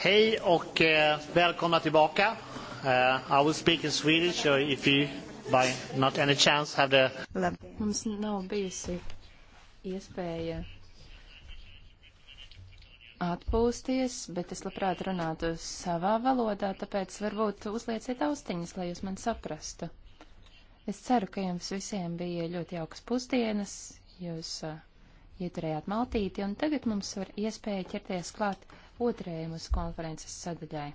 Hej och eh, välkomna tillbaka. Uh, I will speak in Swedish so if you by not any chance have the... Mums nav bijusi iespēja atpūsties, bet es labprāt runātu savā valodā, tāpēc varbūt uzlieciet austiņas, lai jūs mani saprastu. Es ceru, ka jums visiem bija ļoti jaukas pusdienas, jūs uh, ieturējāt maltīti, un tagad mums var iespēja ķerties klāt otrējai mūsu konferences sadaļai.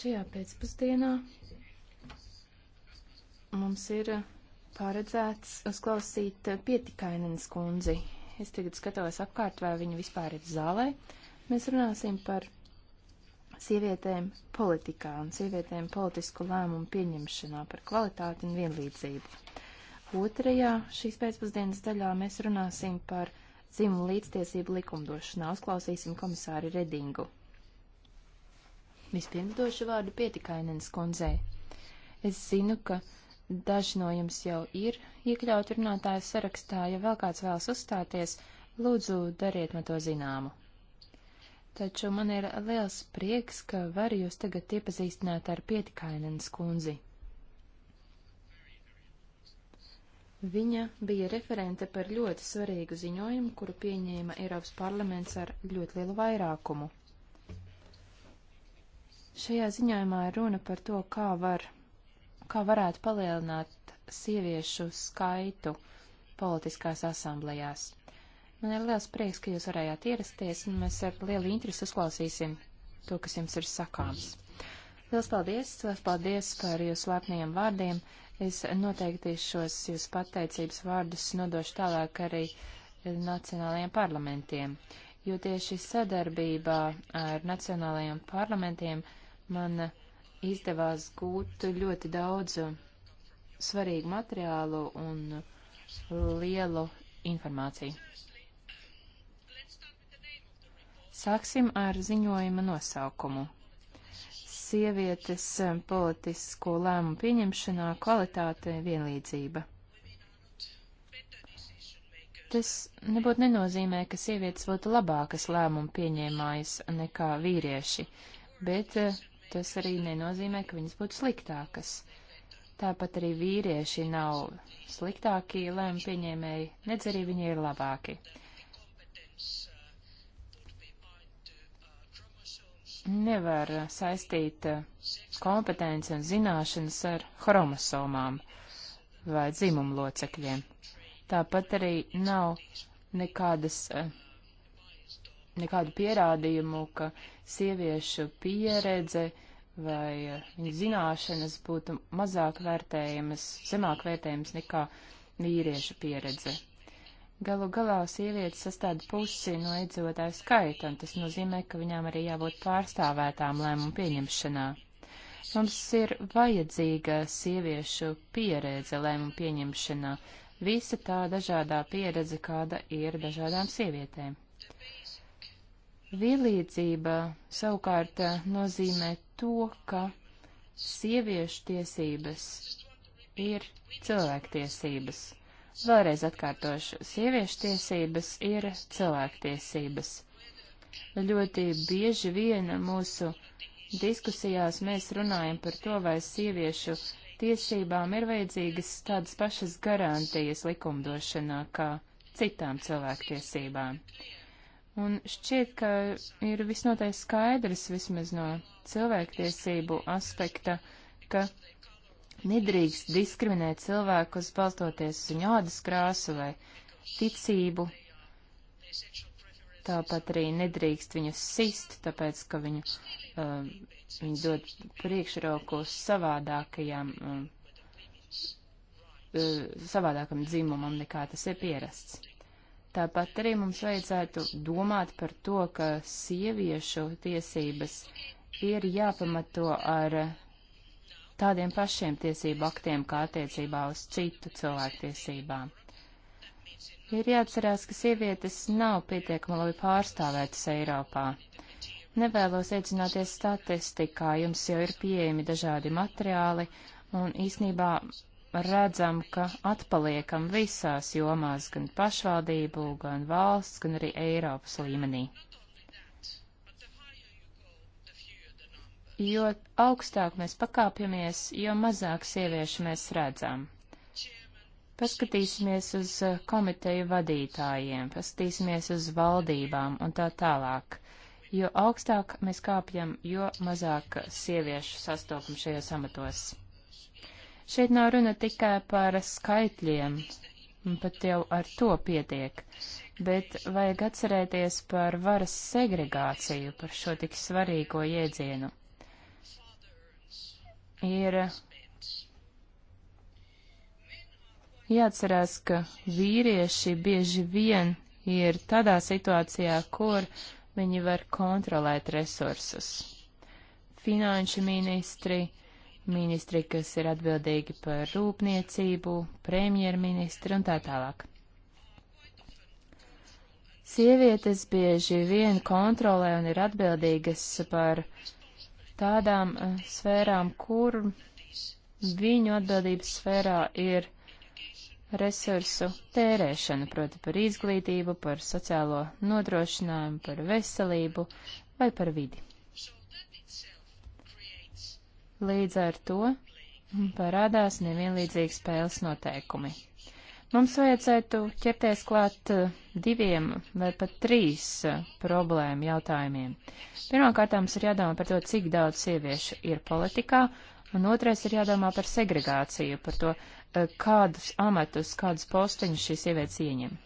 Šajā pēcpusdienā mums ir uh, paredzēts uzklausīt uh, pietikainenes kundzi, Es tagad skatos apkārt, vai viņi vispār ir zālē. Mēs runāsim par sievietēm politikā un sievietēm politisku lēmumu pieņemšanā par kvalitāti un vienlīdzību. Otrajā šīs pēcpusdienas daļā mēs runāsim par dzimumu līdztiesību likumdošanā. Uzklausīsim komisāri Redingu. Vispirms došu vārdu pietikainens kundzei. Es zinu, ka Daži no jums jau ir iekļauti runātāju sarakstā. Ja vēl kāds vēlas uzstāties, lūdzu, dariet man to zināmu. Taču man ir liels prieks, ka varu jūs tagad iepazīstināt ar Pietikainenes kundzi. Viņa bija referente par ļoti svarīgu ziņojumu, kuru pieņēma Eiropas parlaments ar ļoti lielu vairākumu. Šajā ziņojumā ir runa par to, kā var kā varētu palielināt sieviešu skaitu politiskās asamblējās. Man ir liels prieks, ka jūs varējāt ierasties, un mēs ar lielu interesi uzklausīsim to, kas jums ir sakāms. Liels paldies, liels paldies par jūsu lepniem vārdiem. Es noteikti šos jūsu pateicības vārdus nodošu tālāk arī nacionālajiem parlamentiem, jo tieši sadarbībā ar nacionālajiem parlamentiem man uh, izdevās gūt ļoti daudz svarīgu materiālu un lielu informāciju. Sāksim ar ziņojuma nosaukumu. Sievietes politisko lēmumu pieņemšanā kvalitāte vienlīdzība. Tas nebūtu nenozīmē, ka sievietes būtu labākas lēmumu pieņēmājas nekā vīrieši, bet tas arī nenozīmē, ka viņas būtu sliktākas. Tāpat arī vīrieši nav sliktākie lēmumu pieņēmēji, nedz arī viņi ir labāki. Nevar saistīt kompetenci un zināšanas ar chromosomām vai dzimumlocekļiem. Tāpat arī nav nekādas uh, nekādu pierādījumu, ka sieviešu pieredze vai viņa zināšanas būtu mazāk vērtējamas, zemāk vērtējamas nekā vīriešu pieredze. Galu galā sievietes sastāda pusi no iedzīvotāju skaita, un tas nozīmē, ka viņām arī jābūt pārstāvētām lēmumu pieņemšanā. Mums ir vajadzīga sieviešu pieredze lēmumu pieņemšanā, visa tā dažādā pieredze, kāda ir dažādām sievietēm. Vienlīdzība savukārt eh, nozīmē to, ka sieviešu tiesības ir cilvēktiesības. Vēlreiz atkārtošu, sieviešu tiesības ir cilvēktiesības. Ļoti bieži vien mūsu diskusijās mēs runājam par to, vai sieviešu tiesībām ir vajadzīgas tādas pašas garantijas likumdošanā kā citām cilvēktiesībām. Un šķiet, ka ir visnotaļ skaidrs vismaz no cilvēktiesību aspekta, ka nedrīkst diskriminēt cilvēkus balstoties uz viņu ādas krāsu vai ticību. Tāpat arī nedrīkst viņus sist, tāpēc, ka viņu, uh, viņi dod priekšroku savādākajām, um, uh, savādākam dzimumam, nekā tas ir pierasts. Tāpat arī mums vajadzētu domāt par to, ka sieviešu tiesības ir jāpamato ar tādiem pašiem tiesību aktiem, kā attiecībā uz citu cilvēktiesībām. Ir jāatcerās, ka sievietes nav pietiekami labi pārstāvētas Eiropā. Nevēlos iedzināties statistikā, jums jau ir pieejami dažādi materiāli, un īsnībā redzam, ka atpaliekam visās jomās, gan pašvaldību, gan valsts, gan arī Eiropas līmenī. Jo augstāk mēs pakāpjamies, jo mazāk sieviešu mēs redzam. Paskatīsimies uz eh, komiteju vadītājiem, paskatīsimies uz valdībām un tā tālāk. Jo augstāk mēs kāpjam, jo mazāk sieviešu sastopam šajos amatos. Šeit nav runa tikai par skaitļiem, pat jau ar to pietiek, bet vajag atcerēties par varas segregāciju, par šo tik svarīgo jēdzienu. Ir jāatcerās, ka vīrieši bieži vien ir tādā situācijā, kur viņi var kontrolēt resursus. Finanšu ministri, uh, ministri, kas ir atbildīgi par rūpniecību, premjerministri un tā tālāk. Sievietes bieži vien kontrolē un ir atbildīgas par tādām eh, sfērām, kur viņu atbildības sfērā ir resursu tērēšana, proti par izglītību, par sociālo nodrošinājumu, par veselību vai par vidi. Līdz ar to parādās nevienlīdzīgi spēles noteikumi. Mums vajadzētu ķerties klāt eh, diviem vai pat trīs eh, problēmu jautājumiem. Pirmkārt, mums ir jādomā par to, cik daudz sieviešu ir politikā, un otrais ir jādomā par segregāciju, par to, eh, kādus amatus, kādus posteņus šīs sievietes ieņem.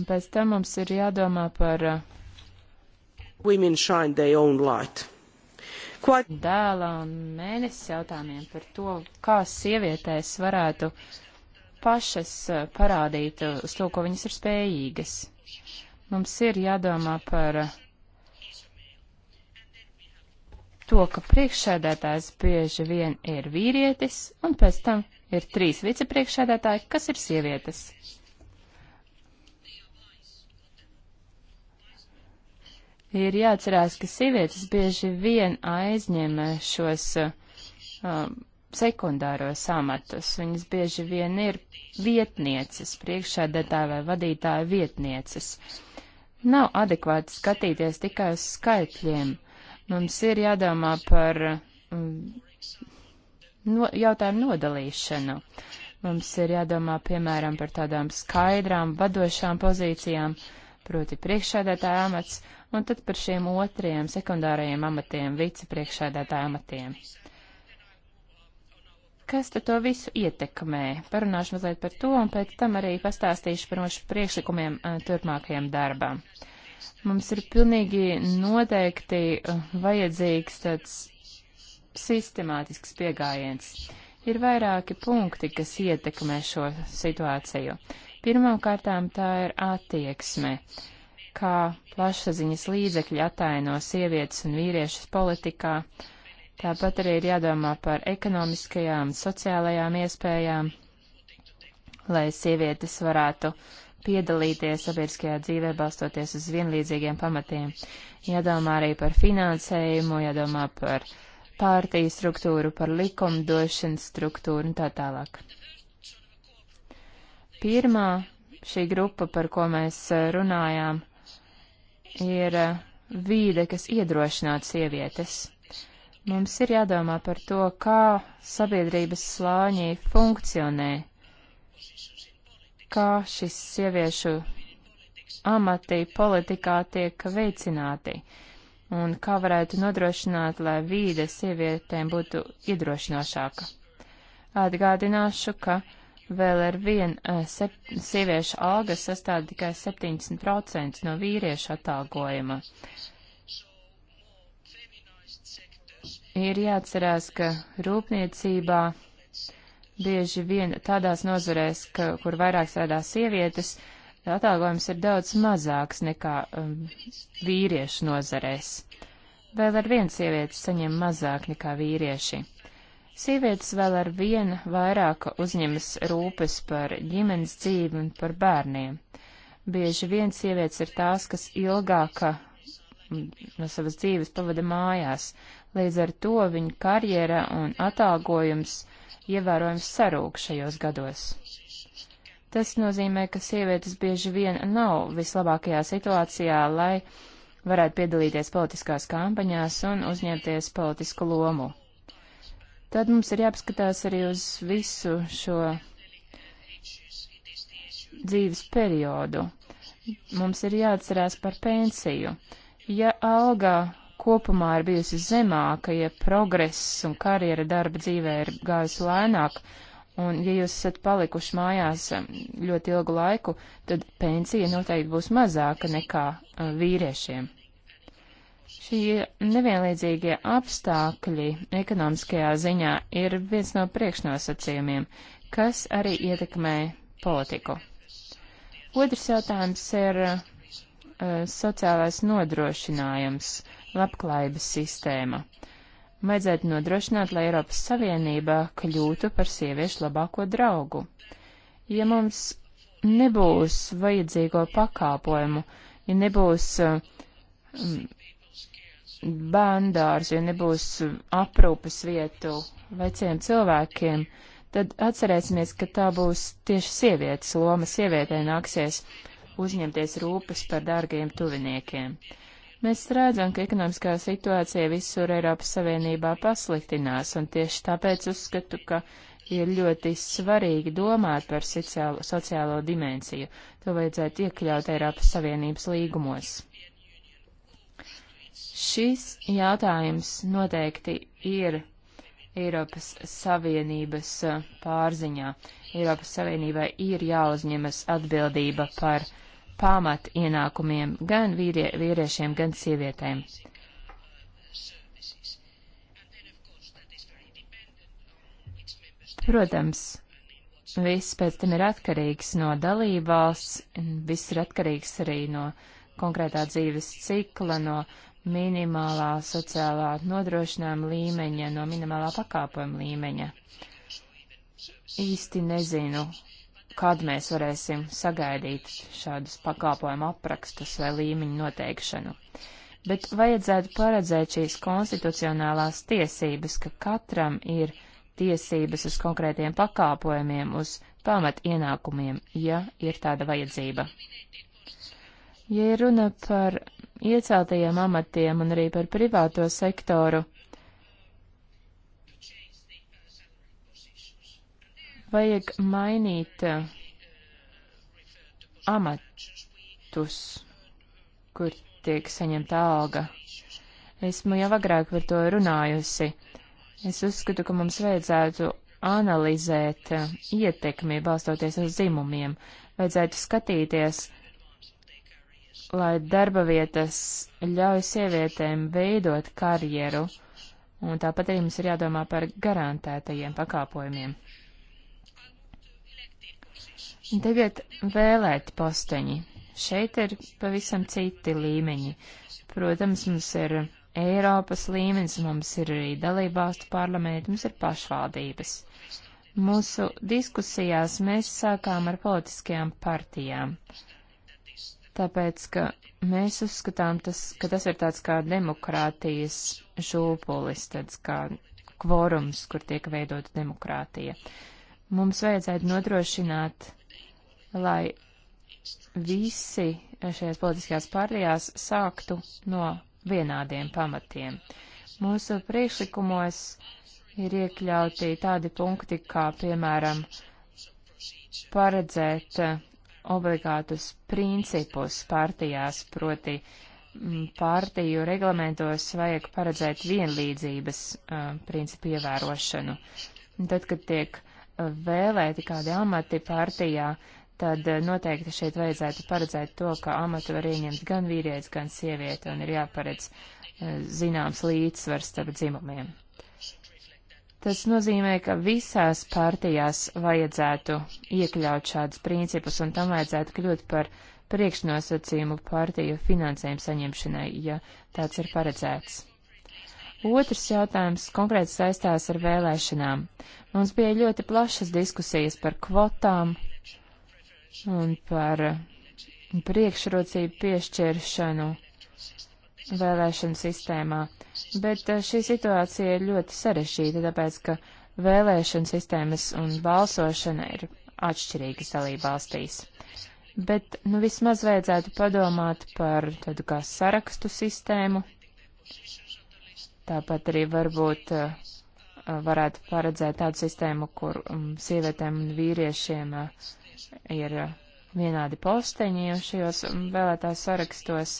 Un pēc tam mums ir jādomā par. Women shine their own light quite... dēla un mēnesis jautājumiem par to, kā sievietēs varētu pašas eh, parādīt eh, uz to, ko viņas ir spējīgas. Mums ir jādomā par eh, to, ka priekšsēdētājs bieži vien ir vīrietis, un pēc tam ir trīs vicepriekšsēdētāji, kas ir sievietes. Ir jāatcerās, ka sievietes bieži vien aizņem šos uh, um, sekundāros amatus. Viņas bieži vien ir vietnieces, priekšsēdētāja vai vadītāja vietnieces. Nav adekvāti skatīties tikai uz skaitļiem. Mums ir jādomā par um, no, jautājumu nodalīšanu. Mums ir jādomā, piemēram, par tādām skaidrām, vadošām pozīcijām. Uh, proti priekšsēdētāja amats, un tad par šiem otriem sekundārajiem amatiem, vicepriekšsēdētāja amatiem. Kas tad to visu ietekmē? Parunāšu mazliet par to, un pēc tam arī pastāstīšu par mūsu priekšlikumiem eh, turpmākajiem darbam. Mums ir pilnīgi noteikti eh, vajadzīgs tāds sistemātisks piegājiens. Ir vairāki punkti, kas ietekmē šo situāciju. Pirmkārtām tā ir attieksme, kā plašsaziņas līdzekļi ataino sievietes un vīriešus politikā. Tāpat arī ir jādomā par ekonomiskajām un sociālajām iespējām, lai sievietes varētu piedalīties sabiedriskajā dzīvē, balstoties uz vienlīdzīgiem pamatiem. Jādomā arī par finansējumu, jādomā par pārtīju struktūru, par likumdošanas struktūru un tā tālāk. Pirmā šī grupa, par ko mēs eh, runājām, ir eh, vīde, kas iedrošinātu sievietes. Mums ir jādomā par to, kā sabiedrības slāņi funkcionē, kā šis sieviešu amati politikā tiek veicināti un kā varētu nodrošināt, lai vīde sievietēm būtu iedrošinošāka. Atgādināšu, ka Vēl ar vien eh, sep, sieviešu algas sastāv tikai 70% no vīriešu atalgojuma. Ir jāatcerās, ka rūpniecībā bieži vien tādās nozarēs, ka, kur vairāk strādā sievietes, atalgojums ir daudz mazāks nekā um, vīriešu nozarēs. Vēl ar vienu sievietes saņem mazāk nekā vīrieši. Sievietes vēl ar vienu vairāk uzņemas rūpes par ģimenes dzīvi un par bērniem. Bieži vien sievietes ir tās, kas ilgāk mm, no savas dzīves pavada mājās, līdz ar to viņa karjera un atalgojums ievērojams sarūk šajos gados. Tas nozīmē, ka sievietes bieži vien nav vislabākajā situācijā, lai varētu piedalīties politiskās kampaņās un uzņemties politisku lomu tad mums ir jāpaskatās arī uz visu šo dzīves periodu. Mums ir jāatcerās par pensiju. Ja algā kopumā ir bijusi zemāka, ja progress un karjera darba dzīvē ir gājusi lēnāk, un ja jūs esat palikuši mājās um, ļoti ilgu laiku, tad pensija noteikti būs mazāka nekā uh, vīriešiem. Šie nevienlīdzīgie apstākļi ekonomiskajā ziņā ir viens no priekšnosacījumiem, kas arī ietekmē politiku. Otrs jautājums ir uh, sociālais nodrošinājums, labklājības sistēma. Vajadzētu nodrošināt, lai Eiropas Savienība kļūtu par sieviešu labāko draugu. Ja mums nebūs vajadzīgo pakāpojumu, ja nebūs uh, bandārs, ja nebūs aprūpas vietu veciem cilvēkiem, tad atcerēsimies, ka tā būs tieši sievietes loma. Sievietē nāksies uzņemties rūpes par dārgiem tuviniekiem. Mēs redzam, ka ekonomiskā situācija visur Eiropas Savienībā pasliktinās, un tieši tāpēc uzskatu, ka ir ļoti svarīgi domāt par sociālo, sociālo dimensiju. To vajadzētu iekļaut Eiropas Savienības līgumos. Šis jautājums noteikti ir Eiropas Savienības uh, pārziņā. Eiropas Savienībai ir jāuzņemas atbildība par pamat ienākumiem gan vīrie, vīriešiem, gan sievietēm. Protams, viss pēc tam ir atkarīgs no dalībvalsts, viss ir atkarīgs arī no konkrētā dzīves cikla, no minimālā sociālā nodrošinājuma līmeņa, no minimālā pakāpojuma līmeņa. Īsti nezinu, kad mēs varēsim sagaidīt šādus pakāpojumu aprakstus vai līmeņu noteikšanu. Bet vajadzētu paredzēt šīs konstitucionālās tiesības, ka katram ir tiesības uz konkrētiem pakāpojumiem, uz pamat ienākumiem, ja ir tāda vajadzība. Ja runa par ieceltajiem amatiem un arī par privāto sektoru. Vajag mainīt uh, amatus, kur tiek saņemta alga. Esmu jau agrāk par to runājusi. Es uzskatu, ka mums vajadzētu analizēt uh, ietekmi balstoties uz dzimumiem. Vajadzētu skatīties, lai darba vietas ļauj sievietēm veidot karjeru, un tāpat arī mums ir jādomā par garantētajiem pakāpojumiem. Tagad vēlēt posteņi. Šeit ir pavisam citi līmeņi. Protams, mums ir Eiropas līmenis, mums ir arī dalībvalstu parlamenti, mums ir pašvaldības. Mūsu diskusijās mēs sākām ar politiskajām partijām. Uh, tāpēc, ka mēs uzskatām, tas, ka tas ir tāds kā demokrātijas šūpulis, tāds kā kvorums, kur tiek veidota demokrātija. Mums vajadzētu nodrošināt, lai visi šajās politiskajās pārējās sāktu no vienādiem pamatiem. Mūsu priekšlikumos ir iekļauti tādi punkti, kā piemēram paredzēt obligātus principus partijās, proti mm, partiju reglamentos vajag paredzēt vienlīdzības uh, principu ievērošanu. Tad, kad tiek vēlēti kādi amati partijā, tad noteikti šeit vajadzētu paredzēt to, ka amatu var ieņemt gan vīrietis, gan sieviete, un ir jāparedz uh, zināms līdzsvars starp dzimumiem. Tas nozīmē, ka visās partijās vajadzētu iekļaut šādus principus, un tam vajadzētu kļūt par priekšnosacījumu partiju finansējumu saņemšanai, ja tāds ir paredzēts. Otrs jautājums konkrēti saistās ar vēlēšanām. Mums bija ļoti plašas diskusijas par kvotām un par priekšrocību piešķiršanu vēlēšanu sistēmā, bet eh, šī situācija ir ļoti sarešķīta, tāpēc, ka vēlēšanu sistēmas un balsošana ir atšķirīgas dalībvalstīs. Bet, nu, vismaz vajadzētu padomāt par tādu kā sarakstu sistēmu, tāpat arī varbūt eh, varētu paredzēt tādu sistēmu, kur um, sievietēm un vīriešiem eh, ir vienādi posteņi šajos um, vēlētās sarakstos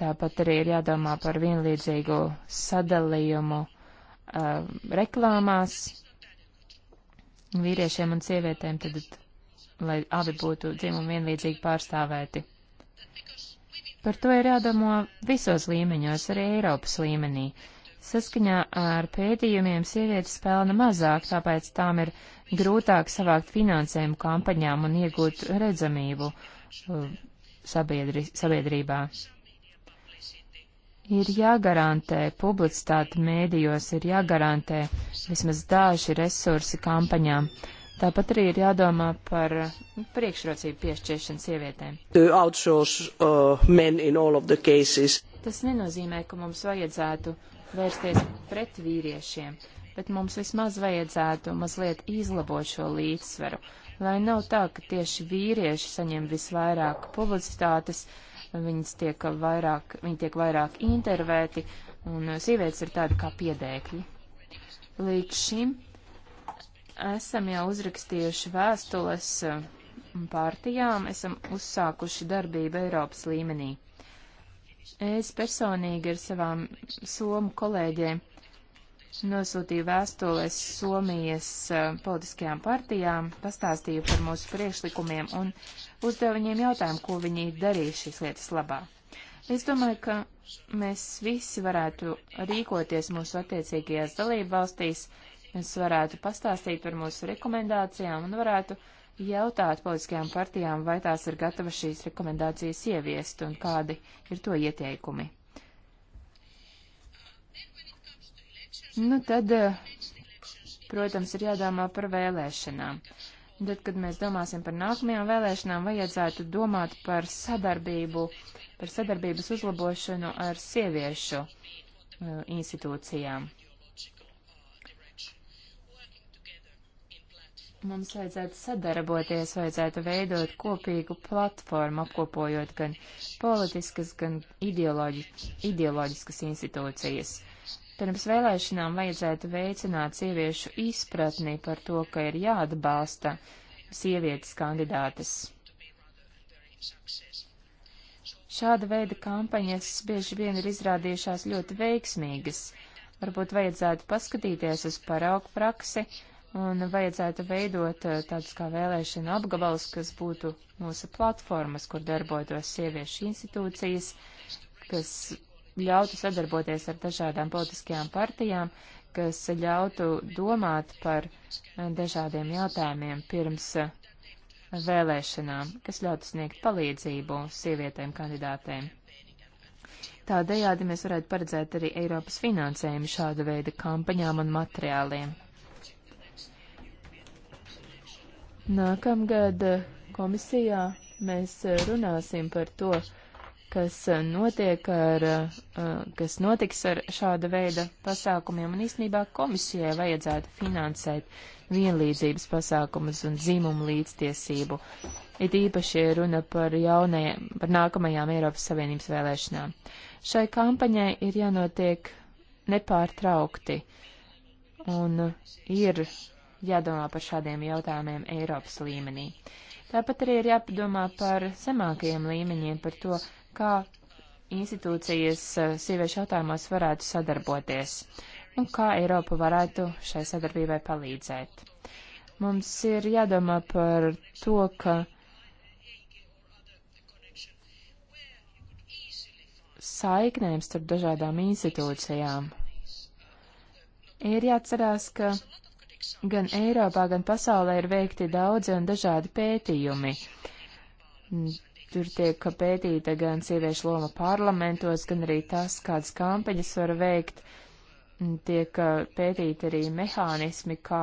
Tāpat arī ir jādomā par vienlīdzīgu sadalījumu uh, reklāmās vīriešiem un sievietēm, tad, lai abi būtu dzimumu vienlīdzīgi pārstāvēti. Par to ir jādomā visos līmeņos, arī Eiropas līmenī. Saskaņā ar pētījumiem sievietes pelna mazāk, tāpēc tām ir grūtāk savākt finansējumu kampaņām un iegūt redzamību uh, sabiedri, sabiedrībā ir jāgarantē publicitāte mēdījos, ir jāgarantē vismaz daži resursi kampaņām. Tāpat arī ir jādomā par nu, priekšrocību piešķiršanu sievietēm. Outsource, uh, Tas nenozīmē, ka mums vajadzētu vērsties pret vīriešiem, bet mums vismaz vajadzētu mazliet izlabot šo līdzsvaru, lai nav tā, ka tieši vīrieši saņem visvairāk publicitātes, uh, viņas tiek vairāk, viņi tiek vairāk intervēti, un sievietes ir tādi kā piedēkļi. Līdz šim esam jau uzrakstījuši vēstules um, pārtijām, esam uzsākuši darbību Eiropas līmenī. Es personīgi ar savām somu kolēģiem nosūtīju vēstules Somijas uh, politiskajām partijām, pastāstīju par mūsu priekšlikumiem un uzdevu viņiem jautājumu, ko viņi darīs šīs lietas labā. Es domāju, ka mēs visi varētu rīkoties mūsu attiecīgajās dalību valstīs, mēs varētu pastāstīt par mūsu rekomendācijām un varētu jautāt politiskajām partijām, vai tās ir gatavas šīs rekomendācijas ieviest un kādi ir to ieteikumi. Nu, tad, eh, protams, ir jādomā par vēlēšanām. Tad, kad mēs domāsim par nākamajām vēlēšanām, vajadzētu domāt par sadarbību, par sadarbības uzlabošanu ar sieviešu uh, institūcijām. Mums vajadzētu sadarboties, vajadzētu veidot kopīgu platformu, apkopojot gan politiskas, gan ideoloģi ideoloģiskas institūcijas. Pirms vēlēšanām vajadzētu veicināt sieviešu izpratni par to, ka ir jāatbalsta sievietes kandidātes. Šāda veida kampaņas bieži vien ir izrādījušās ļoti veiksmīgas. Varbūt vajadzētu paskatīties uz paraugu praksi un vajadzētu veidot eh, tādus kā vēlēšana apgabalus, kas būtu mūsu platformas, kur darbotos sieviešu institūcijas, kas ļautu sadarboties ar dažādām politiskajām partijām, kas ļautu domāt par eh, dažādiem jautājumiem pirms eh, vēlēšanām, kas ļautu sniegt palīdzību sievietēm kandidātēm. Tādējādi mēs varētu paredzēt arī Eiropas finansējumu šāda veida kampaņām un materiāliem. Nākamgad eh, komisijā mēs runāsim par to, uh, kas notiek ar, eh, kas notiks ar šāda veida pasākumiem, un īstenībā komisijai vajadzētu finansēt vienlīdzības pasākumus un dzimumu līdztiesību. It īpaši runa par jaunajiem, par nākamajām Eiropas Savienības vēlēšanām. Šai kampaņai ir jānotiek nepārtraukti, un ir jādomā par šādiem jautājumiem Eiropas līmenī. Tāpat arī ir jāpadomā par zemākajiem līmeņiem, par to, kā institūcijas eh, sieviešu jautājumos varētu sadarboties un kā Eiropa varētu šai sadarbībai palīdzēt. Mums ir jādomā par to, ka saiknēm starp dažādām institūcijām ir jāatcerās, ka gan Eiropā, gan pasaulē ir veikti daudzi un dažādi pētījumi Tur tiek pētīta gan sieviešu loma parlamentos, gan arī tas, kādas kampaņas var veikt. Tiek pētīti arī mehānismi, kā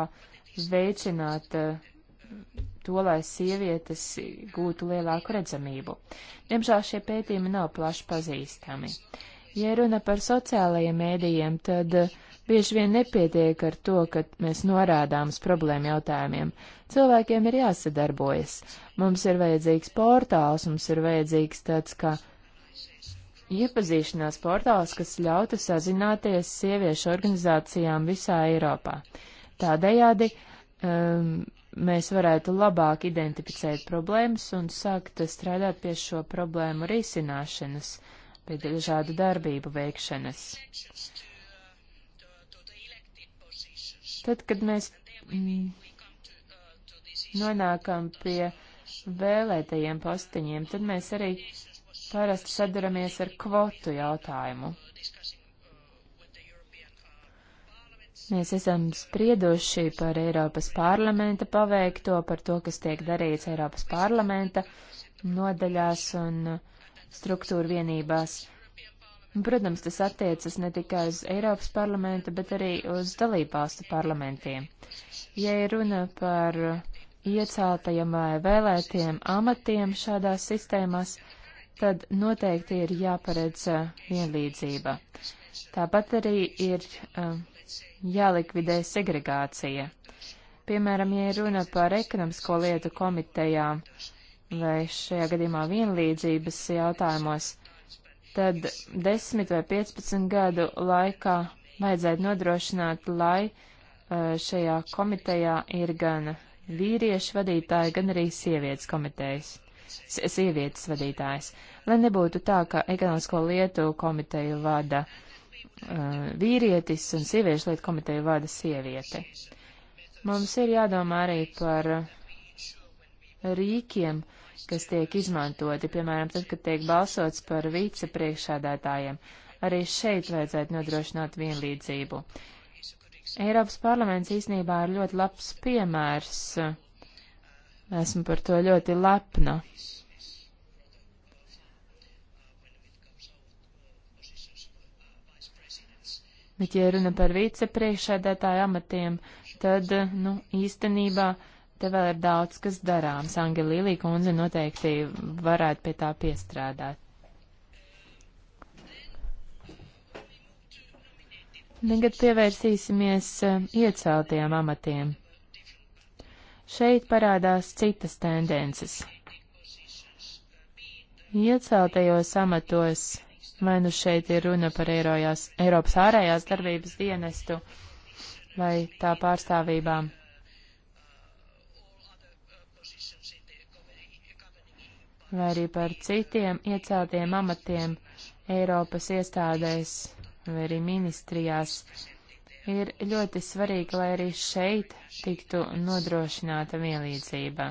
veicināt to, lai sievietes gūtu lielāku redzamību. Diemžēl šie pētījumi nav plaši pazīstami. Ja runa par sociālajiem mēdījiem, tad uh, Bieži vien nepietiek ar to, ka mēs norādām uz problēmu jautājumiem. Cilvēkiem ir jāsadarbojas. Mums ir vajadzīgs portāls, mums ir vajadzīgs tāds kā iepazīšanās portāls, kas ļautu sazināties sieviešu organizācijām visā Eiropā. Tādējādi um, mēs varētu labāk identificēt problēmas un sākt strādāt pie šo problēmu risināšanas, pie dažādu darbību veikšanas. Tad, kad mēs mm, nonākam pie vēlētajiem postiņiem, tad mēs arī parasti sadaramies ar kvotu jautājumu. Mēs esam sprieduši par Eiropas parlamenta paveikto, par to, kas tiek darīts Eiropas parlamenta nodaļās un struktūra vienībās. Protams, tas attiecas ne tikai uz Eiropas parlamentu, bet arī uz dalībvalstu parlamentiem. Ja ir runa par ieceltajiem vai vēlētiem amatiem šādās sistēmās, tad noteikti ir jāparedz vienlīdzība. Tāpat arī ir jālikvidē segregācija. Piemēram, ja ir runa par ekonomisko lietu komitejām vai šajā gadījumā vienlīdzības jautājumos, tad 10 vai 15 gadu laikā vajadzētu nodrošināt, lai šajā komitejā ir gan vīriešu vadītāji, gan arī sievietes komitejas, sievietes vadītājs. Lai nebūtu tā, ka ekonomisko lietu komiteju vada uh, vīrietis un sieviešu lietu komiteju vada sieviete. Mums ir jādomā arī par rīkiem, uh, kas tiek izmantoti, piemēram, tad, kad tiek balsots par vicepriekšādātājiem. Arī šeit vajadzētu nodrošināt vienlīdzību. Eiropas parlaments īsnībā ir ļoti labs piemērs. Esmu par to ļoti lepna. Bet, ja runa par vicepriekšādātāju amatiem, tad, nu, īstenībā uh, Te vēl ir daudz, kas darāms. Angelīlī kundze noteikti varētu pie tā piestrādāt. Tagad pievērsīsimies eh, ieceltiem amatiem. Šeit parādās citas tendences. Ieceltajos amatos vai nu šeit ir runa par Eirojās, Eiropas ārējās darbības dienestu vai tā pārstāvībām. vai arī par citiem ieceltiem amatiem Eiropas iestādēs vai arī ministrijās, ir ļoti svarīgi, lai arī šeit tiktu nodrošināta vienlīdzība.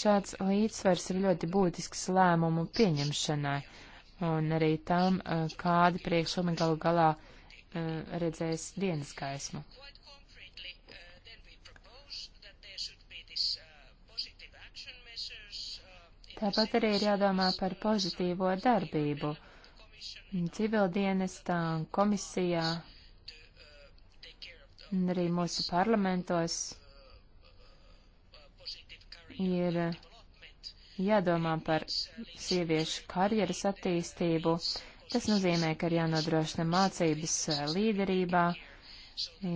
Šāds līdzsvars ir ļoti būtisks lēmumu pieņemšanai un arī tam, eh, kādi priekšlikumi galu galā eh, redzēs dienas gaismu. Tāpat arī ir jādomā par pozitīvo darbību. Civildienestā un komisijā un arī mūsu parlamentos ir jādomā par sieviešu karjeras attīstību. Tas nozīmē, ka ir jānodrošina mācības līderībā,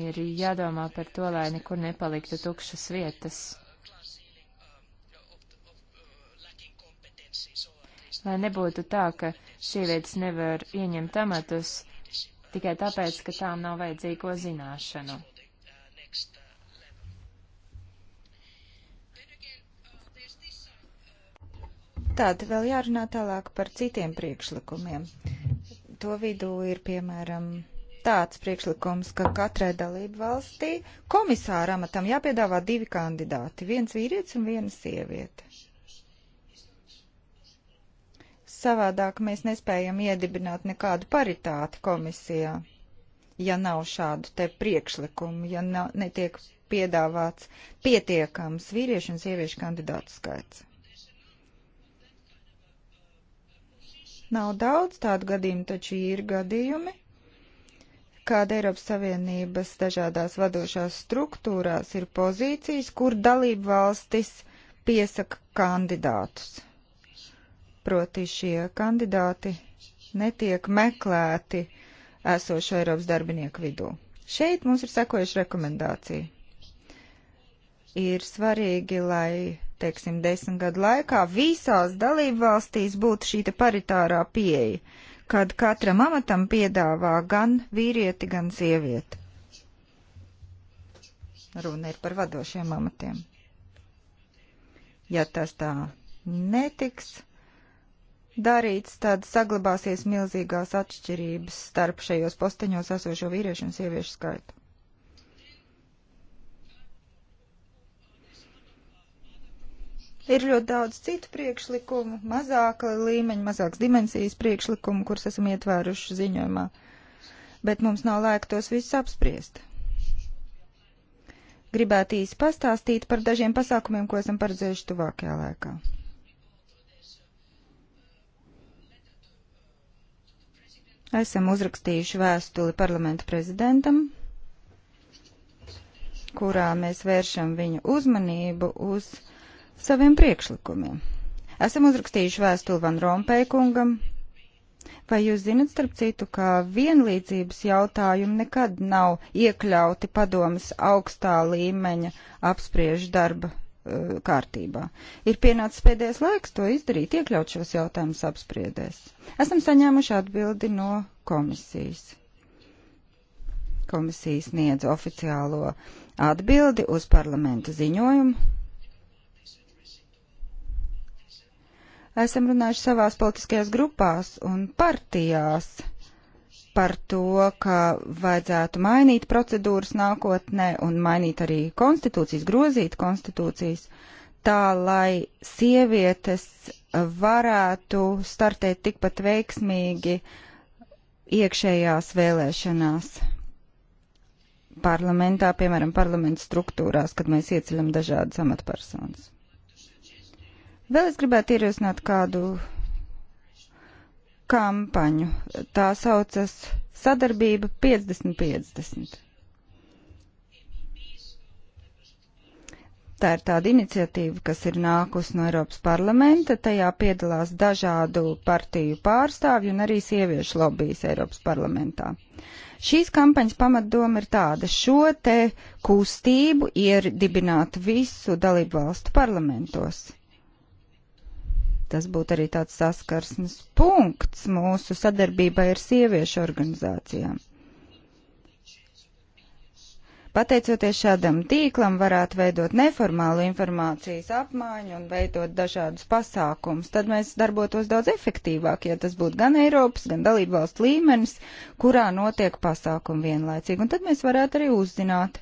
ir jādomā par to, lai nekur nepaliktu tukšas vietas. lai nebūtu tā, ka sievietes nevar ieņemt amatus tikai tāpēc, ka tām nav vajadzīgo zināšanu. Tad vēl jārunā tālāk par citiem priekšlikumiem. To vidū ir, piemēram, tāds priekšlikums, ka katrai dalību valstī komisāra amatam jāpiedāvā divi kandidāti - viens vīrietis un viena sieviete. Savādāk mēs nespējam iedibināt nekādu paritāti komisijā, ja nav šādu te priekšlikumu, ja nav, netiek piedāvāts pietiekams vīriešu un sieviešu kandidātu skaits. Nav daudz tādu gadījumu, taču ir gadījumi, kāda Eiropas Savienības dažādās vadošās struktūrās ir pozīcijas, kur dalību valstis piesaka kandidātus. Proti šie kandidāti netiek meklēti esošo Eiropas darbinieku vidū. Šeit mums ir sekojuši rekomendācija. Ir svarīgi, lai, teiksim, desmit gadu laikā visās dalību valstīs būtu šī paritārā pieeja, kad katram amatam piedāvā gan vīrieti, gan sievieti. Runa ir par vadošiem amatiem. Ja tas tā netiks, darīts, tad saglabāsies milzīgās atšķirības starp šajos posteņos esošo vīriešu un sieviešu skaitu. Ir ļoti daudz citu priekšlikumu, mazāka līmeņa, mazākas dimensijas priekšlikumu, kurus esam ietvēruši ziņojumā, bet mums nav laika tos visus apspriest. Gribētu īsi pastāstīt par dažiem pasākumiem, ko esam paredzējuši tuvākajā laikā. Esam uzrakstījuši vēstuli parlamenta prezidentam, kurā mēs vēršam viņu uzmanību uz saviem priekšlikumiem. Esam uzrakstījuši vēstuli Van Rompēkungam. Vai jūs zinat, starp citu, ka vienlīdzības jautājumi nekad nav iekļauti padomas augstā līmeņa apspriežu darba Eh, kārtībā. Ir pienācis pēdējais laiks to izdarīt, iekļaut šos jautājumus apspriedēs. Esam saņēmuši atbildi no komisijas. Komisija sniedz oficiālo atbildi uz parlamenta ziņojumu. Esam runājuši savās politiskajās grupās un partijās par to, ka vajadzētu mainīt procedūras nākotnē un mainīt arī konstitūcijas, grozīt konstitūcijas, tā lai sievietes varētu startēt tikpat veiksmīgi iekšējās vēlēšanās parlamentā, piemēram, parlamentu struktūrās, kad mēs ieceļam dažādas amatpersonas. Vēl es gribētu ierosināt kādu kampaņu. Tā saucas sadarbība 50-50. Tā ir tāda iniciatīva, kas ir nākusi no Eiropas parlamenta. Tajā piedalās dažādu partiju pārstāvju un arī sieviešu lobbyjas Eiropas parlamentā. Šīs kampaņas pamatdoma ir tāda - šo te kustību iedibināt visu dalību valstu parlamentos. Tas būtu arī tāds saskarsmes punkts mūsu sadarbībai ar sieviešu organizācijām. Pateicoties šādam tīklam, varētu veidot neformālu informācijas apmaiņu un veidot dažādus pasākumus. Tad mēs darbotos daudz efektīvāk, ja tas būtu gan Eiropas, gan dalību valstu līmenis, kurā notiek pasākumi vienlaicīgi. Un tad mēs varētu arī uzzināt,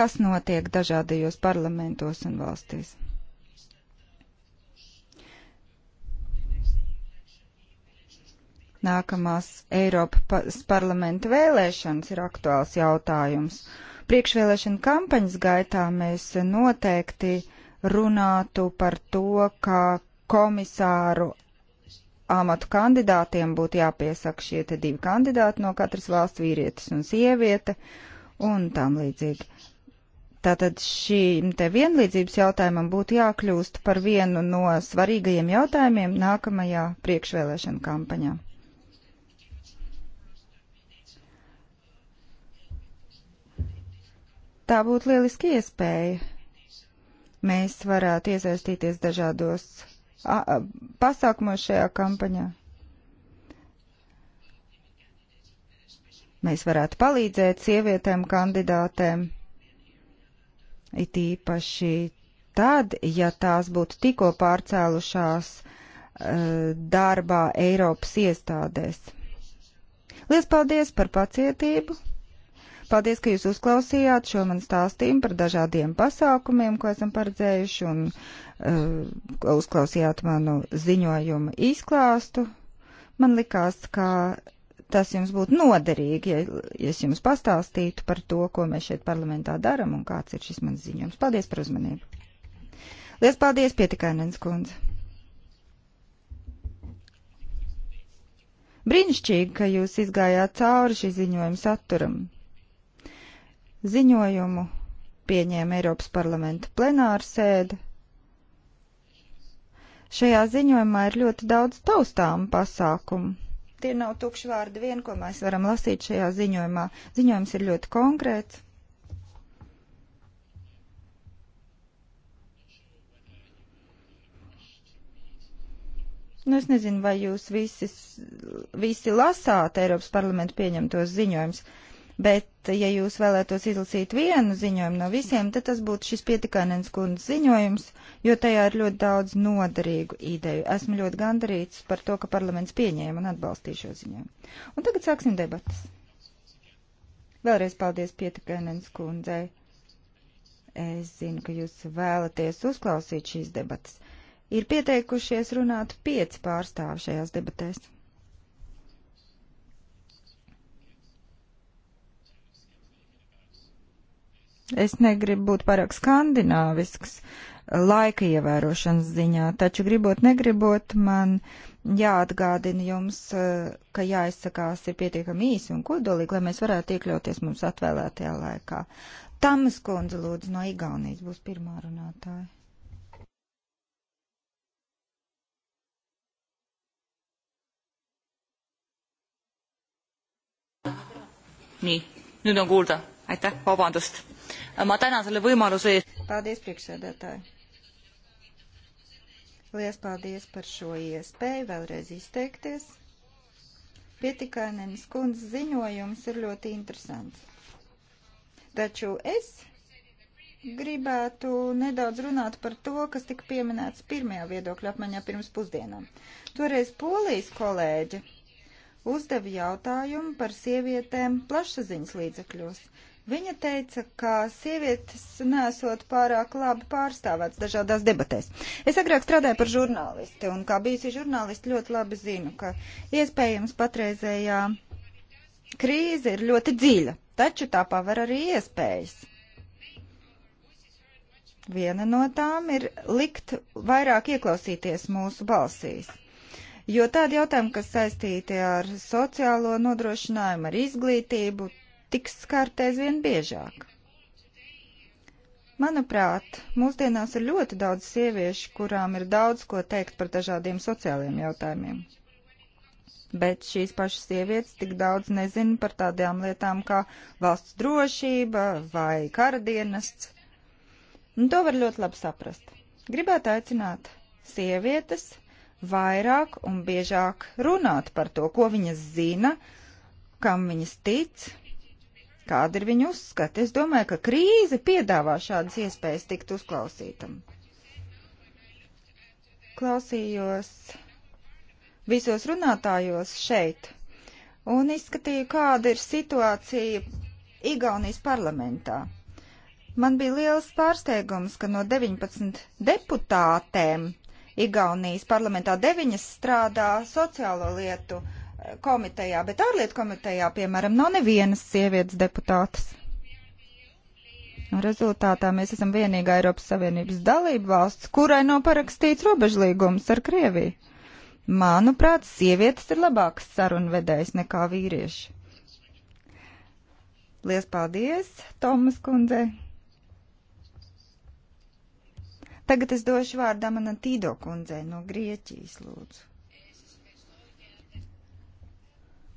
kas notiek dažādajos parlamentos un valstīs. Nākamās Eiropas parlamenta vēlēšanas ir aktuāls jautājums. Priekšvēlēšana kampaņas gaitā mēs noteikti runātu par to, kā komisāru amatu kandidātiem būtu jāpiesaka šie te divi kandidāti no katras valsts vīrietis un sieviete un tam līdzīgi. Tātad šīm te vienlīdzības jautājumam būtu jākļūst par vienu no svarīgajiem jautājumiem nākamajā priekšvēlēšana kampaņā. Tā būtu lieliski iespēja. Mēs varētu iesaistīties dažādos pasākumos šajā kampaņā. Mēs varētu palīdzēt sievietēm kandidātēm, it īpaši tad, ja tās būtu tikko pārcēlušās uh, darbā Eiropas iestādēs. Lies paldies par pacietību! Paldies, ka jūs uzklausījāt šo man stāstījumu par dažādiem pasākumiem, ko esam paredzējuši, un uh, uzklausījāt manu ziņojumu izklāstu. Man likās, ka tas jums būtu noderīgi, ja, ja es jums pastāstītu par to, ko mēs šeit parlamentā daram un kāds ir šis mans ziņojums. Paldies par uzmanību. Lielas paldies, pietikainens kundze. Brīnišķīgi, ka jūs izgājāt cauri šī ziņojuma saturam. Ziņojumu pieņēma Eiropas parlamenta plenāra sēde. Šajā ziņojumā ir ļoti daudz taustāmu pasākumu. Tie nav tukši vārdi vien, ko mēs varam lasīt šajā ziņojumā. Ziņojums ir ļoti konkrēts. Nu, es nezinu, vai jūs visi, visi lasāt Eiropas parlamentu pieņemtos ziņojumus. Uh, bet, ja jūs vēlētos izlasīt vienu ziņojumu no visiem, tad tas būtu šis pietikainens kundas ziņojums, jo tajā ir ļoti daudz noderīgu ideju. Esmu ļoti gandarīts par to, ka parlaments pieņēma un atbalstīja šo ziņojumu. Un tagad sāksim debatas. Vēlreiz paldies pietikainens kundzei. Es zinu, ka jūs vēlaties uzklausīt šīs debatas. Ir pieteikušies runāt pieci pārstāvi šajās debatēs. Es negribu būt pārāk skandināvisks laika ievērošanas ziņā, taču gribot, negribot, man jāatgādina jums, eh, ka jāizsakās ir pietiekami īsi un kodolīgi, lai mēs varētu iekļauties mums atvēlētajā laikā. Tamas kundze lūdzu no Igaunijas būs pirmā runātāja. Nii, nüüd on kuulda. Aitäh, vabandust ma tänan selle võimaluse eest. paldies, priekšsēdētāji! Lielas paldies par šo iespēju vēlreiz izteikties. Pietikainenes kundzes ziņojums ir ļoti interesants. Taču es gribētu nedaudz runāt par to, kas tika pieminēts pirmajā viedokļa apmaiņā pirms pusdienām. Toreiz polijas kolēģe uzdeva jautājumu par sievietēm plašsaziņas līdzekļos. Viņa teica, ka sievietes nesot pārāk labi pārstāvētas dažādās debatēs. Es agrāk strādāju par žurnālisti, un kā bijusi žurnālisti ļoti labi zinu, ka iespējams patreizējā krīze ir ļoti dziļa, taču tā paver arī iespējas. Viena no tām ir likt vairāk ieklausīties mūsu balsīs. Jo tādi jautājumi, kas saistīti ar sociālo nodrošinājumu, ar izglītību, tiks skārta aizvien biežāk. Manuprāt, mūsdienās ir ļoti daudz sieviešu, kurām ir daudz ko teikt par dažādiem sociāliem jautājumiem. Bet šīs pašas sievietes tik daudz nezina par tādām lietām kā valsts drošība vai kara dienests. Un to var ļoti labi saprast. Gribētu aicināt sievietes vairāk un biežāk runāt par to, ko viņas zina, kam viņas tic Kāda ir viņa uzskata? Es domāju, ka krīze piedāvā šādas iespējas tikt uzklausītam. Klausījos visos runātājos šeit un izskatīju, kāda ir situācija Igaunijas parlamentā. Man bija liels pārsteigums, ka no 19 deputātēm Igaunijas parlamentā deviņas strādā sociālo lietu komitejā, bet ārlietu komitejā, piemēram, nav nevienas sievietes deputātas. Un rezultātā mēs esam vienīgā Eiropas Savienības dalība valsts, kurai nav parakstīts robežlīgums ar Krieviju. Manuprāt, sievietes ir labākas sarunvedējas nekā vīrieši. Lies paldies, Tomas kundze. Tagad es došu vārdu Amana Tīdo kundzei no Grieķijas, lūdzu.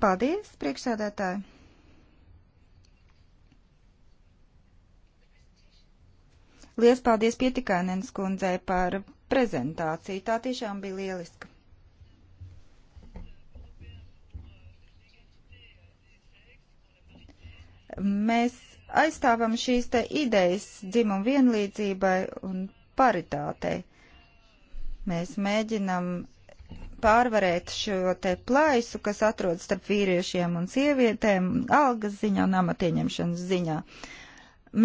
Paldies, priekšsēdētāji! Lielas paldies Pietikainens kundzei par prezentāciju. Tā tiešām bija lieliska. Mēs aizstāvam šīs te idejas dzimumu vienlīdzībai un paritātei. Mēs mēģinam pārvarēt šo te plaisu, kas atrodas starp vīriešiem un sievietēm, algas ziņā un amatieņemšanas ziņā.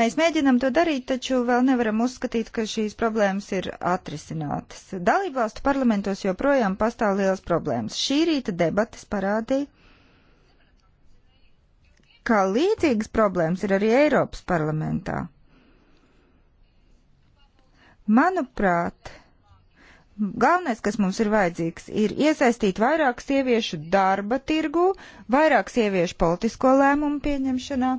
Mēs mēģinam to darīt, taču vēl nevaram uzskatīt, ka šīs problēmas ir atrisinātas. Dalībvalstu parlamentos joprojām pastāv liels problēmas. Šī rīta debatas parādīja, ka līdzīgas problēmas ir arī Eiropas parlamentā. Manuprāt, Galvenais, kas mums ir vajadzīgs, ir iesaistīt vairāk sieviešu darba tirgu, vairāk sieviešu politisko lēmumu pieņemšanā.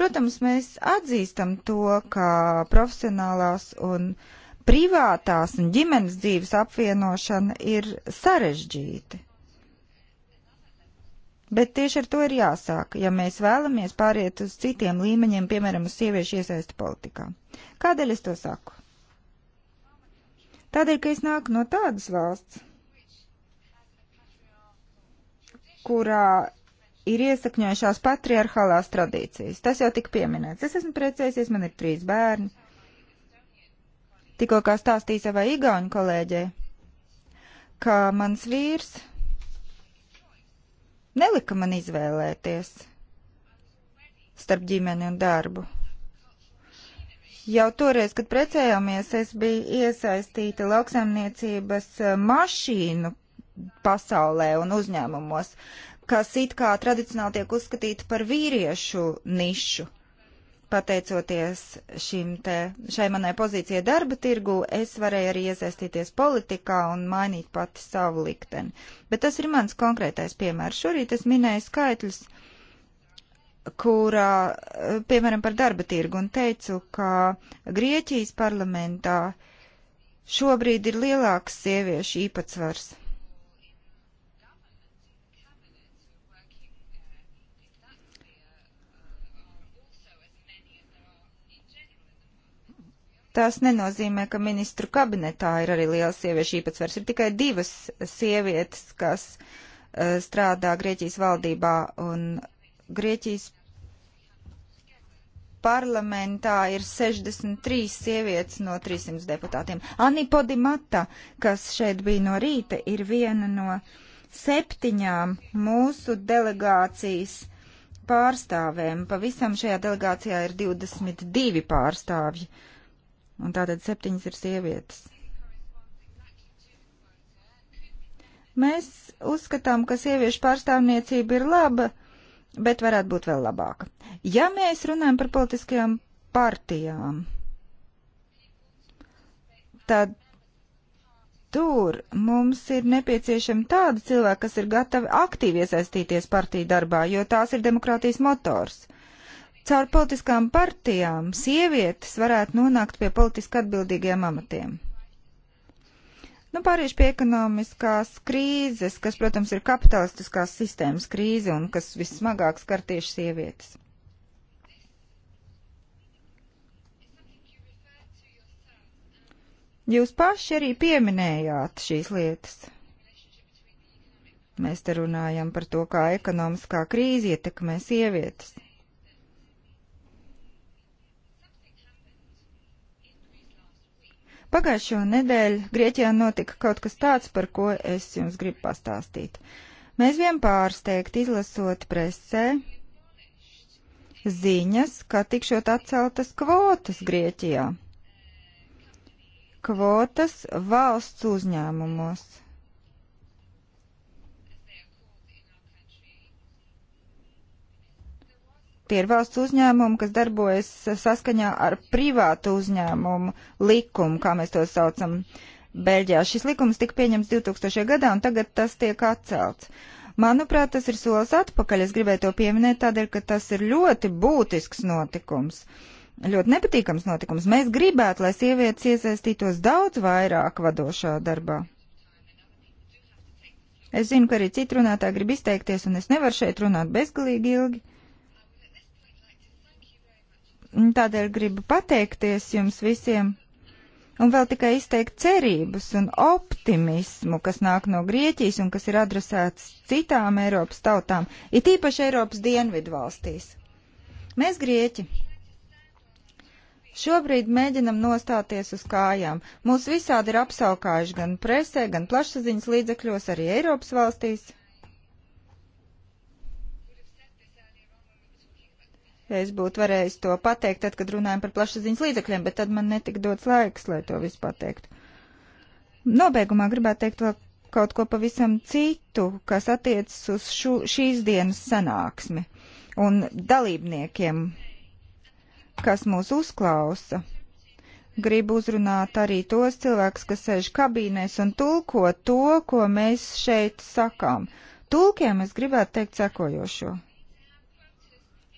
Protams, mēs atzīstam to, ka profesionālās un privātās un ģimenes dzīves apvienošana ir sarežģīti. Bet tieši ar to ir jāsāk, ja mēs vēlamies pāriet uz citiem līmeņiem, piemēram, uz sieviešu iesaistu politikā. Kādēļ es to saku? Tādēļ, ka es nāku no tādas valsts, kurā ir iesakņojušās patriarchālās tradīcijas. Tas jau tika pieminēts. Es esmu precējusies, man ir trīs bērni. Tikko kā stāstīja savai igauņu kolēģei, ka mans vīrs nelika man izvēlēties starp ģimeni un darbu. Jau toreiz, kad precējāmies, es biju iesaistīta lauksaimniecības eh, mašīnu pasaulē un uzņēmumos, kas it kā tradicionāli tiek uzskatīti par vīriešu nišu. Pateicoties šim te, šai manai pozīcijai darba tirgu, es varēju arī iesaistīties politikā un mainīt pati savu likteni. Bet tas ir mans konkrētais piemērs. Šorīt es minēju skaitļus. Uh, kurā, piemēram, par darba tirgu un teicu, ka Grieķijas parlamentā šobrīd ir lielāks sieviešu īpatsvars. Tas nenozīmē, ka ministru kabinetā ir arī liels sieviešu īpatsvars. Ir tikai divas sievietes, kas uh, strādā Grieķijas valdībā un Grieķijas parlamentā ir 63 sievietes no 300 deputātiem. Anni Podimata, kas šeit bija no rīta, ir viena no septiņām mūsu delegācijas pārstāvēm. Pavisam šajā delegācijā ir 22 pārstāvji. Un tātad septiņas ir sievietes. Mēs uzskatām, ka sieviešu pārstāvniecība ir laba, bet varētu būt vēl labāka. Ja mēs runājam par politiskajām partijām, tad tur mums ir nepieciešami tādi cilvēki, kas ir gatavi aktīvi iesaistīties partiju darbā, jo tās ir demokrātijas motors. Caur politiskām partijām sievietes varētu nonākt pie politiski atbildīgiem amatiem. Nu, pāriešu pie ekonomiskās krīzes, kas, protams, ir kapitalistiskās sistēmas krīze un kas vissmagāk skar tieši sievietes. Jūs paši arī pieminējāt šīs lietas. Mēs te runājam par to, kā ekonomiskā krīze ietekmē sievietes. Pagājušo nedēļu Grieķijā notika kaut kas tāds, par ko es jums gribu pastāstīt. Mēs vien pārsteigti izlasot presē ziņas, ka tikšot atceltas kvotas Grieķijā. Kvotas valsts uzņēmumos Tie ir valsts uzņēmumi, kas darbojas saskaņā ar privātu uzņēmumu likumu, kā mēs to saucam Beļģijā. Šis likums tika pieņemts 2000. gadā un tagad tas tiek atcelts. Manuprāt, tas ir solis atpakaļ. Es gribēju to pieminēt tādēļ, ka tas ir ļoti būtisks notikums ļoti nepatīkams notikums. Mēs gribētu, lai sievietes iesaistītos daudz vairāk vadošā darbā. Es zinu, ka arī citi runātāji grib izteikties, un es nevaru šeit runāt bezgalīgi ilgi. Tādēļ gribu pateikties jums visiem un vēl tikai izteikt cerības un optimismu, kas nāk no Grieķijas un kas ir adresēts citām Eiropas tautām, it īpaši Eiropas dienvidu valstīs. Mēs, Grieķi, šobrīd mēģinam nostāties uz kājām. Mūs visādi ir apsaukājuši gan presē, gan plašsaziņas līdzekļos, arī Eiropas valstīs. Es būtu varējis to pateikt tad, kad runājam par plašsaziņas līdzekļiem, bet tad man netika dots laiks, lai to visu pateiktu. Nobeigumā gribētu teikt vēl kaut ko pavisam citu, kas attiecas uz šu, šīs dienas sanāksmi un dalībniekiem, kas mūs uzklausa. Gribu uzrunāt arī tos cilvēkus, kas sēž kabīnēs un tulko to, ko mēs šeit sakām. Tulkiem es gribētu teikt sekojošo.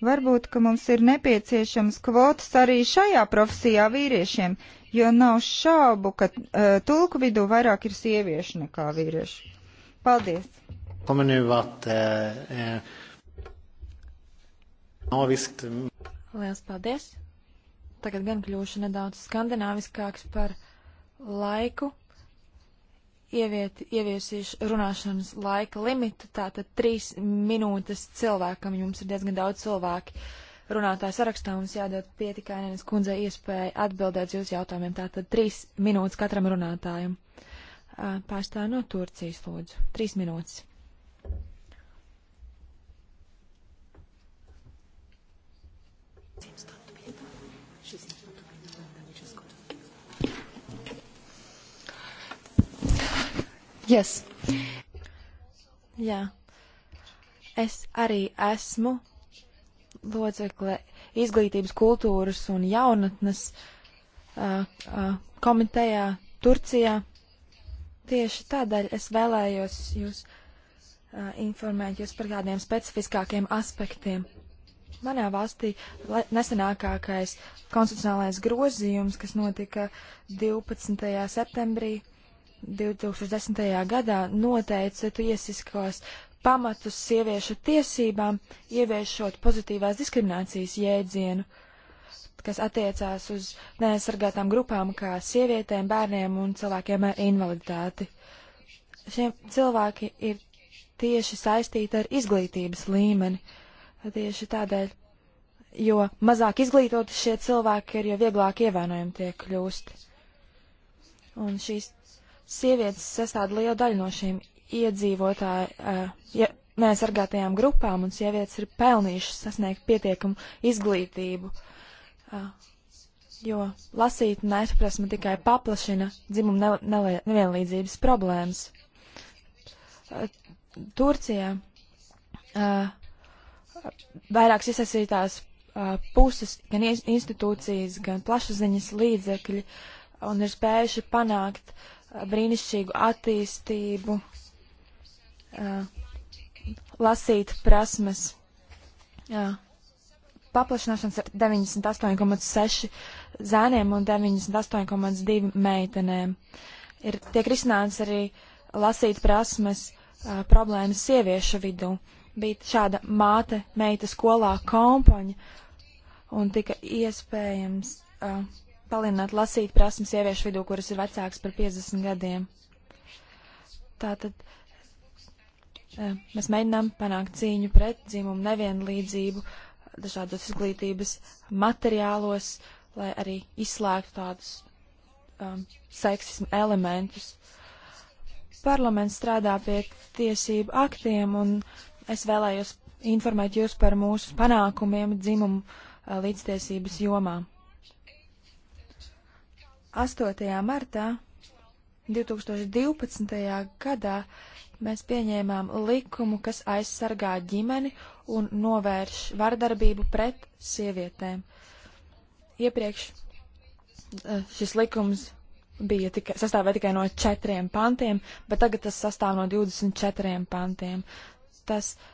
Varbūt, ka mums ir nepieciešams kvotas arī šajā profesijā vīriešiem, jo nav šaubu, ka uh, tulku vidū vairāk ir sieviešu nekā vīriešu. Paldies! Eh, eh, Lielas paldies! Tagad gan kļūšu nedaudz skandināviskāks par laiku ieviet, ieviesīšu runāšanas laika limitu, tātad trīs minūtes cilvēkam, jums ir diezgan daudz cilvēki runātāju sarakstā, mums jādod pietikainienes kundzei iespēja atbildēt jūsu jautājumiem, tātad trīs minūtes katram runātājam. Pārstāv no Turcijas, lūdzu. Trīs minūtes. Seems to Yes. Jā. Es arī esmu locekle izglītības, kultūras un jaunatnes uh, uh, komitejā Turcijā. Tieši tādēļ es vēlējos jūs uh, informēt jūs par kādiem specifiskākiem aspektiem. Manā valstī nesenākākais konstitucionālais grozījums, kas notika 12. septembrī, 2010. gadā noteica tiesiskos pamatus sieviešu tiesībām, ieviešot pozitīvās diskriminācijas jēdzienu, kas attiecās uz neaizsargātām grupām kā sievietēm, bērniem un cilvēkiem ar invaliditāti. Šiem cilvēki ir tieši saistīti ar izglītības līmeni. Tieši tādēļ, jo mazāk izglītoti šie cilvēki ir, jo vieglāk ievainojumi tiek kļūst. Un šīs Sievietes sastāv lielu daļu no šīm iedzīvotāju, uh, ja, neaizsargātajām grupām, un sievietes ir pelnījušas sasniegt pietiekamu izglītību, uh, jo lasīt nesaprasme tikai paplašina dzimumu nevienlīdzības problēmas. Uh, Turcijā vairākas izsasītās puses, gan institūcijas, gan plašsaziņas līdzekļi, un ir spējuši panākt uh, brīnišķīgu attīstību, lasīt prasmes. Jā. Paplašināšanas ar 98,6 zēniem un 98,2 meitenēm. Ir tiek risināts arī lasīt prasmes uh, problēmas sieviešu vidū. Bija šāda māte, meita skolā kompaņa un tika iespējams uh, palielināt lasīt prasmes ieviešu vidū, kuras ir vecākas par 50 gadiem. Tātad eh, mēs mēģinām panākt cīņu pret dzimumu nevienlīdzību dažādos izglītības materiālos, lai arī izslēgtu tādus um, seksismu elementus. Parlaments strādā pie tiesību aktiem, un es vēlējos informēt jūs par mūsu panākumiem dzimumu uh, līdztiesības jomā. 8. martā 2012. gadā mēs pieņēmām likumu, kas aizsargā ģimeni un novērš vardarbību pret sievietēm. Iepriekš eh, šis likums bija tikai, sastāvē tikai no četriem pantiem, bet tagad tas sastāv no 24 pantiem. Tas uh,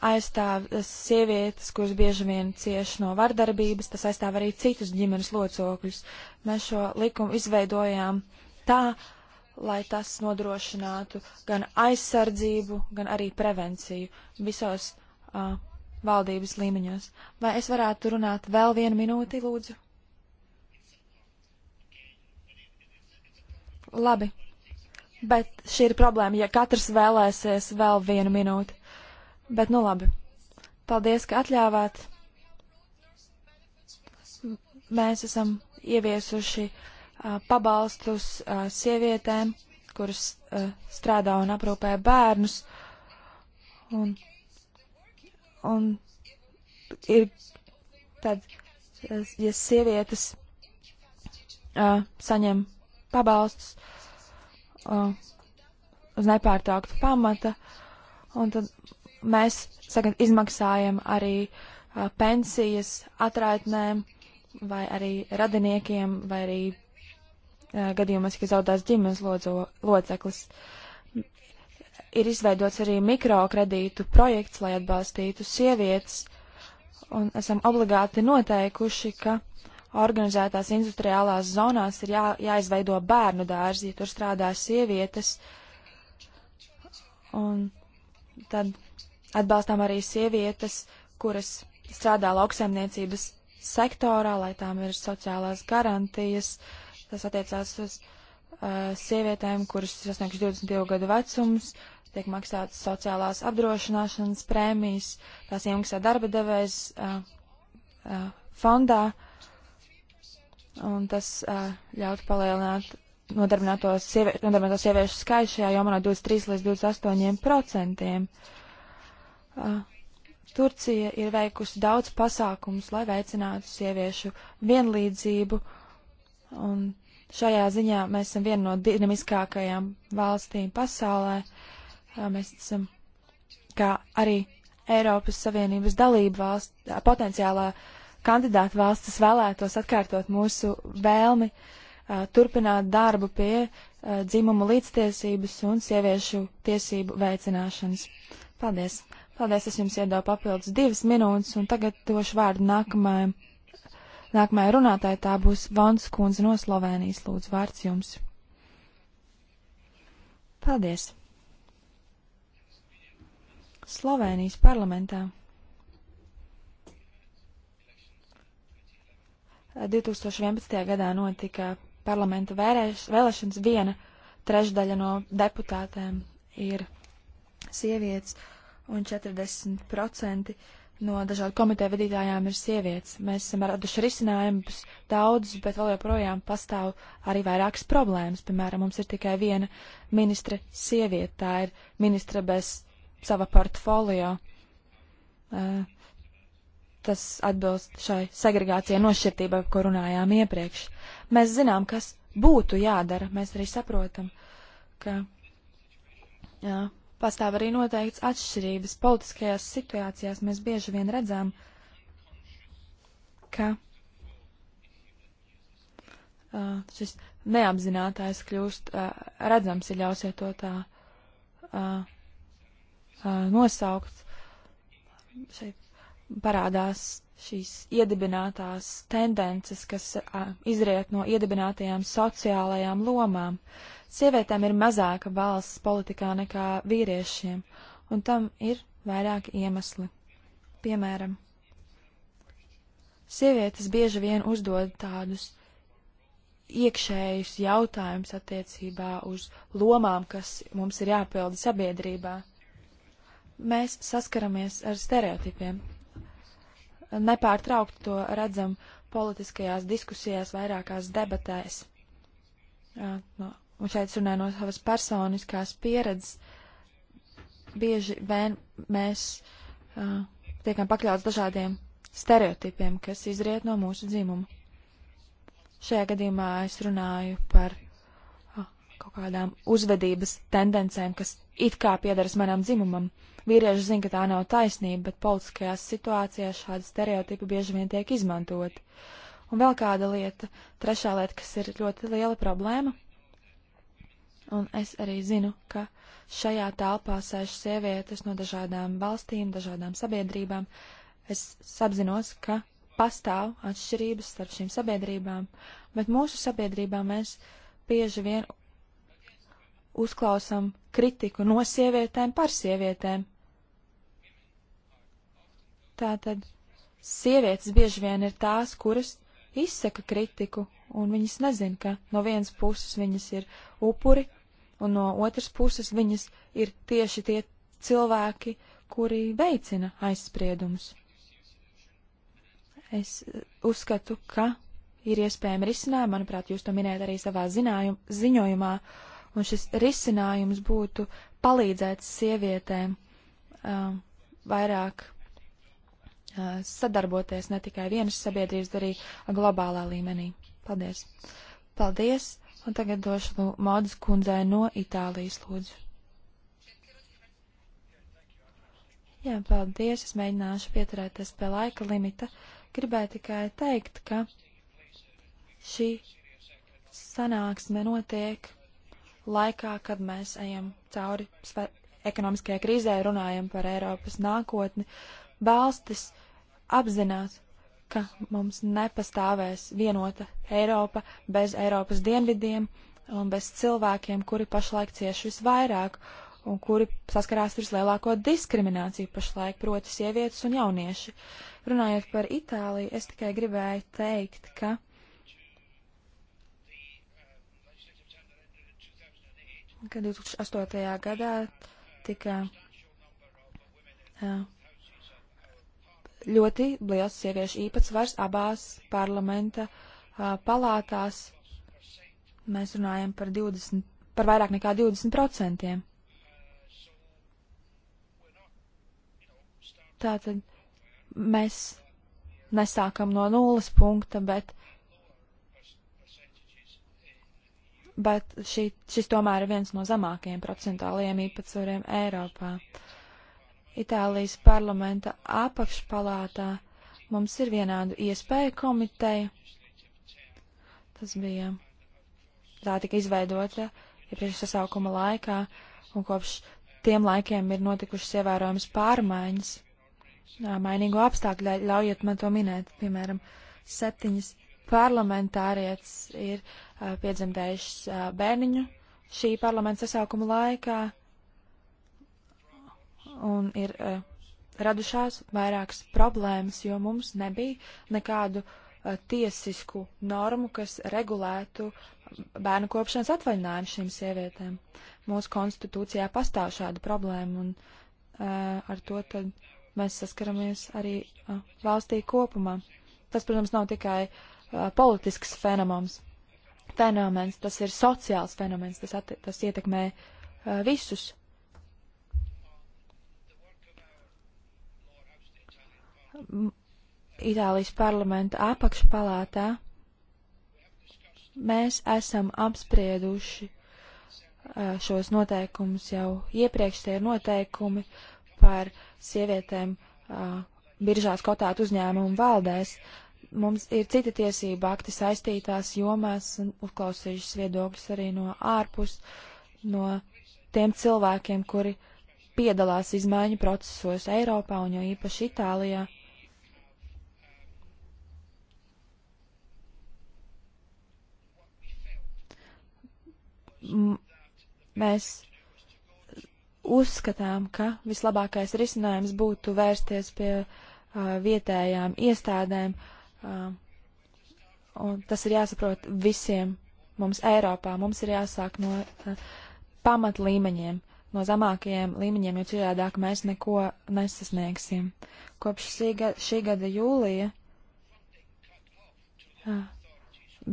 aizstāv sievietes, kuras bieži vien cieš no vardarbības, tas aizstāv arī citus ģimenes locokļus. Mēs šo likumu izveidojām tā, lai tas nodrošinātu gan aizsardzību, gan arī prevenciju visos uh, valdības līmeņos. Vai es varētu runāt vēl vienu minūti, lūdzu? Labi, bet šī ir problēma, ja katrs vēlēsies vēl vienu minūti. Bet nu labi. Paldies, ka atļāvāt. M mēs esam ieviesuši uh, pabalstus uh, sievietēm, kuras uh, strādā un aprūpē bērnus. Un, un ir tad, ja sievietes uh, saņem pabalstus uh, uz nepārtrauktu pamata, un tad mēs sagad izmaksājam arī uh, pensijas atraitnēm vai arī radiniekiem vai arī uh, gadījumos, ka zaudās ģimenes lodzo, loceklis. Ir izveidots arī mikrokredītu projekts, lai atbalstītu sievietes, un esam obligāti noteikuši, ka organizētās industriālās zonās ir jā, jāizveido bērnu dārzi, ja tur strādā sievietes. Un tad Atbalstām arī sievietes, kuras strādā lauksaimniecības sektorā, lai tām ir sociālās garantijas. Tas attiecās uz uh, sievietēm, kuras ir sasniegušas 22 gadu vecums, tiek maksātas sociālās apdrošināšanas prēmijas, tās iemaksā darba devējs uh, uh, fondā, un tas uh, ļautu palielināt nodarbināto, sievi, nodarbināto sieviešu skaitu šajā jomā no 23 līdz 28 procentiem. Uh, Uh, Turcija ir veikusi daudz pasākumus, lai veicinātu sieviešu vienlīdzību, un šajā ziņā mēs esam viena no dinamiskākajām valstīm pasaulē. Uh, mēs esam kā arī Eiropas Savienības dalība valsts, potenciālā kandidāta valsts, es vēlētos atkārtot mūsu vēlmi uh, turpināt darbu pie dzimumu līdztiesības un sieviešu tiesību veicināšanas. Paldies! Paldies, es jums iedodu papildus divas minūtes, un tagad došu vārdu nākamajai, nākamajai runātāji. Tā būs Vans Kunze no Slovenijas. Lūdzu, vārds jums. Paldies. Slovenijas parlamentā. 2011. gadā notika parlamenta vērēš, vēlēšanas. Viena trešdaļa no deputātēm ir sievietes. Uh, un 40% no dažādu komiteju vadītājām ir sievietes. Mēs esam raduši risinājumus daudzus, bet vēl joprojām pastāv arī vairākas problēmas. Piemēram, mums ir tikai viena ministra sieviete, tā ir ministra bez sava portfolio. Uh, tas atbilst šai segregācijai nošķirtībai, ko runājām iepriekš. Mēs zinām, kas būtu jādara, mēs arī saprotam, ka jā, pastāv arī noteikts atšķirības. Politiskajās situācijās mēs bieži vien redzam, ka uh, šis neapzinātais kļūst uh, redzams, ja ļausiet to tā uh, nosaukt. Šeit parādās šīs iedibinātās tendences, kas izriet no iedibinātajām sociālajām lomām. Uh, Sievietēm ir mazāka valsts politikā nekā vīriešiem, un tam ir vairāki iemesli. Piemēram, sievietes bieži vien uzdod tādus iekšējus jautājumus attiecībā uz lomām, kas mums ir jāpilda sabiedrībā. Mēs saskaramies ar stereotipiem. Nepārtraukti to redzam politiskajās diskusijās, vairākās debatēs. Jā, no un šeit runāju no savas personiskās pieredzes, bieži vien mēs uh, tiekam pakļauts dažādiem stereotipiem, kas izriet no mūsu dzimuma. Šajā gadījumā es runāju par uh, kaut kādām uzvedības tendencēm, kas it kā piedaras manam dzimumam. Vīrieši zina, ka tā nav taisnība, bet politiskajās situācijās šādi stereotipi bieži vien tiek izmantoti. Un vēl kāda lieta, trešā lieta, kas ir ļoti liela problēma Un es arī zinu, ka šajā telpā sēž sievietes no dažādām valstīm, dažādām sabiedrībām. Es apzinos, ka pastāv atšķirības starp šīm sabiedrībām, bet mūsu sabiedrībā mēs bieži vien uzklausām kritiku no sievietēm par sievietēm. Tātad sievietes bieži vien ir tās, kuras izsaka kritiku, un viņas nezina, ka no vienas puses viņas ir upuri, un no otras puses viņas ir tieši tie cilvēki, kuri veicina aizspriedumus. Es eh, uzskatu, ka ir iespējami risinājumi, manuprāt, jūs to minējat arī savā zinājum, ziņojumā, un šis risinājums būtu palīdzēt sievietēm uh, vairāk uh, sadarboties ne tikai vienas sabiedrības, bet arī globālā līmenī. Paldies! Paldies! Un tagad došu Mādas kundzei no Itālijas lūdzu. Jā, paldies, es mēģināšu pieturēties pie laika limita. Gribēju tikai teikt, ka šī sanāksme notiek laikā, kad mēs ejam cauri ekonomiskajai krīzē, runājam par Eiropas nākotni. Balstis apzinās, ka mums nepastāvēs vienota Eiropa bez Eiropas dienvidiem un bez cilvēkiem, kuri pašlaik cieši visvairāk un kuri saskarās ar vislielāko diskrimināciju pašlaik, proti sievietes un jaunieši. Runājot par Itāliju, es tikai gribēju teikt, ka ka 2008. gadā tika jā, ļoti liels sieviešu īpatsvars abās parlamenta uh, palātās. Mēs runājam par, 20, par vairāk nekā 20%. Tātad mēs nesākam no nulles punkta, bet, bet šī, šis tomēr ir viens no zemākajiem procentālajiem īpatsvariem Eiropā. Uh, Itālijas parlamenta apakšpalātā mums ir vienādu iespēju komiteju. Tas bija tā tika izveidota iepriekš ja sasaukuma laikā, un kopš tiem laikiem ir notikušas ievērojams pārmaiņas. Jā, mainīgo apstākļu ļaujiet man to minēt. Piemēram, septiņas parlamentārietis ir uh, piedzemdējušas uh, bērniņu šī parlamenta sasaukuma laikā. Uh, un ir uh, radušās vairākas problēmas, jo mums nebija nekādu uh, tiesisku normu, kas regulētu bērnu kopšanas atvaļinājumu šīm sievietēm. Mūsu konstitūcijā pastāv šāda problēma, un uh, ar to tad mēs saskaramies arī uh, valstī kopumā. Tas, protams, nav tikai uh, politisks fenomens. Fenomens, tas ir sociāls fenomens, tas, at, tas ietekmē uh, visus Itālijas parlamenta apakšpalātā mēs esam apsprieduši uh, šos noteikumus jau iepriekš, tie ir noteikumi par sievietēm uh, biržās kotāt uzņēmumu valdēs. Mums ir citi tiesība akti saistītās jomās un uzklausījušas viedokļus arī no ārpus, no tiem cilvēkiem, kuri piedalās izmaiņu procesos Eiropā un jo īpaši Itālijā. mēs uzskatām, ka vislabākais risinājums būtu vērsties pie uh, vietējām iestādēm, uh, un tas ir jāsaprot visiem mums Eiropā. Mums ir jāsāk no uh, pamat līmeņiem, no zemākajiem līmeņiem, jo citādāk mēs neko nesasniegsim. Kopš šī gada, šī gada jūlija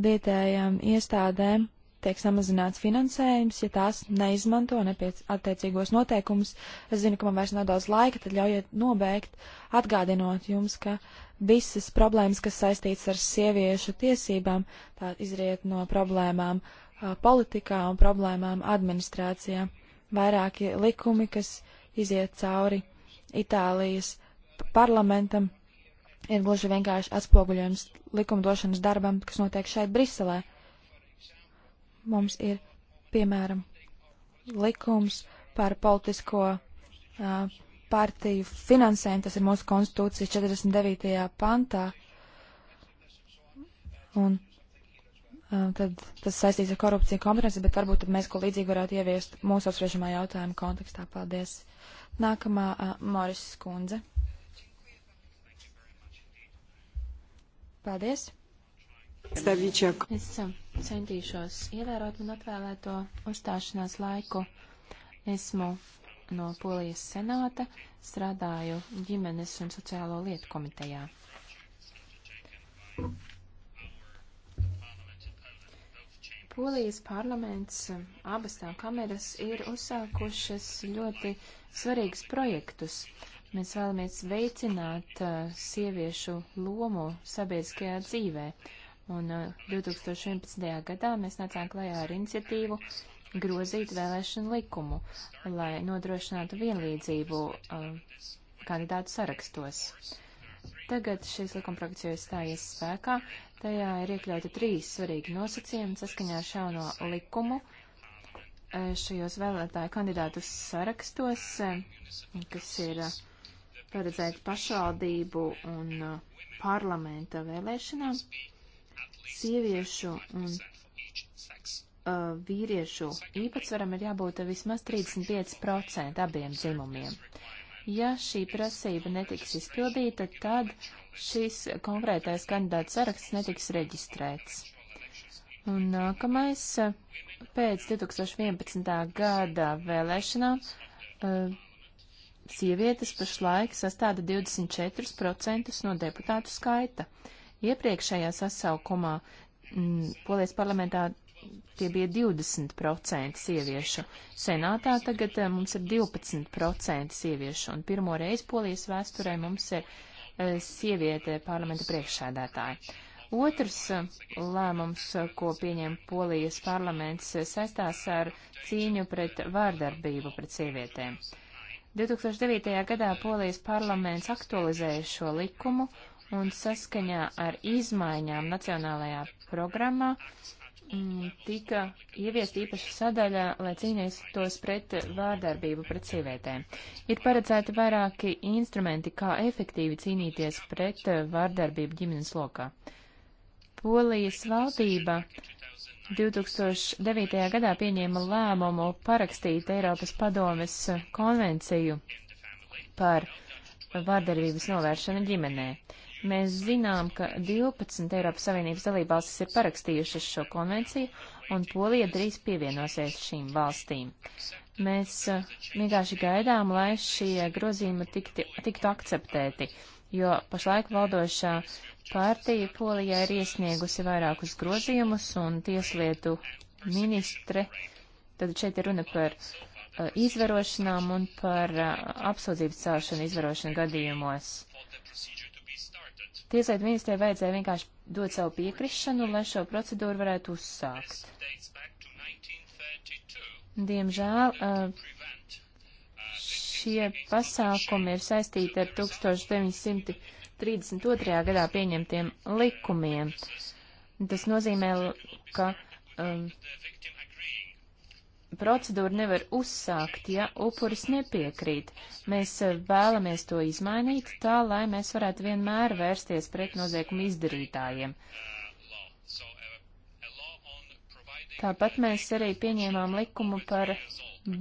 vietējām iestādēm tiek samazināts finansējums, ja tās neizmanto nepiec attiecīgos noteikumus. Es zinu, ka man vairs nav daudz laika, tad ļaujiet nobeigt, atgādinot jums, ka visas problēmas, kas saistītas ar sieviešu tiesībām, tā izriet no problēmām a, politikā un problēmām administrācijā. Vairāki likumi, kas iziet cauri Itālijas parlamentam, ir gluži vienkārši atspoguļojums likumdošanas darbam, kas notiek šeit Briselē. Mums ir, piemēram, likums par politisko uh, partiju finansējumu, tas ir mūsu konstitūcijas 49. pantā. Un uh, tad tas saistīts ar korupciju kompetenci, bet varbūt tad mēs ko līdzīgi varētu ieviest mūsu apspriežamā jautājuma kontekstā. Paldies. Nākamā uh, Moris Skundze. Paldies. Stavičak. Es um, centīšos ievērot man atvēlēto uzstāšanās laiku. Esmu no Polijas senāta, strādāju ģimenes un sociālo lietu komitejā. Polijas parlaments, um, abas tā kameras ir uzsākušas ļoti svarīgus projektus. Mēs vēlamies veicināt uh, sieviešu lomu sabiedriskajā dzīvē. Un 2011. Uh, gadā mēs nācām klajā ar iniciatīvu grozīt vēlēšanu likumu, lai nodrošinātu vienlīdzību uh, kandidātu sarakstos. Tagad šīs likumprojekts jau ir stājies spēkā, tajā ir iekļauti trīs svarīgi nosacījumi saskaņā ar šauno likumu. Uh, šajos vēlētāju kandidātu sarakstos, uh, kas ir paredzēti pašvaldību un parlamenta vēlēšanām, sieviešu un uh, vīriešu īpatsvaram ir jābūt vismaz 35% abiem dzimumiem. Ja šī prasība netiks izpildīta, tad šis konkrētais kandidāts saraksts netiks reģistrēts. Un nākamais pēc 2011. gada vēlēšanām uh, sievietes pašlaik sastāda 24% no deputātu skaita. Uh, Iepriekšējā sasaukumā m, mm, Polijas parlamentā tie bija 20% sieviešu. Senātā tagad eh, mums ir 12% sieviešu, un pirmo reizi Polijas vēsturē mums ir eh, sieviete parlamenta priekšsēdētāja. Otrs eh, lēmums, ko pieņēma Polijas parlaments, saistās ar cīņu pret vārdarbību pret sievietēm. 2009. gadā Polijas parlaments aktualizēja šo likumu un saskaņā ar izmaiņām nacionālajā programmā mm, tika ieviest īpaša sadaļa, lai cīnītos pret vārdarbību pret sievietēm. Ir paredzēti vairāki instrumenti, kā efektīvi cīnīties pret vārdarbību ģimenes lokā. Polijas valdība 2009. gadā pieņēma lēmumu parakstīt Eiropas padomes konvenciju par vārdarbības novēršanu ģimenē. Mēs zinām, ka 12 Eiropas Savienības dalībvalstis ir parakstījušas šo konvenciju, un Polija drīz pievienosies šīm valstīm. Mēs eh, vienkārši gaidām, lai šie grozījumi tikti, tiktu akceptēti, jo pašlaik valdošā pārtīja Polijā ir iesniegusi vairākus grozījumus, un tieslietu ministre, tad šeit ir runa par uh, izvarošanām un par uh, apsūdzības celšanu izvarošanu gadījumos. Tieslietu ministrē vajadzēja vienkārši dot savu piekrišanu, lai šo procedūru varētu uzsākt. Diemžēl uh, šie pasākumi ir saistīti ar 1932. gadā pieņemtiem likumiem. Tas nozīmē, ka um, procedūru nevar uzsākt, ja upuris nepiekrīt. Mēs eh, vēlamies to izmainīt tā, lai mēs varētu vienmēr vērsties pret noziegumu izdarītājiem. Tāpat mēs arī pieņēmām likumu par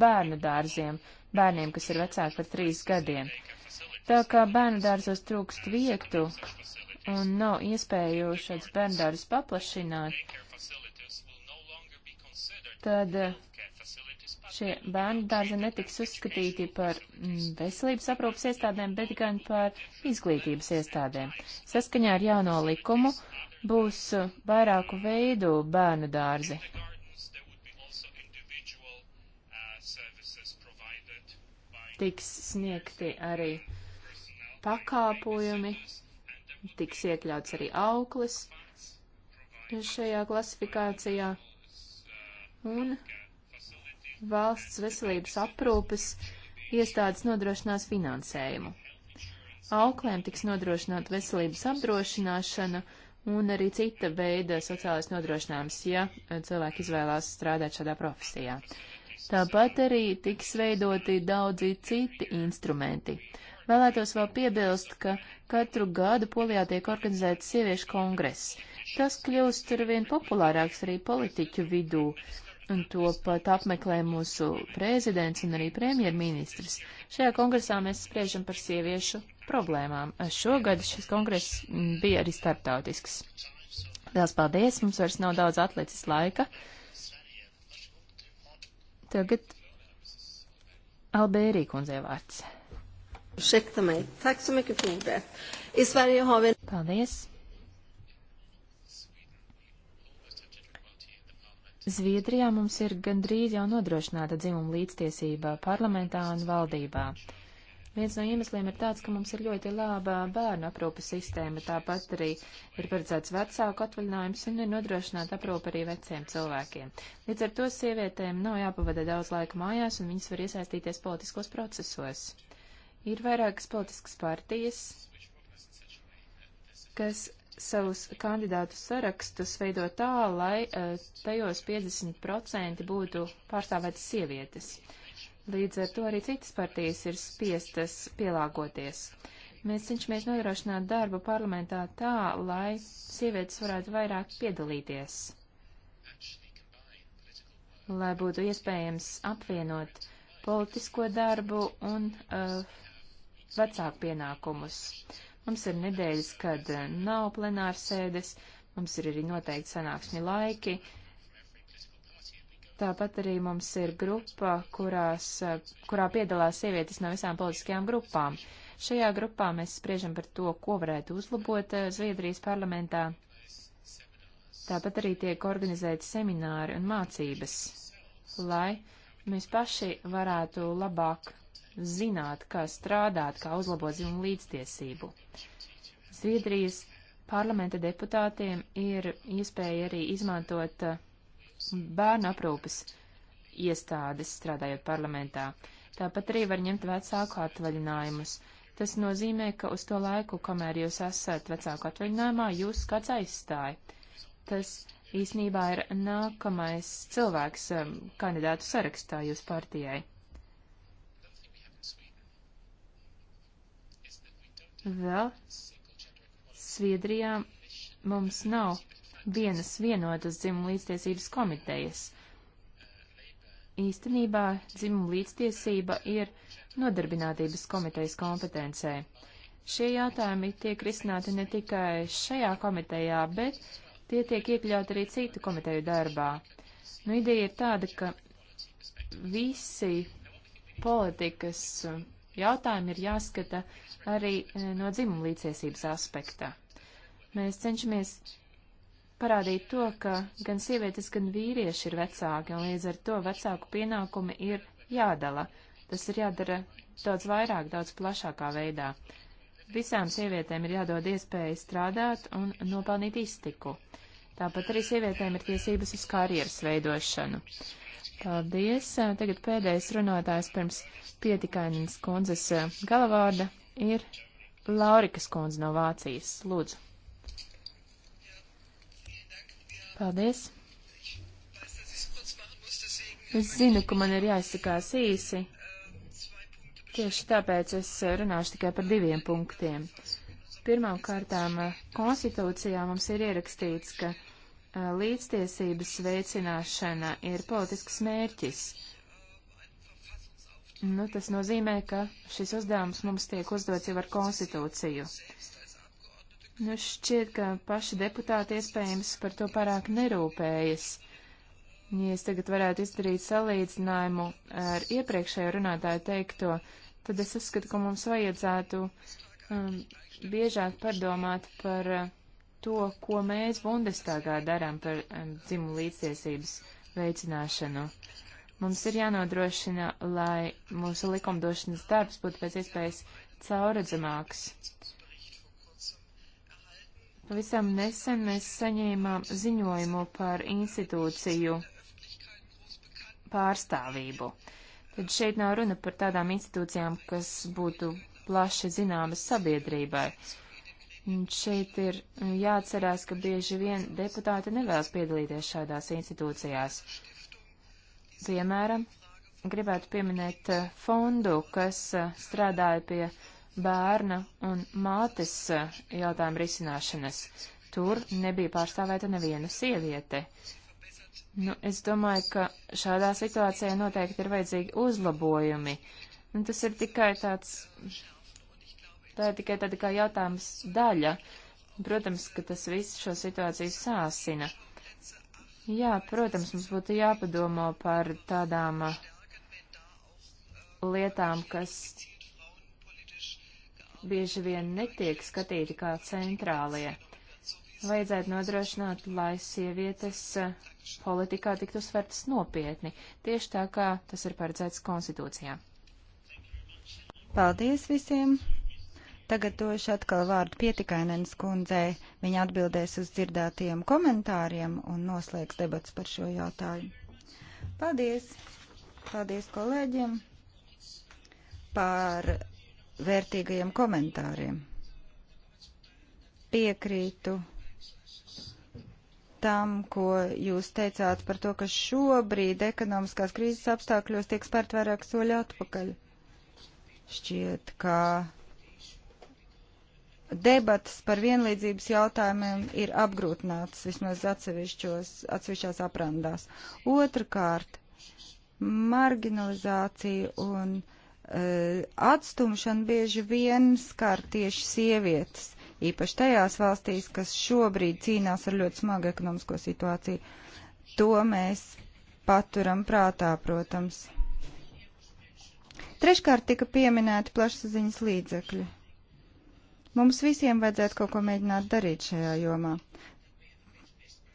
bērnu dārziem, bērniem, kas ir vecāki par trīs gadiem. Tā kā bērnu dārzos trūkst vietu un nav iespēju šāds bērnu dārzs paplašināt, tad šie bērnu dārzi netiks uzskatīti par mm, veselības aprūpas iestādēm, bet gan par izglītības iestādēm. Saskaņā ar jauno likumu būs uh, vairāku veidu bērnu dārzi. Tiks sniegti arī pakāpojumi, tiks iekļauts arī auklis šajā klasifikācijā. Un valsts veselības aprūpes iestādes nodrošinās finansējumu. Auklēm tiks nodrošināta veselības apdrošināšana un arī cita veida sociālais nodrošinājums, ja eh, cilvēki izvēlās strādāt šādā profesijā. Tāpat arī tiks veidoti daudzi citi instrumenti. Vēlētos vēl piebilst, ka katru gadu Polijā tiek organizēts sieviešu kongress. Tas kļūst arvien populārāks arī politiķu vidū. Uh, un to pat apmeklē mūsu prezidents un arī premjerministrs. Šajā kongresā mēs spriežam par sieviešu problēmām. Šogad šis kongress bija arī starptautisks. Liels paldies, mums vairs nav daudz atlicis laika. Tagad Albērī kundzei vārds. Paldies. Zviedrijā mums ir gandrīz jau nodrošināta dzimuma līdztiesība parlamentā un valdībā. Viens no iemesliem ir tāds, ka mums ir ļoti laba bērnu aprūpas sistēma, tāpat arī ir paredzēts vecāku atvaļinājums un ir nodrošināta aprūpa arī veciem cilvēkiem. Līdz ar to sievietēm nav jāpavada daudz laika mājās un viņas var iesaistīties politiskos procesos. Ir vairākas politiskas partijas, kas savus kandidātu sarakstus veido tā, lai eh, tajos 50% būtu pārstāvētas sievietes. Līdz ar to arī citas partijas ir spiestas pielāgoties. Mēs cenšamies nodrošināt darbu parlamentā tā, lai sievietes varētu vairāk piedalīties lai būtu iespējams apvienot politisko darbu un uh, vecāku pienākumus. Mums ir nedēļas, kad eh, nav plenārsēdes, mums ir arī noteikti sanāksmi laiki. Tāpat arī mums ir grupa, kurās, eh, kurā piedalās sievietes no visām politiskajām grupām. Šajā grupā mēs spriežam par to, ko varētu uzlabot eh, Zviedrijas parlamentā. Tāpat arī tiek organizēti semināri un mācības, lai mēs paši varētu labāk zināt, kā strādāt, kā uzlabot dzimumu līdztiesību. Zviedrijas parlamenta deputātiem ir iespēja arī izmantot uh, bērnu aprūpes iestādes strādājot parlamentā. Tāpat arī var ņemt vecāku atvaļinājumus. Tas nozīmē, ka uz to laiku, kamēr jūs esat vecāku atvaļinājumā, jūs kāds aizstāja. Tas īsnībā ir nākamais cilvēks um, kandidātu sarakstā jūs partijai. Vēl Sviedrijā mums nav vienas vienotas dzimuma līdztiesības komitejas. Īstenībā dzimuma līdztiesība ir nodarbinātības komitejas kompetencē. Šie jautājumi tiek risināti ne tikai šajā komitejā, bet tie tiek iekļauti arī citu komiteju darbā. Nu, ideja ir tāda, ka visi politikas jautājumi ir jāskata arī e, no dzimuma līdziesības aspekta. Mēs cenšamies parādīt to, ka gan sievietes, gan vīrieši ir vecāki, un līdz ar to vecāku pienākumi ir jādala. Tas ir jādara daudz vairāk, daudz plašākā veidā. Visām sievietēm ir jādod iespēja strādāt un nopelnīt iztiku. Tāpat arī sievietēm ir tiesības uz karjeras veidošanu. Paldies. Tagad pēdējais runātājs pirms pietikainas kundzes eh, galavārda ir Laurikas kundze no Vācijas. Lūdzu. Paldies. Es zinu, ka man ir jāizsakās īsi. Tieši tāpēc es runāšu tikai par diviem punktiem. Pirmām kārtām eh, konstitūcijā mums ir ierakstīts, ka Eh, līdztiesības veicināšana ir politisks mērķis. Nu, tas nozīmē, ka šis uzdevums mums tiek uzdots jau ar konstitūciju. Nu, šķiet, ka paši deputāti iespējams par to pārāk nerūpējas. Ja es tagad varētu izdarīt salīdzinājumu ar iepriekšējo runātāju teikto, tad es uzskatu, ka mums vajadzētu um, biežāk padomāt par uh, to, ko mēs Bundestagā darām par dzimumu līdztiesības veicināšanu. Mums ir jānodrošina, lai mūsu likumdošanas darbs būtu pēc iespējas cauredzamāks. Pavisam nesen mēs saņēmām ziņojumu par institūciju pārstāvību. Tad šeit nav runa par tādām institūcijām, kas būtu plaši zināmas sabiedrībai. Uh, Šeit ir eh, jāatcerās, ka bieži vien deputāti nevēlas piedalīties šādās institūcijās. Piemēram, gribētu pieminēt eh, fondu, kas eh, strādāja pie bērna un mātes jautājumu risināšanas. Tur nebija pārstāvēta neviena sieviete. Nu, es domāju, ka šādā situācijā noteikti ir vajadzīgi uzlabojumi. Nu, tas ir tikai tāds Tā ir tikai tāda kā jautājums daļa. Protams, ka tas viss šo situāciju sāsina. Jā, protams, mums būtu jāpadomā par tādām uh, lietām, kas bieži vien netiek skatīti kā centrālie. Vajadzētu nodrošināt, lai sievietes uh, politikā tiktu uzsvertas nopietni, tieši tā kā tas ir paredzēts konstitūcijā. Paldies visiem! Tagad došu atkal vārdu pietikainens kundzei. Viņa atbildēs uz dzirdētajiem komentāriem un noslēgs debats par šo jautājumu. Paldies! Paldies kolēģiem par vērtīgajiem komentāriem. Piekrītu tam, ko jūs teicāt par to, ka šobrīd ekonomiskās krīzes apstākļos tiek spērt vairāk soļi atpakaļ. Šķiet, ka debatas par vienlīdzības jautājumiem ir apgrūtinātas vismaz atsevišķās aprandās. Otrakārt, marginalizācija un uh, atstumšana bieži vien skar tieši sievietes, īpaši tajās valstīs, kas šobrīd cīnās ar ļoti smagu ekonomisko situāciju. To mēs paturam prātā, protams. Treškārt tika pieminēti plašsaziņas līdzekļi. Mums visiem vajadzētu kaut ko mēģināt darīt šajā jomā.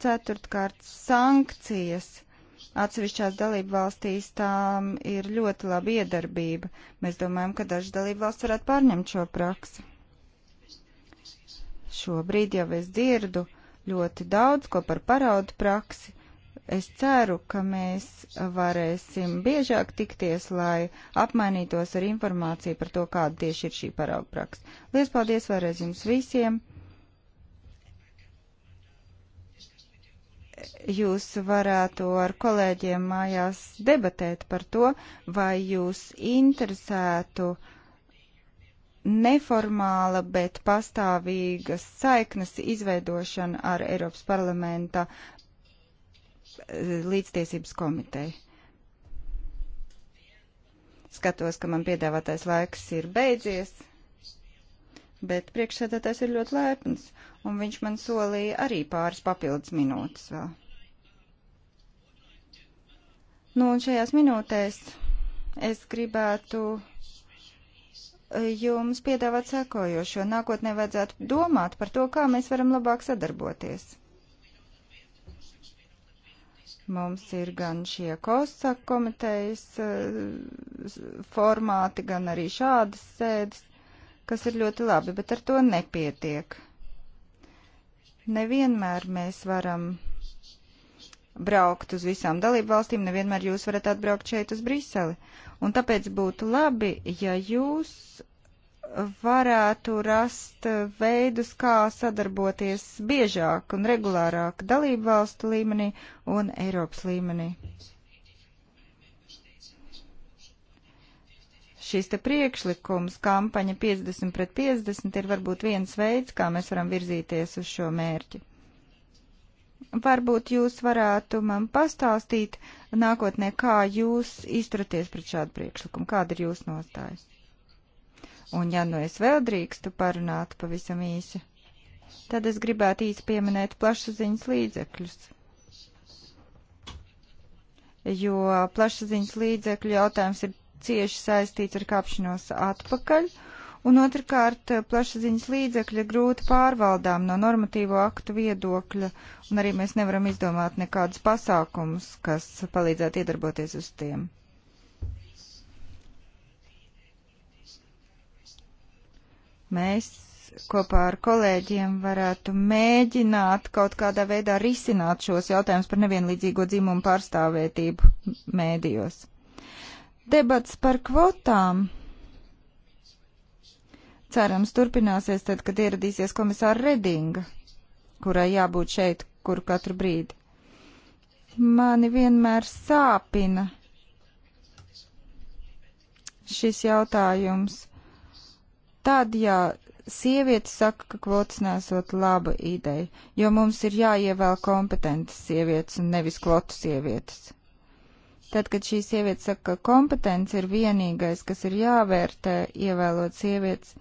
Ceturtkārt, sankcijas atsevišķās dalību valstīs tām ir ļoti laba iedarbība. Mēs domājam, ka dažas dalību valsts varētu pārņemt šo praksi. Šobrīd jau es dzirdu ļoti daudz ko par paraudu praksi, Es ceru, ka mēs varēsim biežāk tikties, lai apmainītos ar informāciju par to, kāda tieši ir šī parauga praksa. Lielas paldies vēlreiz jums visiem! Jūs varētu ar kolēģiem mājās debatēt par to, vai jūs interesētu neformāla, bet pastāvīgas saiknes izveidošana ar Eiropas parlamenta līdztiesības komiteju. Skatos, ka man piedāvātais laiks ir beidzies, bet priekšsēdētājs ir ļoti laipns, un viņš man solīja arī pāris papildus minūtes vēl. Nu, un šajās minūtēs es gribētu eh, jums piedāvāt sekojošo. Nākotnē vajadzētu domāt par to, kā mēs varam labāk sadarboties. Mums ir gan šie kosak komitejas eh, formāti, gan arī šādas sēdes, kas ir ļoti labi, bet ar to nepietiek. Nevienmēr mēs varam braukt uz visām dalību valstīm, nevienmēr jūs varat atbraukt šeit uz Briseli. Un tāpēc būtu labi, ja jūs varētu rast veidus, kā sadarboties biežāk un regulārāk dalību valstu līmenī un Eiropas līmenī. Šis te priekšlikums kampaņa 50 pret 50 ir varbūt viens veids, kā mēs varam virzīties uz šo mērķi. Varbūt jūs varētu man pastāstīt nākotnē, kā jūs izturaties pret šādu priekšlikumu, kāda ir jūsu nostājas. Un ja nu es vēl drīkstu parunāt pavisam īsi, tad es gribētu īsi pieminēt plašsaziņas līdzekļus. Jo plašsaziņas līdzekļu jautājums ir cieši saistīts ar kāpšanos atpakaļ, un otrkārt plašsaziņas līdzekļi grūti pārvaldām no normatīvo aktu viedokļa, un arī mēs nevaram izdomāt nekādus pasākumus, kas palīdzētu iedarboties uz tiem. mēs kopā ar kolēģiem varētu mēģināt kaut kādā veidā risināt šos jautājumus par nevienlīdzīgo dzimumu pārstāvētību mēdījos. Debats par kvotām cerams turpināsies tad, kad ieradīsies komisāra Redinga, kurai jābūt šeit kuru katru brīdi. Mani vienmēr sāpina šis jautājums tad, ja sieviete saka, ka kvotas nesot laba ideja, jo mums ir jāievēl kompetentas sievietes un nevis kvotu sievietes. Tad, kad šī sieviete saka, ka kompetence ir vienīgais, kas ir jāvērtē, ievēlot sievietes,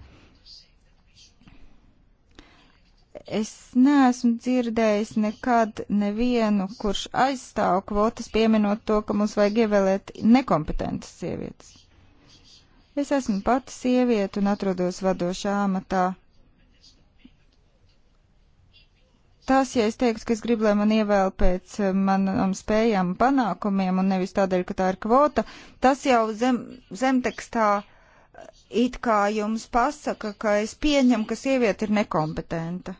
es neesmu dzirdējis nekad nevienu, kurš aizstāv kvotas, pieminot to, ka mums vajag ievēlēt nekompetentas sievietes. Es esmu pati sieviete un atrodos vadošā amatā. Tas, ja es teiktu, ka es gribu, lai man ievēl pēc eh, manām spējām un panākumiem, un nevis tādēļ, ka tā ir kvota, tas jau zem, zemtekstā eh, it kā jums pasaka, ka es pieņemu, ka sieviete ir nekompetenta.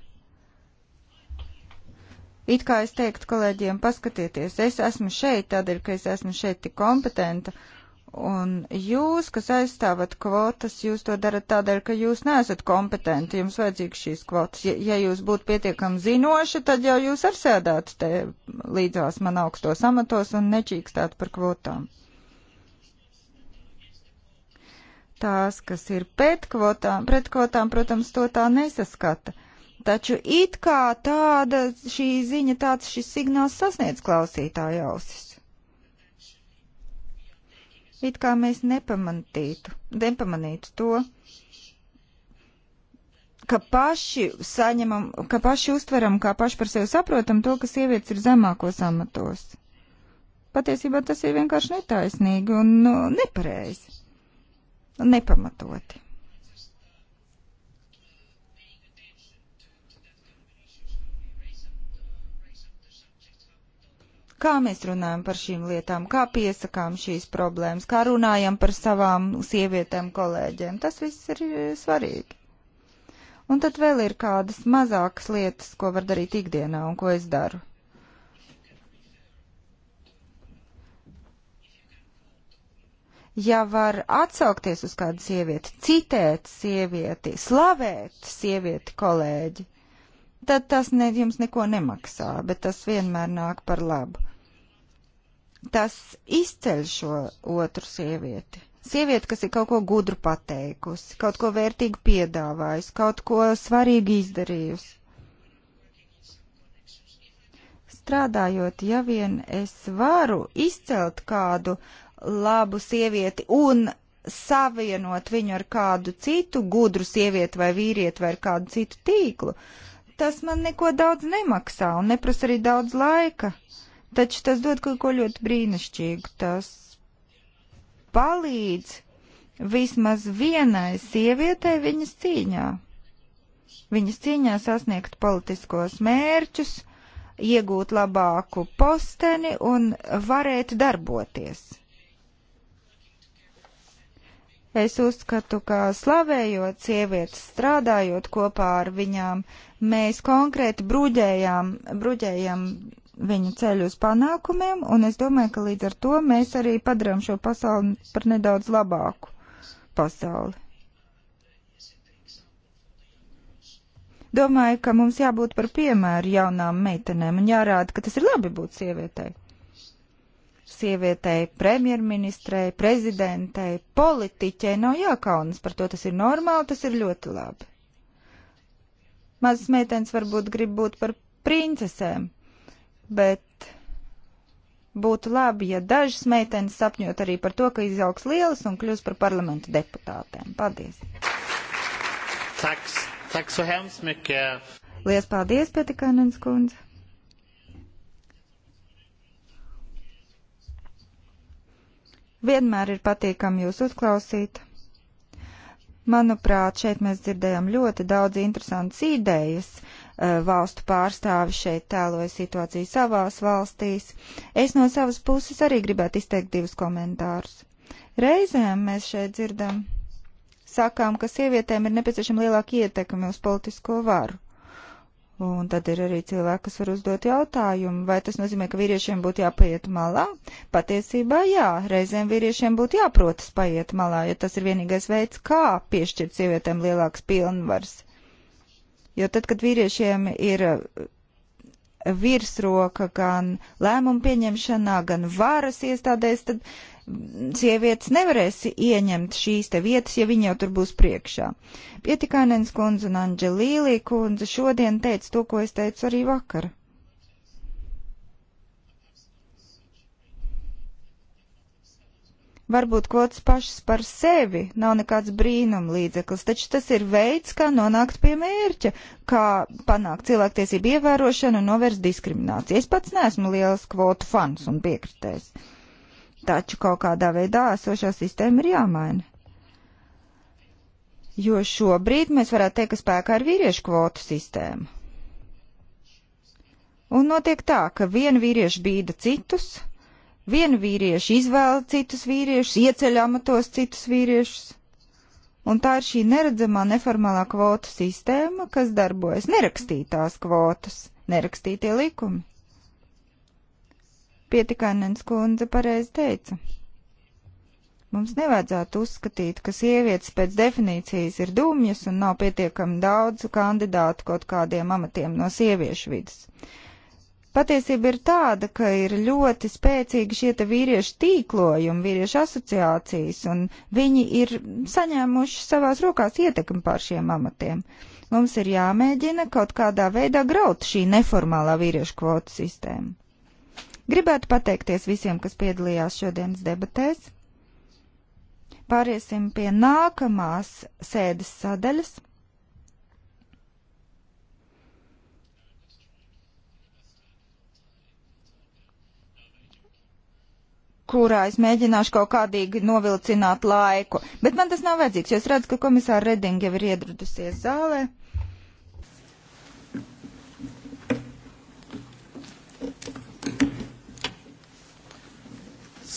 It kā es teiktu kolēģiem, paskatieties, es esmu šeit, tādēļ, ka es esmu šeit tik kompetenta, uh, Un jūs, kas aizstāvat kvotas, jūs to darat tādēļ, ka jūs neesat kompetenti, jums vajadzīgs šīs kvotas. Ja, ja jūs būtu pietiekami zinoši, tad jau jūs ar sēdētu te līdzās man augstos amatos un nečīkstātu par kvotām. Tās, kas ir pret kvotām, pret kvotām, protams, to tā nesaskata. Taču it kā tāda šī ziņa, tāds šis signāls sasniedz klausītāja ausis it kā mēs nepamanītu, nepamanītu to, ka paši saņemam, ka paši uztveram, kā paši par sevi saprotam to, ka sievietes ir zemākos amatos. Patiesībā tas ir vienkārši netaisnīgi un nu, nepareizi. Nepamatoti. kā mēs runājam par šīm lietām, kā piesakām šīs problēmas, kā runājam par savām sievietēm, kolēģiem. Tas viss ir eh, svarīgi. Un tad vēl ir kādas mazākas lietas, ko var darīt ikdienā un ko es daru. ja var atsaukties uz kādu sievieti, citēt sievieti, slavēt sievieti kolēģi tad tas ne, jums neko nemaksā, bet tas vienmēr nāk par labu. Tas izceļ šo otru sievieti. Sieviete, kas ir kaut ko gudru pateikusi, kaut ko vērtīgu piedāvājusi, kaut ko svarīgu izdarījusi. Strādājot, ja vien es varu izcelt kādu labu sievieti un savienot viņu ar kādu citu gudru sievieti vai vīrieti vai ar kādu citu tīklu, uh, tas man neko daudz nemaksā un neprasa arī daudz laika. Taču tas dod kaut ko ļoti brīnišķīgu. Tas palīdz vismaz vienai sievietei viņas cīņā. Viņas cīņā sasniegt politiskos mērķus, iegūt labāku posteni un varēt darboties. Es uzskatu, ka slavējot sievietes, strādājot kopā ar viņām, mēs konkrēti bruģējām, bruģējām viņu ceļu uz panākumiem, un es domāju, ka līdz ar to mēs arī padarām šo pasauli par nedaudz labāku pasauli. Domāju, ka mums jābūt par piemēru jaunām meitenēm un jārāda, ka tas ir labi būt sievietei sievietei, premjerministrei, prezidentei, politiķei nav jākaunas par to. Tas ir normāli, tas ir ļoti labi. Mazas meitenes varbūt grib būt par princesēm, bet būtu labi, ja dažas meitenes sapņot arī par to, ka izaugs lielas un kļūs par parlamentu deputātēm. Paldies! Taks, taks so Lies paldies, Petikainens kundze! Vienmēr ir patīkami jūs uzklausīt. Manuprāt, šeit mēs dzirdējam ļoti daudz interesantas idejas. Eh, valstu pārstāvi šeit tēloja situāciju savās valstīs. Es no savas puses arī gribētu izteikt divus komentārus. Reizēm mēs šeit dzirdam, sakām, ka sievietēm ir nepieciešama lielāka ietekme uz politisko varu. Un tad ir arī cilvēki, kas var uzdot jautājumu, vai tas nozīmē, ka vīriešiem būtu jāpaiet malā? Patiesībā jā, reizēm vīriešiem būtu jāprotas paiet malā, jo tas ir vienīgais veids, kā piešķirt sievietēm lielākas pilnvaras. Jo tad, kad vīriešiem ir virsroka gan lēmumu pieņemšanā, gan varas iestādēs, tad sievietes nevarēs ieņemt šīs te vietas, ja viņi jau tur būs priekšā. Pietikainens kundze un Anģelīlī kundze šodien teica to, ko es teicu arī vakar. Varbūt kvotas pašas par sevi nav nekāds brīnum līdzeklis, taču tas ir veids, kā nonākt pie mērķa, kā panākt cilvēktiesību ievērošanu un novērst diskrimināciju. Es pats neesmu liels kvotu fans un piekritējs taču kaut kādā veidā esošā sistēma ir jāmaina. Jo šobrīd mēs varētu teikt, ka spēkā ir vīriešu kvotu sistēma. Un notiek tā, ka viena vīrieša bīda citus, viena vīrieša izvēla citus vīriešus, ieceļ amatos citus vīriešus. Un tā ir šī neredzamā neformālā kvotu sistēma, kas darbojas nerakstītās kvotas, nerakstītie likumi. Pietikainens kundze pareizi teica. Mums nevajadzētu uzskatīt, ka sievietes pēc definīcijas ir dumjas un nav pietiekami daudz kandidātu kaut kādiem amatiem no sieviešu vidas. Patiesība ir tāda, ka ir ļoti spēcīgi šie te vīriešu tīklojumi, vīriešu asociācijas, un viņi ir saņēmuši savās rokās ietekmi pār šiem amatiem. Mums ir jāmēģina kaut kādā veidā graut šī neformālā vīriešu kvotu sistēma. Gribētu pateikties visiem, kas piedalījās šodienas debatēs. Pāriesim pie nākamās sēdes sadaļas. kurā es mēģināšu kaut kādīgi novilcināt laiku. Bet man tas nav vajadzīgs, jo es redzu, ka komisāra Redinga jau ir iedrudusies zālē.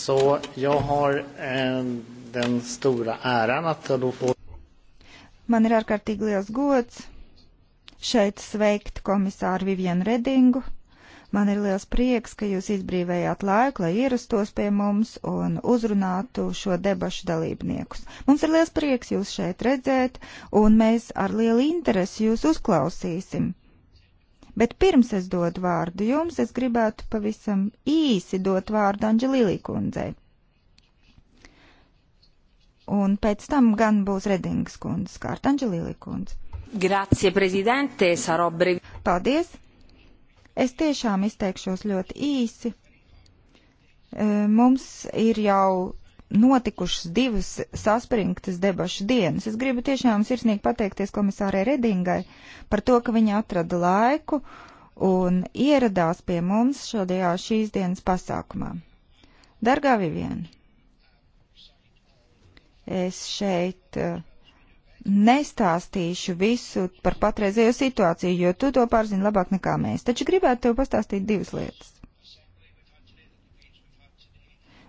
Så jag har eh, den stora äran att jag då får. Man ir ārkārtīgi liels gods šeit sveikt komisāru Vivienu Redingu. Man ir liels prieks, ka jūs izbrīvējāt laiku, lai ierastos pie mums un uzrunātu šo debašu dalībniekus. Mums ir liels prieks jūs šeit redzēt, un mēs ar lielu interesi jūs uzklausīsim. Bet pirms es dodu vārdu jums, es gribētu pavisam īsi dot vārdu Anģelīlī kundzei. Un pēc tam gan būs Redingas kundze, kārt Anģelīlī kundze. Grazie, prezidente, saro brevi. Paldies! Es tiešām izteikšos ļoti īsi. Mums ir jau notikušas divas saspringtas debašu dienas. Es gribu tiešām sirsnīgi pateikties komisārai Redingai par to, ka viņa atrada laiku un ieradās pie mums šodien šīs dienas pasākumā. Dargā Viviena, es šeit eh, nestāstīšu visu par patreizējo situāciju, jo tu to pārzini labāk nekā mēs, taču gribētu tev pastāstīt divas lietas.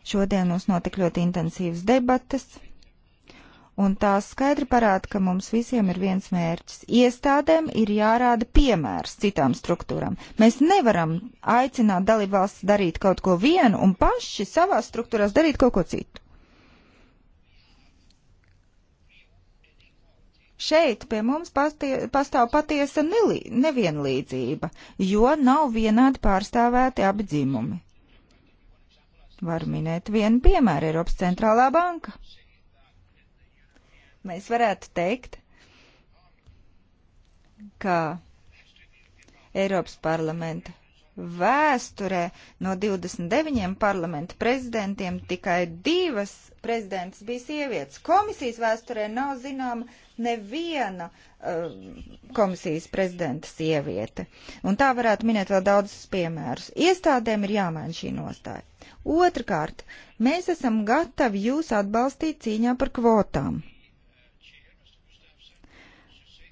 Šodien mums notika ļoti intensīvas debatas, un tās skaidri parāda, ka mums visiem ir viens mērķis. Iestādēm ir jārāda piemērs citām struktūram. Mēs nevaram aicināt dalībvalsts darīt kaut ko vienu un paši savā struktūrās darīt kaut ko citu. šeit pie mums pastie, pastāv patiesa nelī, nevienlīdzība, jo nav vienādi pārstāvēti abi dzimumi. Var minēt vienu piemēru - Eiropas centrālā banka. Mēs varētu teikt, ka Eiropas parlamenta vēsturē no 29 parlamenta prezidentiem tikai divas prezidentas bija sievietes. Komisijas vēsturē nav zināma neviena uh, komisijas prezidenta sieviete. Un tā varētu minēt vēl daudzus piemērus. Iestādēm ir jāmaina šī nostāja. Otrkārt, mēs esam gatavi jūs atbalstīt cīņā par kvotām.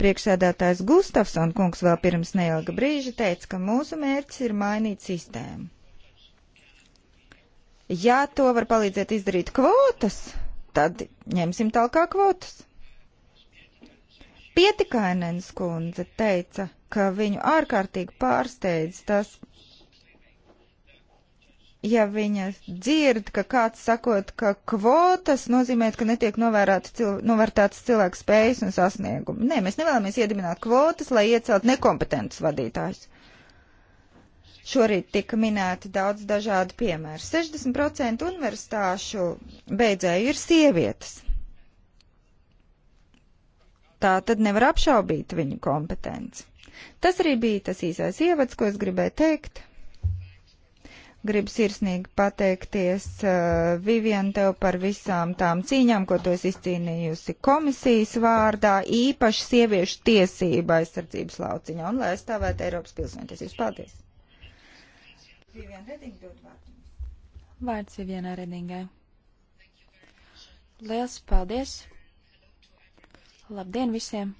Priekšsēdētājs Gustafson kungs vēl pirms neilga brīža teica, ka mūsu mērķis ir mainīt sistēmu. Ja to var palīdzēt izdarīt kvotas, tad ņemsim tālāk kvotas. Pietikainens kundze teica, ka viņu ārkārtīgi pārsteidz tas, ja viņa dzird, ka kāds sakot, ka kvotas nozīmē, ka netiek cil novērtētas cilvēku spējas un sasniegumi. Nē, mēs nevēlamies iedibināt kvotas, lai iecelt nekompetentus vadītājus. Šorīt tika minēti daudz dažādi piemēri. 60% universitāšu beidzēju ir sievietes. Tā tad nevar apšaubīt viņu kompetenci. Tas arī bija tas īsais ievads, ko es gribēju teikt. Gribu sirsnīgi pateikties uh, eh, Vivien tev par visām tām cīņām, ko tu esi izcīnījusi komisijas vārdā, īpaši sieviešu tiesība aizsardzības lauciņā un lai aizstāvētu Eiropas pilsoņtiesības. Paldies! Vivien Redinga dod vārdu. Vārds Vivienai Redingai. Liels paldies! Labdien visiem!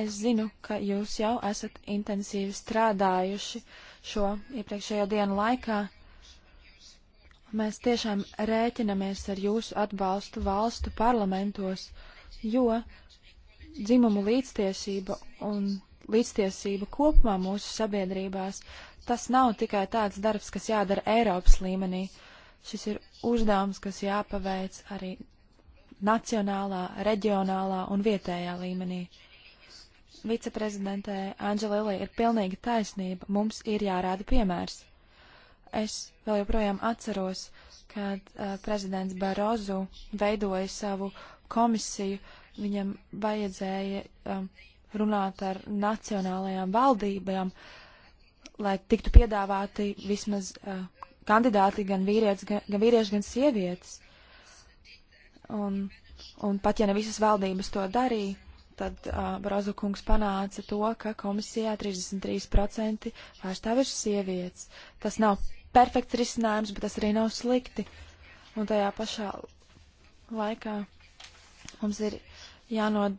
Es zinu, ka jūs jau esat intensīvi strādājuši uh, šo iepriekšējo dienu laikā. Mēs tiešām rēķinamies ar jūsu atbalstu valstu parlamentos, jo dzimumu līdztiesība un līdztiesība kopumā mūsu sabiedrībās tas nav tikai tāds darbs, kas jādara Eiropas līmenī. Šis ir uzdevums, kas jāpaveic arī nacionālā, reģionālā un vietējā līmenī viceprezidentē Anģelīlī ir pilnīga taisnība. Mums ir jārāda piemērs. Es vēl joprojām atceros, kad uh, prezidents Barozu veidoja savu komisiju. Viņam vajadzēja um, runāt ar nacionālajām valdībām, lai tiktu piedāvāti vismaz uh, kandidāti gan, vīriets, gan, gan vīrieši, gan sievietes. Un, un pat ja ne visas valdības to darīja, tad uh, Barozu kungs panāca to, ka komisijā 33% pārstāv ir sievietes. Tas nav perfekts risinājums, bet tas arī nav slikti. Un tajā pašā laikā mums ir jānod,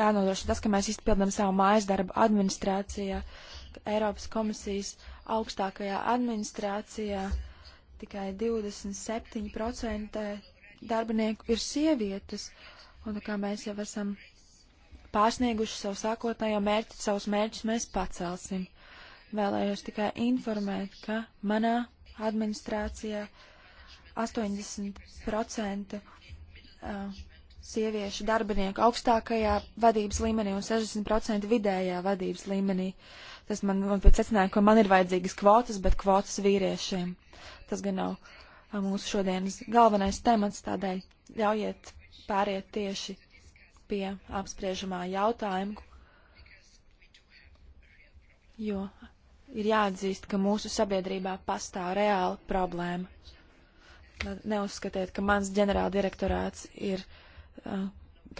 jānodrošina tas, ka mēs izpildam savu mājas darbu administrācijā, Eiropas komisijas augstākajā administrācijā. Tikai 27% darbinieku ir sievietes. Un tā kā mēs jau esam pārsnieguši savu sākotnējo mērķi, savus mērķus mēs pacelsim. Vēlējos tikai informēt, ka manā administrācijā 80% sieviešu darbinieku augstākajā vadības līmenī un 60% vidējā vadības līmenī. Tas man, man pēc secinājuma, ka man ir vajadzīgas kvotas, bet kvotas vīriešiem. Tas gan nav mūsu šodienas galvenais temats, tādēļ ļaujiet pāriet tieši pie apspriežamā jautājuma, jo ir jāatzīst, ka mūsu sabiedrībā pastāv reāla problēma. Neuzskatiet, ka mans ģenerāldirektorāts ir, uh,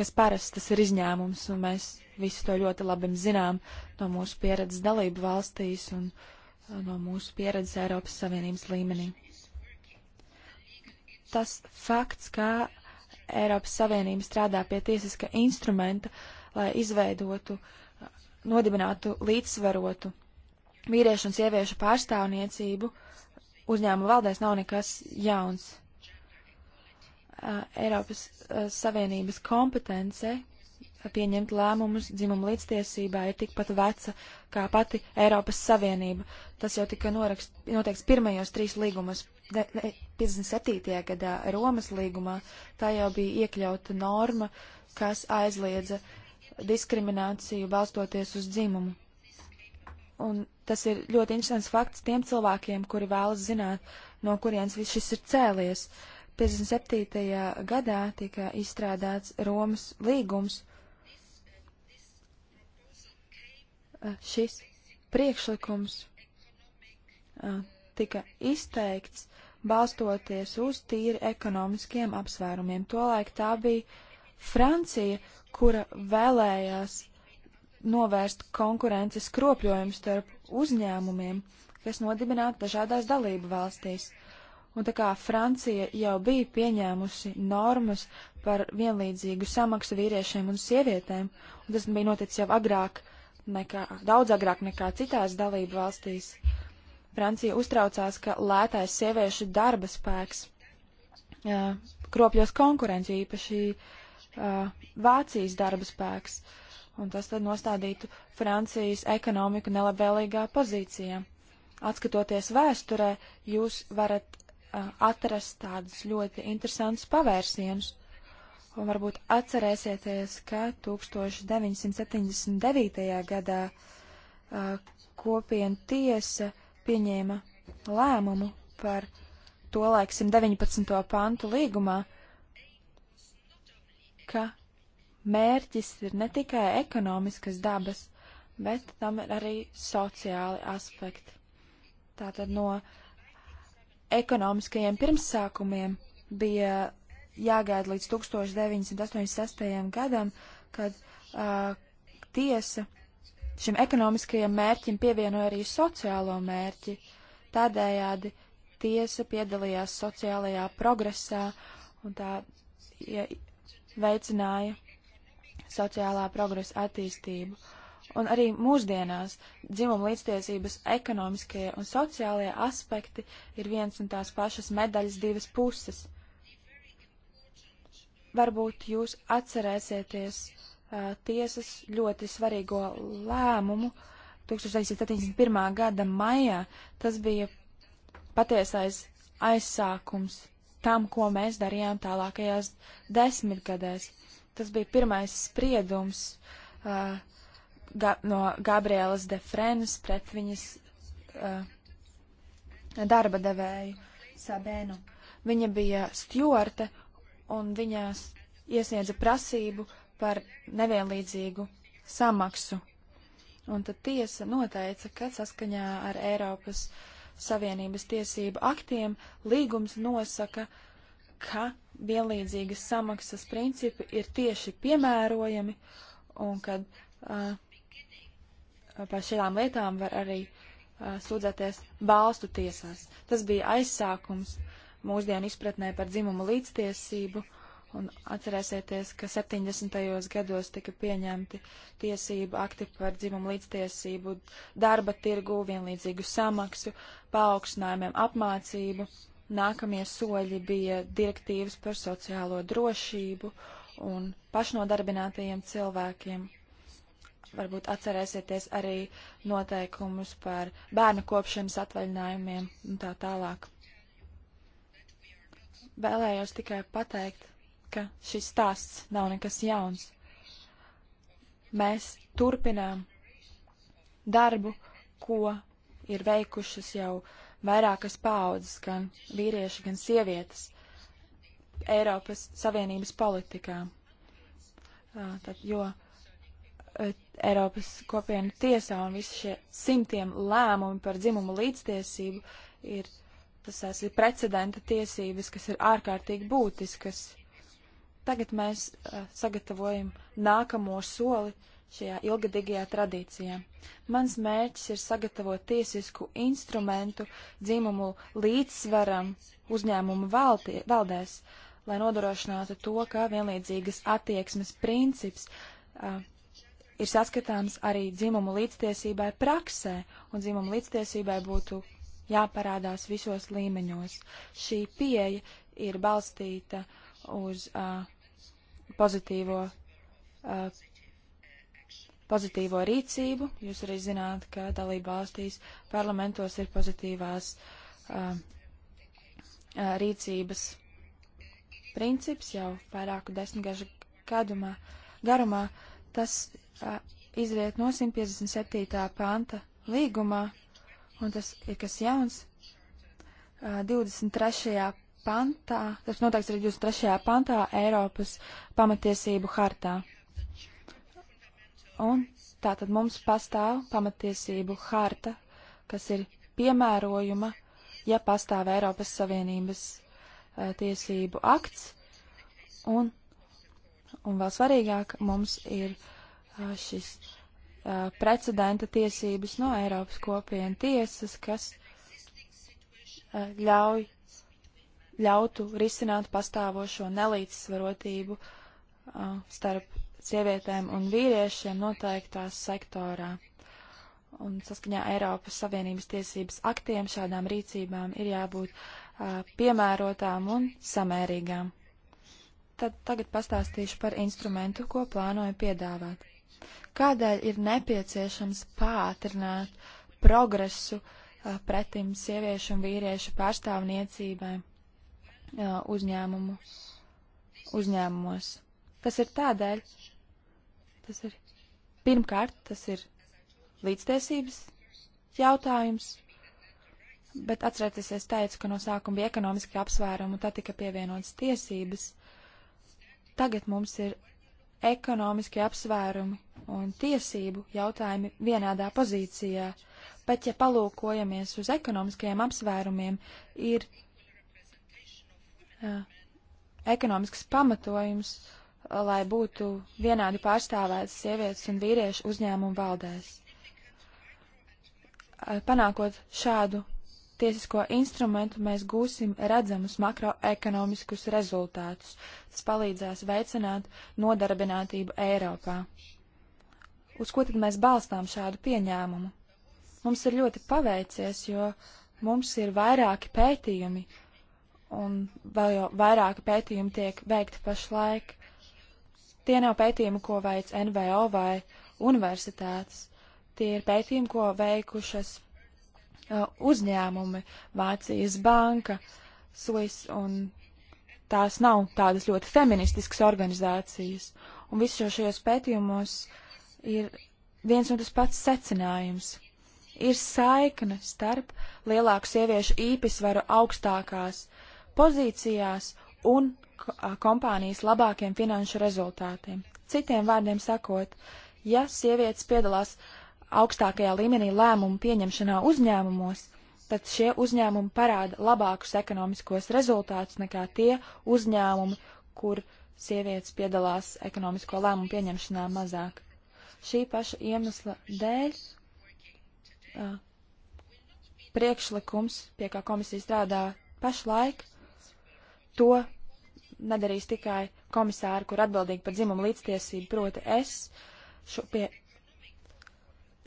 kas parasti tas ir izņēmums, un mēs visi to ļoti labi zinām no mūsu pieredzes dalību valstīs un uh, no mūsu pieredzes Eiropas Savienības līmenī. Tas fakts, ka Eiropas Savienība strādā pie tiesiska instrumenta, lai izveidotu, nodibinātu līdzsvarotu vīriešu un sieviešu pārstāvniecību. Uzņēmuma valdēs nav nekas jauns. Eiropas Savienības kompetence pieņemt lēmumus dzimumu līdztiesībā ir tikpat veca kā pati Eiropas Savienība. Tas jau tika norakst, noteikts pirmajos trīs līgumas. 57. gadā Romas līgumā tā jau bija iekļauta norma, kas aizliedza diskrimināciju balstoties uz dzimumu. Un tas ir ļoti interesants fakts tiem cilvēkiem, kuri vēlas zināt, no kurienes viss šis ir cēlies. 57. gadā tika izstrādāts Romas līgums, Eh, šis priekšlikums eh, tika izteikts balstoties uz tīri ekonomiskiem apsvērumiem. Tolaik tā bija Francija, kura vēlējās novērst konkurences kropļojumu starp uzņēmumiem, kas nodibināti dažādās dalību valstīs. Un tā kā Francija jau bija pieņēmusi normas par vienlīdzīgu samaksu vīriešiem un sievietēm, un tas bija noticis jau agrāk nekā, daudz agrāk nekā citās dalību valstīs. Francija uztraucās, ka lētais sieviešu darba spēks uh, kropļos konkurenci, īpaši uh, Vācijas darba spēks, un tas tad nostādītu Francijas ekonomiku nelabvēlīgā pozīcijā. Atskatoties vēsturē, jūs varat uh, atrast tādus ļoti interesantus pavērsienus. Un varbūt atcerēsieties, ka 1979. gadā uh, kopiena tiesa pieņēma lēmumu par tolaik 119. pantu līgumā, ka mērķis ir ne tikai ekonomiskas dabas, bet tam ir arī sociāli aspekti. Tātad no ekonomiskajiem pirmsākumiem bija jāgaida līdz 1986. gadam, kad uh, tiesa šim ekonomiskajam mērķim pievienoja arī sociālo mērķi. Tādējādi tiesa piedalījās sociālajā progresā un tā ja, veicināja sociālā progresa attīstību. Un arī mūsdienās dzimuma līdztiesības ekonomiskie un sociālie aspekti ir viens un tās pašas medaļas divas puses. Uh, varbūt jūs atcerēsieties uh, tiesas ļoti svarīgo lēmumu 1971. gada maijā. Tas bija patiesais aizsākums tam, ko mēs darījām tālākajās desmitgadēs. Tas bija pirmais spriedums uh, ga no Gabrielas de Frenes pret viņas uh, darba devēju Sabēnu. Viņa bija stjorte un viņās iesniedza prasību par nevienlīdzīgu samaksu. Un tad tiesa noteica, ka saskaņā ar Eiropas Savienības tiesību aktiem līgums nosaka, ka vienlīdzīgas samaksas principi ir tieši piemērojami un kad uh, par šādām lietām var arī uh, sūdzēties balstu tiesās. Tas bija aizsākums uh, mūsdienu izpratnē par dzimumu līdztiesību. Un atcerēsieties, ka 70. gados tika pieņemti tiesību akti par dzimumu līdztiesību, darba tirgu, vienlīdzīgu samaksu, paaugstinājumiem apmācību. Nākamie soļi bija direktīvas par sociālo drošību un pašnodarbinātajiem cilvēkiem. Varbūt atcerēsieties arī noteikumus par bērnu kopšanas atvaļinājumiem un tā tālāk. Vēlējos tikai pateikt, ka šis stāsts nav nekas jauns. Mēs turpinām darbu, ko ir veikušas jau vairākas paaudzes, gan vīrieši, gan sievietes Eiropas Savienības politikā. Tad, jo Eiropas kopienu tiesā un visi šie simtiem lēmumi par dzimumu līdztiesību ir uh, tas ir precedenta tiesības, kas ir ārkārtīgi būtiskas. Tagad mēs uh, sagatavojam nākamo soli šajā ilgadīgajā tradīcijā. Mans mērķis ir sagatavot tiesisku instrumentu dzimumu līdzsvaram uzņēmumu valdi, valdēs, lai nodrošinātu to, ka vienlīdzīgas attieksmes princips uh, ir saskatāms arī dzimumu līdztiesībai praksē, un dzimumu līdztiesībai būtu jāparādās visos līmeņos. Šī pieeja ir balstīta uz uh, pozitīvo, uh, pozitīvo rīcību. Jūs arī zināt, ka dalība valstīs parlamentos ir pozitīvās uh, rīcības princips jau vairāku desmitgažu gadumā, garumā. Tas uh, izriet no 157. panta līgumā, un tas ir kas jauns. 23. pantā, tas noteikts arī 23. pantā Eiropas pamatiesību hartā. Un tātad mums pastāv pamatiesību harta, kas ir piemērojuma, ja pastāv Eiropas Savienības uh, tiesību akts. Un, un vēl svarīgāk mums ir uh, šis uh, precedenta tiesības no Eiropas kopienu tiesas, kas uh, ļauj, ļautu risināt pastāvošo nelīdzsvarotību uh, starp sievietēm un vīriešiem noteiktās sektorā. Un saskaņā Eiropas Savienības tiesības aktiem šādām rīcībām ir jābūt uh, piemērotām un samērīgām tad tagad pastāstīšu par instrumentu, ko plānoju piedāvāt. Kādēļ ir nepieciešams pātrināt progresu uh, pretim sieviešu un vīriešu pārstāvniecībai uh, uzņēmumu, uzņēmumos? Tas ir tādēļ, tas ir pirmkārt, tas ir līdztiesības jautājums, bet atcerieties, es teicu, ka no sākuma bija ekonomiski apsvērumi, un tad tika pievienotas tiesības. Tagad mums ir ekonomiskie apsvērumi un tiesību jautājumi vienādā pozīcijā, bet ja palūkojamies uz ekonomiskajiem apsvērumiem, ir uh, ekonomisks pamatojums, eh, lai būtu vienādi pārstāvētas sievietes un vīrieši uzņēmumu valdēs. Eh, panākot šādu tiesisko instrumentu mēs gūsim redzamus makroekonomiskus rezultātus. Tas palīdzēs veicināt nodarbinātību Eiropā. Uz ko tad mēs balstām šādu pieņēmumu? Mums ir ļoti paveicies, jo mums ir vairāki pētījumi, un vēl jau vairāki pētījumi tiek veikti pašlaik. Tie nav pētījumi, ko veic NVO vai universitātes. Tie ir pētījumi, ko veikušas uzņēmumi, Vācijas banka, Suis, un tās nav tādas ļoti feministiskas organizācijas. Un visos šajos pētījumos ir viens un tas pats secinājums. Ir saikne starp lielāku sieviešu īpisvaru augstākās pozīcijās un kompānijas labākiem finanšu rezultātiem. Citiem vārdiem sakot, ja sievietes piedalās uh, augstākajā līmenī lēmumu pieņemšanā uzņēmumos, tad šie uzņēmumi parāda labākus ekonomiskos rezultātus nekā tie uzņēmumi, kur sievietes piedalās ekonomisko lēmumu pieņemšanā mazāk. Šī paša iemesla dēļ uh, priekšlikums, pie kā komisija strādā pašlaik, to nedarīs tikai komisāri, kur atbildīgi par dzimumu līdztiesību, proti es, šo, pie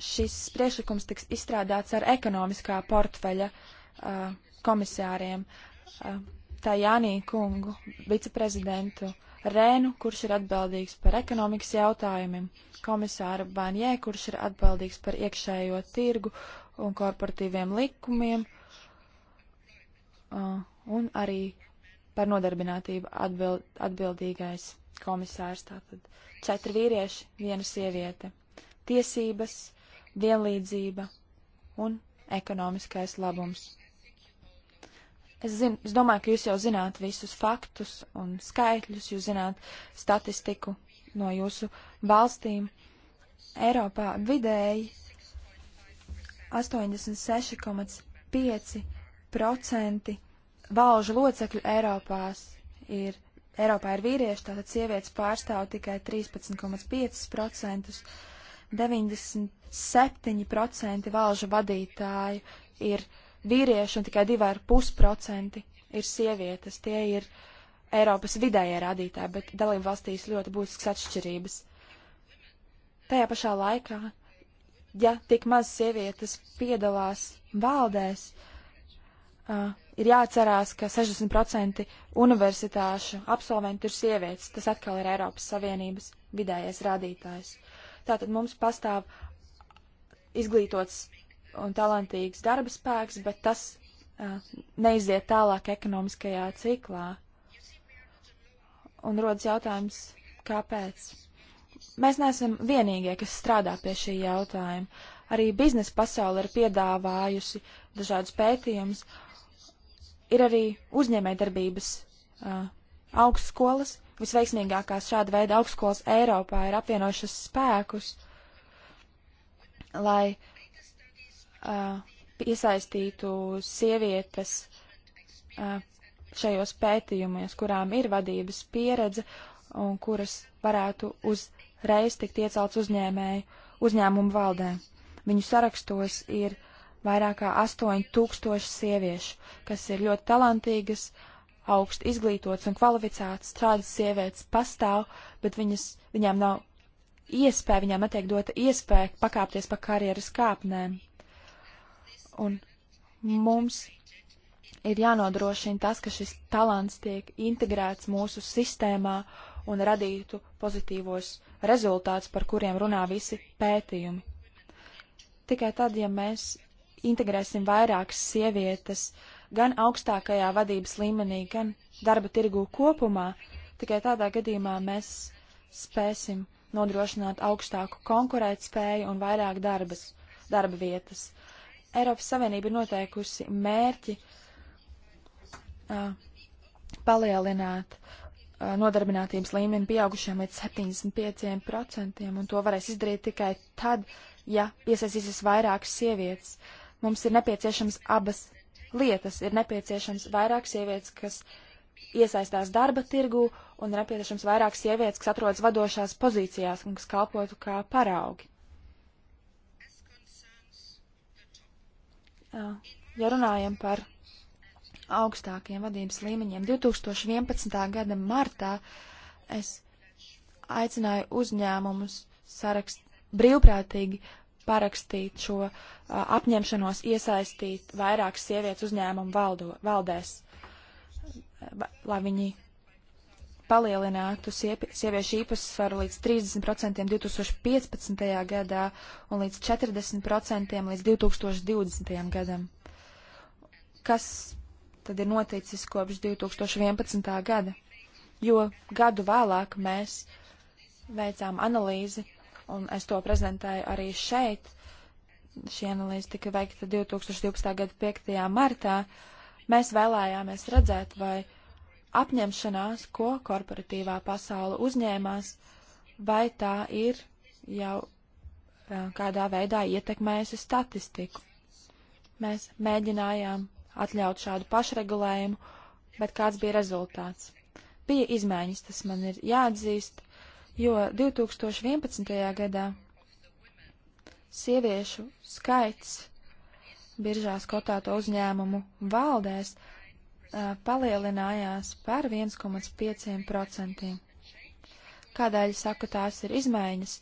šis priešlikums tiks izstrādāts ar ekonomiskā portfeļa uh, komisāriem uh, Tajānī kungu, viceprezidentu Rēnu, kurš ir atbildīgs par ekonomikas jautājumiem, komisāru Banjē, kurš ir atbildīgs par iekšējo tirgu un korporatīviem likumiem, uh, un arī par nodarbinātību atbild, atbildīgais komisārs. Tātad četri vīrieši, viena sieviete. Tiesības, vienlīdzība un ekonomiskais labums. Es, zinu, es domāju, ka jūs jau zināt visus faktus un skaitļus, jūs zināt statistiku no jūsu valstīm. Eiropā vidēji 86,5% valžu locekļu Eiropās ir, Eiropā ir vīrieši, tātad sievietes pārstāv tikai 13,5%. 97% valžu vadītāju ir vīrieši un tikai 2,5% ir sievietes. Tie ir Eiropas vidējie rādītāji, bet dalību valstīs ļoti būtisks atšķirības. Tajā pašā laikā, ja tik maz sievietes piedalās valdēs, uh, ir jāatcerās, ka 60% universitāšu absolventi ir sievietes. Tas atkal ir Eiropas Savienības vidējais rādītājs. Uh, Tātad mums pastāv izglītots un talantīgs darba spēks, bet tas uh, neiziet tālāk ekonomiskajā ciklā. Un rodas jautājums, kāpēc? Mēs neesam vienīgie, kas strādā pie šī jautājuma. Arī biznesa pasaule ir piedāvājusi dažādus pētījumus. Ir arī uzņēmējdarbības uh, augstskolas, visveiksmīgākās šāda veida augstskolas Eiropā ir apvienojušas spēkus, lai uh, iesaistītu sievietes uh, šajos pētījumos, kurām ir vadības pieredze un kuras varētu uzreiz tikt iecelts uzņēmēju uzņēmumu valdē. Viņu sarakstos ir vairāk kā 8000 sieviešu, kas ir ļoti talantīgas, uh, augstu izglītotas un kvalificētas strādas sievietes pastāv, bet viņas, viņām nav iespēja, viņām netiek dota iespēja pakāpties pa karjeras kāpnēm. Un mums ir jānodrošina tas, ka šis talants tiek integrēts mūsu sistēmā un radītu pozitīvos rezultātus, par kuriem runā visi pētījumi. Tikai tad, ja mēs integrēsim vairākas sievietes uh, gan augstākajā vadības līmenī, gan darba tirgū kopumā. Tikai tādā gadījumā mēs spēsim nodrošināt augstāku konkurētspēju un vairāk darbas, darba vietas. Eiropas Savienība ir noteikusi mērķi uh, palielināt uh, nodarbinātības līmeni pieaugušiem līdz 75%, un to varēs izdarīt tikai tad, ja iesaistīsies vairākas sievietes. Mums ir nepieciešams abas lietas. Ir nepieciešams vairāk sievietes, kas iesaistās darba tirgu, un ir nepieciešams vairāk sievietes, kas atrodas vadošās pozīcijās un kas kalpotu kā paraugi. Ja runājam par augstākiem vadības līmeņiem, 2011. gada martā es aicināju uzņēmumus sarakst brīvprātīgi parakstīt šo apņemšanos iesaistīt vairākas sievietes uzņēmumu valdo, valdēs, lai viņi palielinātu sieviešu īpatsvaru līdz 30% 2015. gadā un līdz 40% līdz 2020. gadam. Kas tad ir noticis kopš 2011. gada? Jo gadu vēlāk mēs veicām analīzi un es to prezentēju arī šeit. Šī analīze tika veikta 2012. gada 5. martā. Mēs vēlējāmies redzēt, vai apņemšanās, ko korporatīvā pasaule uzņēmās, vai tā ir jau kādā veidā ietekmējusi statistiku. Mēs mēģinājām atļaut šādu pašregulējumu, bet kāds bija rezultāts? Bija izmaiņas, tas man ir jāatzīst jo 2011. gadā sieviešu skaits biržās kotēto uzņēmumu valdēs uh, palielinājās par 1,5%. Kādēļ saku tās ir izmaiņas?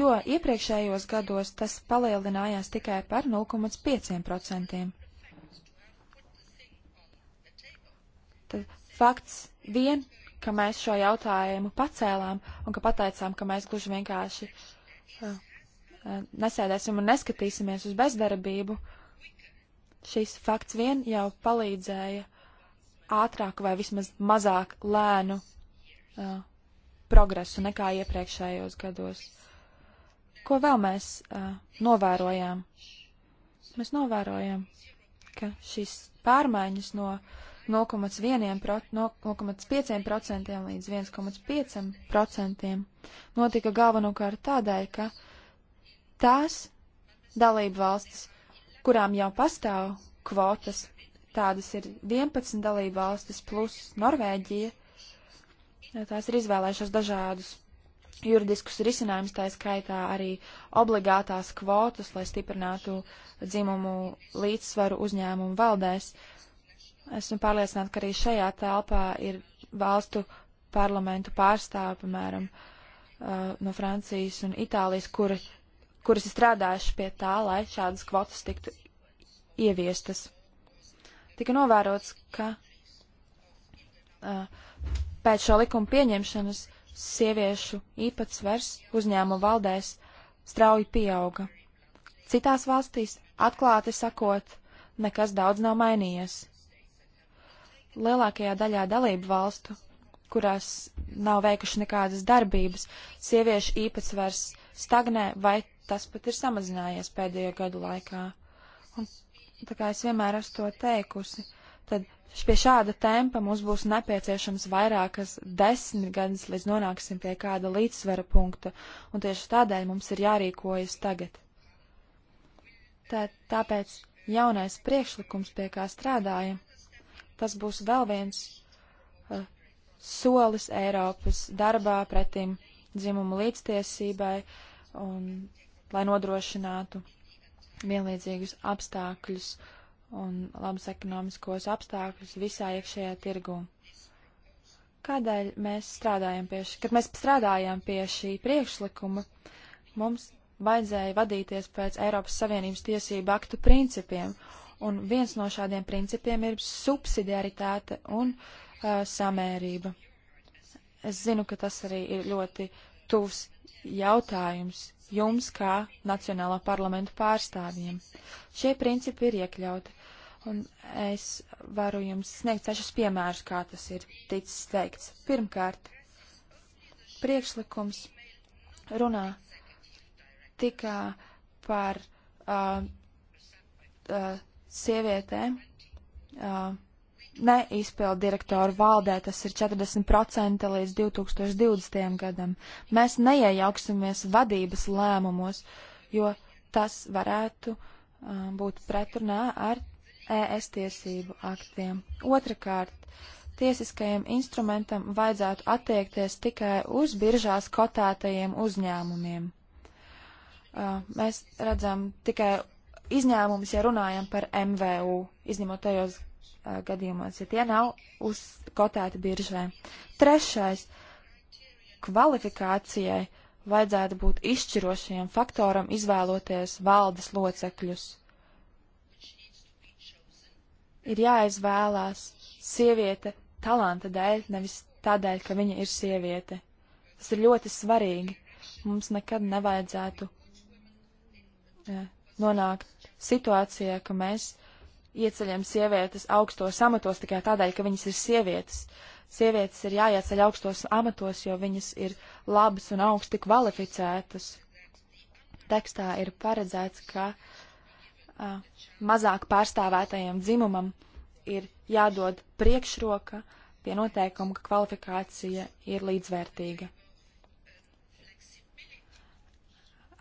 Jo iepriekšējos gados tas palielinājās tikai par 0,5%. Tad fakts vien ka mēs šo jautājumu pacēlām un ka pateicām, ka mēs gluži vienkārši uh, uh, nesēdēsim un neskatīsimies uz bezdarbību. Šis fakts vien jau palīdzēja ātrāk vai vismaz mazāk lēnu uh, progresu nekā iepriekšējos gados. Ko vēl mēs uh, novērojām? Mēs novērojām, ka šīs pārmaiņas no uh, 0,5% līdz 1,5% notika galvenokārt tādēļ, ka tās dalību valstis, kurām jau pastāv kvotas, tādas ir 11 dalību valstis plus Norvēģija, tās ir izvēlējušas dažādus juridiskus risinājumus, tā skaitā arī obligātās kvotas, lai stiprinātu dzimumu līdzsvaru uzņēmumu valdēs. Uh, Esmu pārliecināta, ka arī šajā telpā ir valstu parlamentu pārstāvi, piemēram, uh, no Francijas un Itālijas, kuri, kuras ir strādājuši pie tā, lai šādas kvotas tiktu ieviestas. Tika novērots, ka uh, pēc šo likumu pieņemšanas sieviešu īpatsvers uzņēmu valdēs strauji pieauga. Citās valstīs, atklāti sakot, nekas daudz nav mainījies lielākajā daļā dalību valstu, kurās nav veikuši nekādas darbības, sieviešu īpatsvars stagnē vai tas pat ir samazinājies pēdējo gadu laikā. Un, tā kā es vienmēr esmu to teikusi, tad pie šāda tempa mums būs nepieciešams vairākas desmitgades, līdz nonāksim pie kāda līdzsvera punkta, un tieši tādēļ mums ir jārīkojas tagad. Tā, tāpēc jaunais priekšlikums, pie kā strādājam, tas būs vēl viens uh, solis Eiropas darbā pretim dzimumu līdztiesībai un lai nodrošinātu vienlīdzīgus apstākļus un labus ekonomiskos apstākļus visā iekšējā tirgū. Kādēļ mēs strādājam pie šī, kad mēs strādājam pie šī priekšlikuma, mums vajadzēja vadīties pēc Eiropas Savienības tiesību aktu principiem Un viens no šādiem principiem ir subsidiaritāte un uh, samērība. Es zinu, ka tas arī ir ļoti tuvs jautājums jums kā Nacionālo parlamentu pārstāvjiem. Šie principi ir iekļauti. Un es varu jums sniegt sešus piemērus, kā tas ir ticis teikts. Pirmkārt, priekšlikums runā tikai par uh, uh, sievietēm uh, neizpildu direktoru valdē, tas ir 40% līdz 2020. gadam. Mēs neiejauksimies vadības lēmumos, jo tas varētu uh, būt pretrunā ar ES tiesību aktiem. Otrakārt, tiesiskajam instrumentam vajadzētu attiekties tikai uz biržās kotētajiem uzņēmumiem. Uh, mēs redzam tikai izņēmumus, ja runājam par MVU, izņemot tajos uh, gadījumos, ja tie nav uzkotēti biržē. Trešais - kvalifikācijai vajadzētu būt izšķirošajam faktoram izvēloties valdes locekļus. Ir jāizvēlās sieviete talanta dēļ, nevis tādēļ, ka viņa ir sieviete. Tas ir ļoti svarīgi. Mums nekad nevajadzētu jā, nonākt situācijā, ka mēs ieceļam sievietes augstos amatos tikai tādēļ, ka viņas ir sievietes. Sievietes ir jāieceļ augstos amatos, jo viņas ir labas un augsti kvalificētas. Tekstā ir paredzēts, ka a, mazāk pārstāvētajam dzimumam ir jādod priekšroka pie noteikuma, ka kvalifikācija ir līdzvērtīga.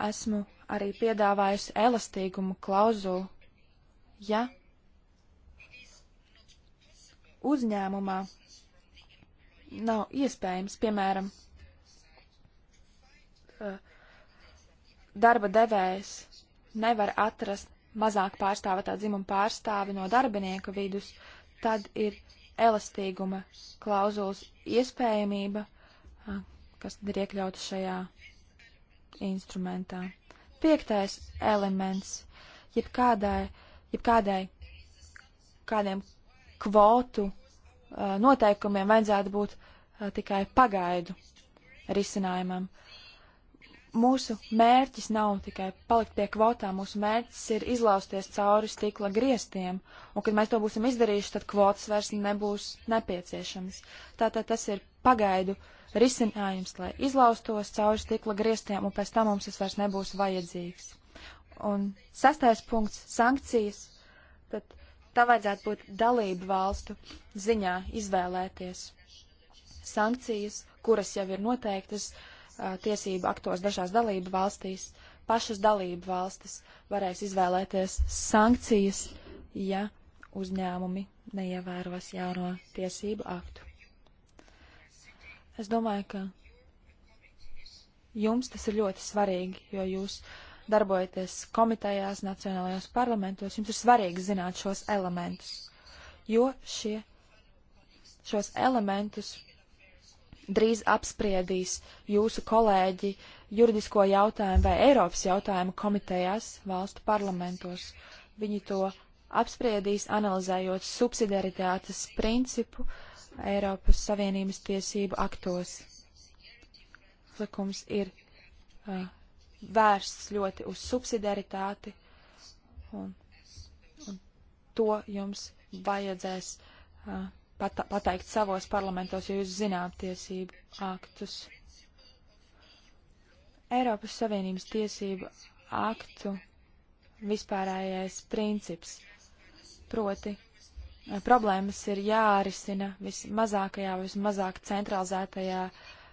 esmu arī piedāvājusi elastīgumu klauzulu. Ja uzņēmumā nav iespējams, piemēram, darba devējs nevar atrast mazāk pārstāvētā dzimuma pārstāvi no darbinieku vidus, tad ir elastīguma klauzulas iespējamība, kas tad ir iekļauta šajā instrumentā. Piektais elements, jeb kādai, jeb kādai, kādiem kvotu uh, noteikumiem vajadzētu būt uh, tikai pagaidu risinājumam. Mūsu mērķis nav tikai palikt pie kvotām, mūsu mērķis ir izlausties cauri stikla griestiem, un kad mēs to būsim izdarījuši, tad kvotas vairs nebūs nepieciešamas. Tātad tas ir pagaidu uh, risinājums, lai izlaustos cauri stikla griestiem, un pēc tam mums tas vairs nebūs vajadzīgs. Un sastais punkts - sankcijas, bet tā vajadzētu būt dalību valstu ziņā izvēlēties. Sankcijas, kuras jau ir noteiktas a, tiesību aktos dažās dalību valstīs, pašas dalību valstis varēs izvēlēties sankcijas, ja uzņēmumi neievēros jauno tiesību aktu. Es domāju, ka jums tas ir ļoti svarīgi, jo jūs darbojaties komitejās, nacionālajos parlamentos, jums ir svarīgi zināt šos elementus, jo šie, šos elementus drīz apspriedīs jūsu kolēģi juridisko jautājumu vai Eiropas jautājumu komitejās valstu parlamentos. Viņi to apspriedīs, analizējot subsidiaritātes principu, uh, Eiropas Savienības tiesību aktos. Likums ir uh, vērsts ļoti uz subsidiaritāti, un, un to jums vajadzēs uh, pata pateikt savos parlamentos, ja jūs zināt tiesību aktus. Eiropas Savienības tiesību aktu vispārējais princips, proti Eh, problēmas ir jārisina vismazākajā, vismazāk centralizētajā uh,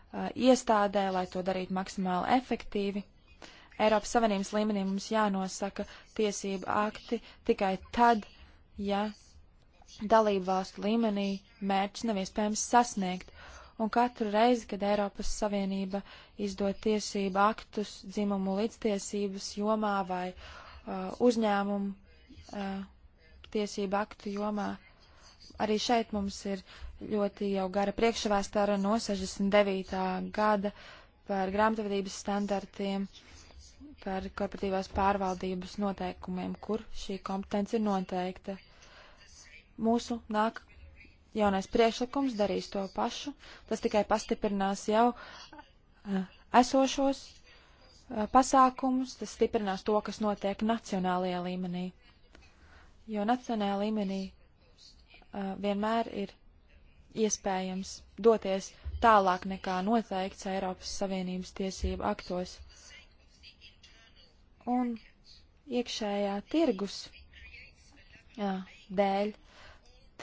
iestādē, lai to darītu maksimāli efektīvi. Eiropas Savienības līmenī mums jānosaka tiesību akti tikai tad, ja dalībvalstu līmenī mērķis nav iespējams sasniegt. Un katru reizi, kad Eiropas Savienība izdod tiesību aktus dzimumu līdztiesības jomā vai uh, uzņēmumu uh, tiesību aktu jomā. Arī šeit mums ir ļoti jau gara priekšvēstāra no 69. gada par grāmatvedības standartiem, par korporatīvās pārvaldības noteikumiem, kur šī kompetence ir noteikta. Mūsu nāk jaunais priekšlikums darīs to pašu, tas tikai pastiprinās jau eh, esošos eh, pasākumus, tas stiprinās to, kas notiek nacionālajā līmenī jo nacionālā līmenī uh, vienmēr ir iespējams doties tālāk nekā noteikts Eiropas Savienības tiesību aktos. Un iekšējā tirgus jā, dēļ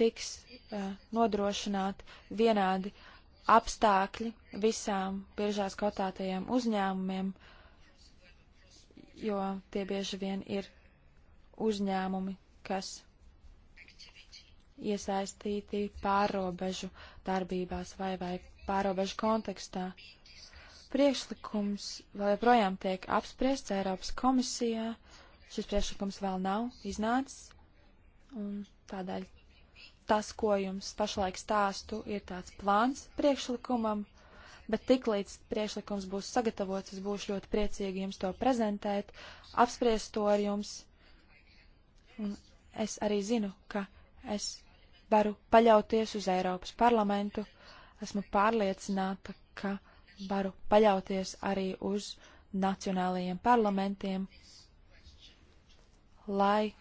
tiks jā, nodrošināt vienādi apstākļi visām biežās kotētajiem uzņēmumiem, jo tie bieži vien ir uzņēmumi, kas iesaistīti pārobežu darbībās vai, vai pārobežu kontekstā. Priekšlikums vēl joprojām tiek apspriests Eiropas komisijā. Šis priekšlikums vēl nav iznācis. Un tādēļ tas, ko jums pašlaik stāstu, ir tāds plāns priekšlikumam, bet tiklīdz priekšlikums būs sagatavots, es būšu ļoti priecīgi jums to prezentēt, apspriest to ar jums. Un es arī zinu, ka es varu paļauties uz Eiropas parlamentu. Esmu pārliecināta, ka varu paļauties arī uz nacionālajiem parlamentiem, lai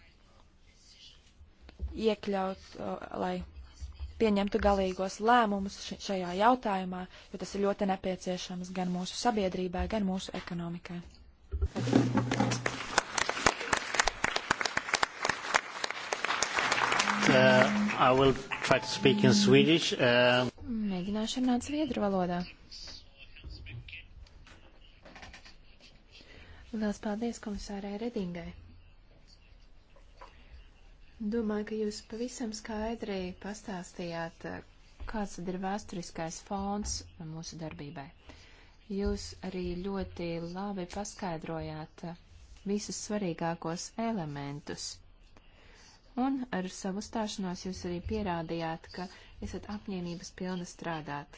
iekļaut, lai pieņemtu galīgos lēmumus šajā jautājumā, jo tas ir ļoti nepieciešams gan mūsu sabiedrībai, gan mūsu ekonomikai. Thank you. Uh, I will try to speak in Swedish. Uh... Mēģināšu runāt zviedru valodā. Lielas paldies komisārai Redingai. Domāju, ka jūs pavisam skaidri pastāstījāt, uh, kāds tad ir vēsturiskais fons mūsu darbībai. Jūs arī ļoti labi paskaidrojāt uh, visus svarīgākos elementus un ar savu stāšanos jūs arī pierādījāt, ka esat apņēmības pilna strādāt.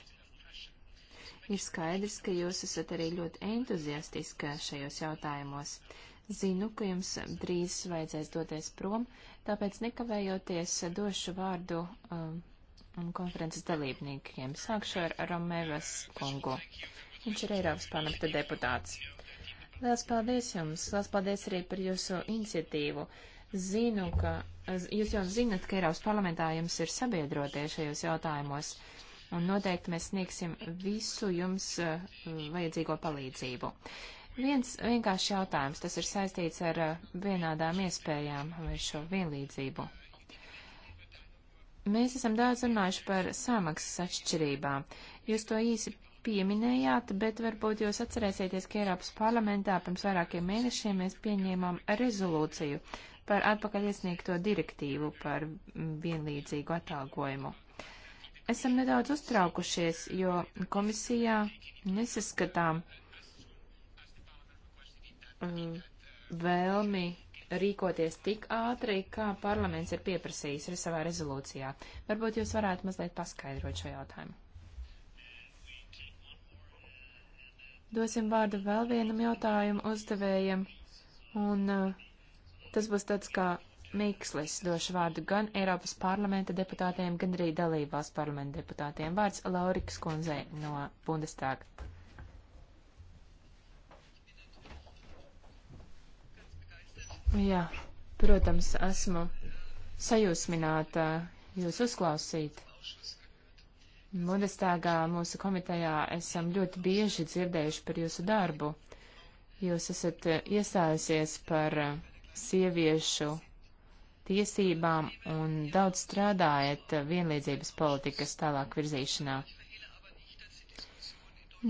Ir skaidrs, ka jūs esat arī ļoti entuziastiska šajos jautājumos. Zinu, ka jums drīz vajadzēs doties prom, tāpēc nekavējoties došu vārdu um, konferences dalībniekiem. Sākšu ar Romevas kungu. Viņš ir Eiropas parlamenta deputāts. Liels paldies jums! Liels paldies arī par jūsu iniciatīvu. Uh, Zinu, ka jūs jau zinat, ka Eiropas parlamentā jums ir sabiedrotie šajos jautājumos, un noteikti mēs sniegsim visu jums uh, vajadzīgo palīdzību. Viens vienkārši jautājums, tas ir saistīts ar uh, vienādām iespējām vai šo vienlīdzību. Mēs esam daudz runājuši par samaksas atšķirībām. Jūs to īsi pieminējāt, bet varbūt jūs atcerēsieties, ka Eiropas parlamentā pirms vairākiem mēnešiem mēs pieņēmām rezolūciju par atpakaļ iesniegto direktīvu par mm, vienlīdzīgu atalgojumu. Esam nedaudz uztraukušies, jo komisijā nesaskatām um, vēlmi rīkoties tik ātri, kā parlaments ir pieprasījis arī savā rezolūcijā. Varbūt jūs varētu mazliet paskaidrot šo jautājumu. Dosim vārdu vēl vienam jautājumu uzdevējam, un uh, Tas būs tāds kā Mīkslis došu vārdu gan Eiropas parlamenta deputātiem, gan arī dalībās parlamenta deputātiem. Vārds Laurikas kundzei no Bundestāga. Jā, protams, esmu sajūsmināta jūs uzklausīt. Bundestāgā mūsu komitejā esam ļoti bieži dzirdējuši par jūsu darbu. Jūs esat iestājusies par uh, sieviešu tiesībām un daudz strādājat vienlīdzības politikas tālāk virzīšanā.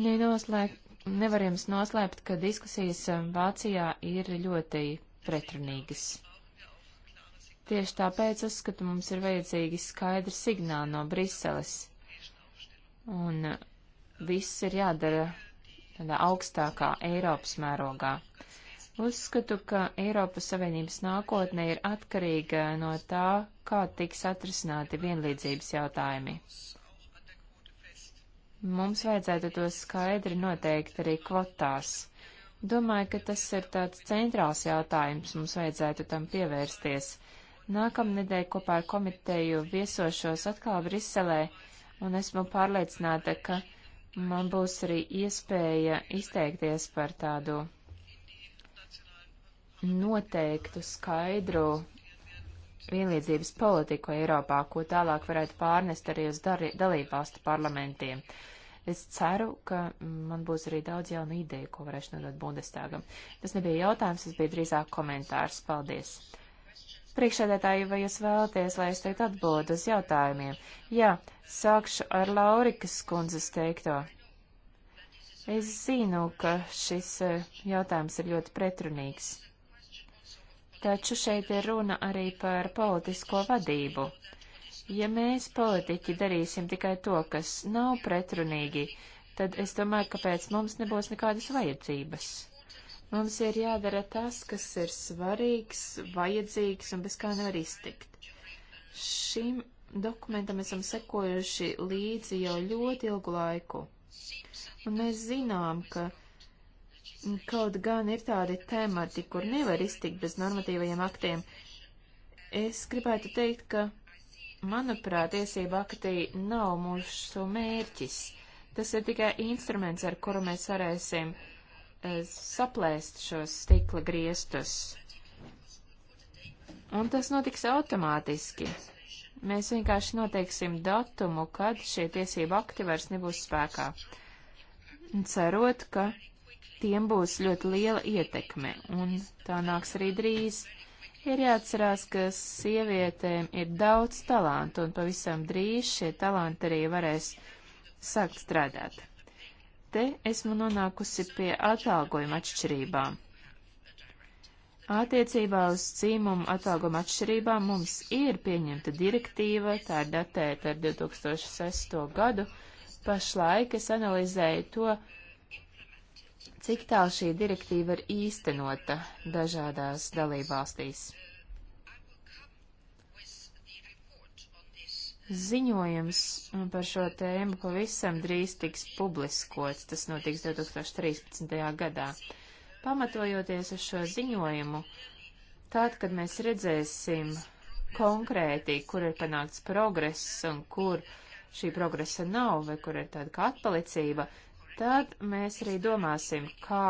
Nenoslēg, nevar jums noslēpt, ka diskusijas Vācijā ir ļoti pretrunīgas. Tieši tāpēc uzskatu mums ir vajadzīgi skaidri signāli no Briseles. Un viss ir jādara tādā augstākā Eiropas mērogā. Uh, Uzskatu, ka Eiropas Savienības nākotne ir atkarīga no tā, kā tiks atrisināti vienlīdzības jautājumi. Mums vajadzētu to skaidri noteikt arī kvotās. Domāju, ka tas ir tāds centrāls jautājums, mums vajadzētu tam pievērsties. Nākamnedēļ kopā ar komiteju viesošos atkal Briselē, un esmu pārliecināta, ka man būs arī iespēja izteikties par tādu noteiktu skaidru vienlīdzības politiku Eiropā, ko tālāk varētu pārnest arī uz dalībvalstu parlamentiem. Es ceru, ka man būs arī daudz jaunu ideju, ko varēšu nodot Bundestagam. Tas nebija jautājums, tas bija drīzāk komentārs. Paldies! Priekšsēdētāji, vai jūs vēlaties, lai es teiktu atbildu uz jautājumiem? Jā, sākšu ar Laurikas kundzes teikto. Es zinu, ka šis eh, jautājums ir ļoti pretrunīgs. Taču šeit ir runa arī par politisko vadību. Ja mēs politiķi darīsim tikai to, kas nav pretrunīgi, tad es domāju, ka pēc mums nebūs nekādas vajadzības. Mums ir jādara tas, kas ir svarīgs, vajadzīgs un bez kā nevar iztikt. Šim dokumentam esam sekojuši līdzi jau ļoti ilgu laiku. Un mēs zinām, ka Kaut gan ir tādi temati, kur nevar iztikt bez normatīvajiem aktiem. Es gribētu teikt, ka manuprāt, tiesība aktī nav mūsu mērķis. Tas ir tikai instruments, ar kuru mēs varēsim eh, saplēst šos stikla griestus. Un tas notiks automātiski. Mēs vienkārši noteiksim datumu, kad šie tiesība akti vairs nebūs spēkā. Cerot, ka tiem būs ļoti liela ietekme, un tā nāks arī drīz. Ir jāatcerās, ka sievietēm ir daudz talantu, un pavisam drīz šie talanti arī varēs sākt strādāt. Te esmu nonākusi pie atalgojuma atšķirībām. Attiecībā uz cīmumu atalgojuma atšķirībām mums ir pieņemta direktīva, tā ir datēta ar 2006. gadu. Pašlaik es analizēju to, cik tālu šī direktīva ir īstenota dažādās dalībvalstīs. Ziņojums par šo tēmu pavisam drīz tiks publiskots, tas notiks 2013. gadā. Pamatojoties uz šo ziņojumu, tad, kad mēs redzēsim konkrēti, kur ir panākts progress un kur šī progresa nav, vai kur ir tāda kā atpalicība, tad mēs arī domāsim, kā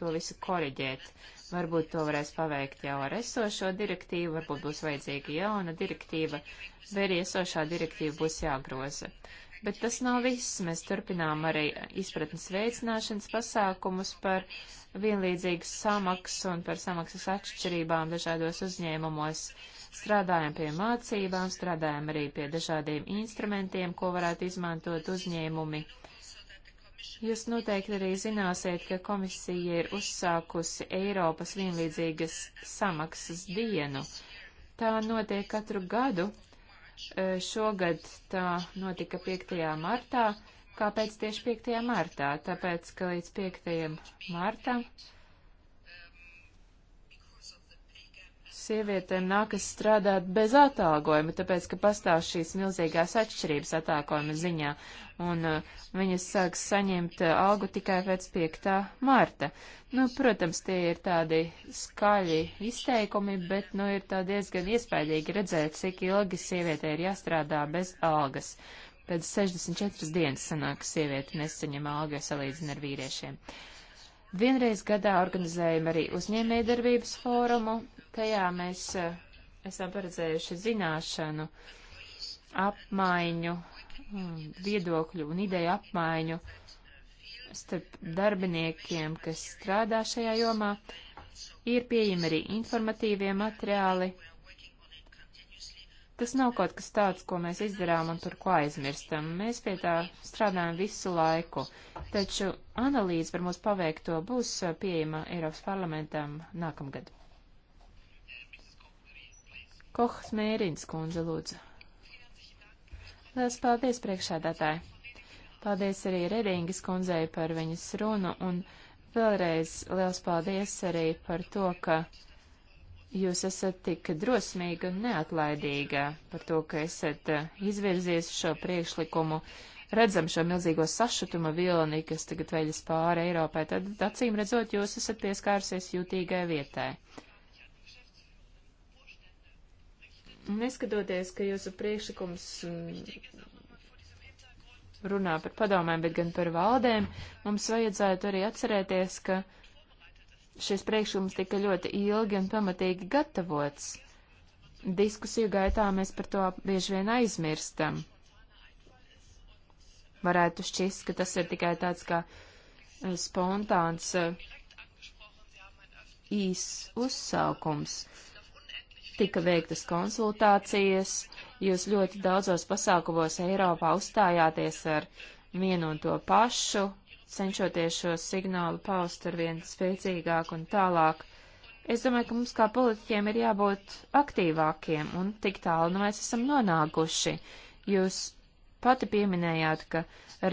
to visu koriģēt. Varbūt to varēs paveikt jau ar esošo direktīvu, varbūt būs vajadzīga jauna direktīva, vai arī esošā direktīva būs jāgroza. Bet tas nav viss. Mēs turpinām arī izpratnes veicināšanas pasākumus par vienlīdzīgu samaksu un par samaksas atšķirībām dažādos uzņēmumos. Strādājam pie mācībām, strādājam arī pie dažādiem instrumentiem, ko varētu izmantot uzņēmumi. Uh, Jūs noteikti arī zināsiet, ka komisija ir uzsākusi Eiropas vienlīdzīgas samaksas dienu. Tā notiek katru gadu. E, šogad tā notika 5. martā. Kāpēc tieši 5. martā? Tāpēc, ka līdz 5. martam sievietēm nākas strādāt bez atalgojuma, tāpēc, ka pastāv šīs milzīgās atšķirības atalgojuma ziņā un uh, viņas sāks saņemt uh, algu tikai pēc 5. marta. Nu, protams, tie ir tādi skaļi izteikumi, bet, nu, ir tā diezgan iespaidīgi redzēt, cik ilgi sievietē ir jāstrādā bez algas. Pēc 64 dienas sanāk, ka sieviete nesaņem algu, ja salīdzina ar vīriešiem. Vienreiz gadā organizējam arī uzņēmējdarbības fórumu. Tajā mēs uh, esam paredzējuši zināšanu apmaiņu Hmm, viedokļu un ideju apmaiņu starp darbiniekiem, kas strādā šajā jomā. Ir pieejami arī informatīvie materiāli. Tas nav kaut kas tāds, ko mēs izdarām un tur ko aizmirstam. Mēs pie tā strādājam visu laiku, taču analīze par mūsu paveikto būs pieejama Eiropas parlamentam nākamgad. Kohs Mērins kundze lūdzu. Lielas paldies priekšādātāji! Paldies arī Redingas kundzei par viņas runu un vēlreiz liels paldies arī par to, ka jūs esat tik drosmīga un neatlaidīga par to, ka esat eh, izvirzies šo priekšlikumu redzam šo milzīgo sašutuma vilni, kas tagad veļas pāri Eiropai, tad acīm redzot, jūs esat pieskārsies jūtīgai vietai. Neskatoties, ka jūsu priekšlikums mm, runā par padomēm, bet gan par valdēm, mums vajadzētu arī atcerēties, ka šis priekšlikums tika ļoti ilgi un pamatīgi gatavots. Diskusiju gaitā mēs par to bieži vien aizmirstam. Varētu šķist, ka tas ir tikai tāds kā e, spontāns e, īs uzsaukums. Uh, tika veiktas konsultācijas, jūs ļoti daudzos pasākumos Eiropā uzstājāties ar vienu un to pašu, cenšoties šo signālu paust ar vien spēcīgāk un tālāk. Es domāju, ka mums kā politiķiem ir jābūt aktīvākiem, un tik tālu nu mēs esam nonākuši. Jūs pati pieminējāt, ka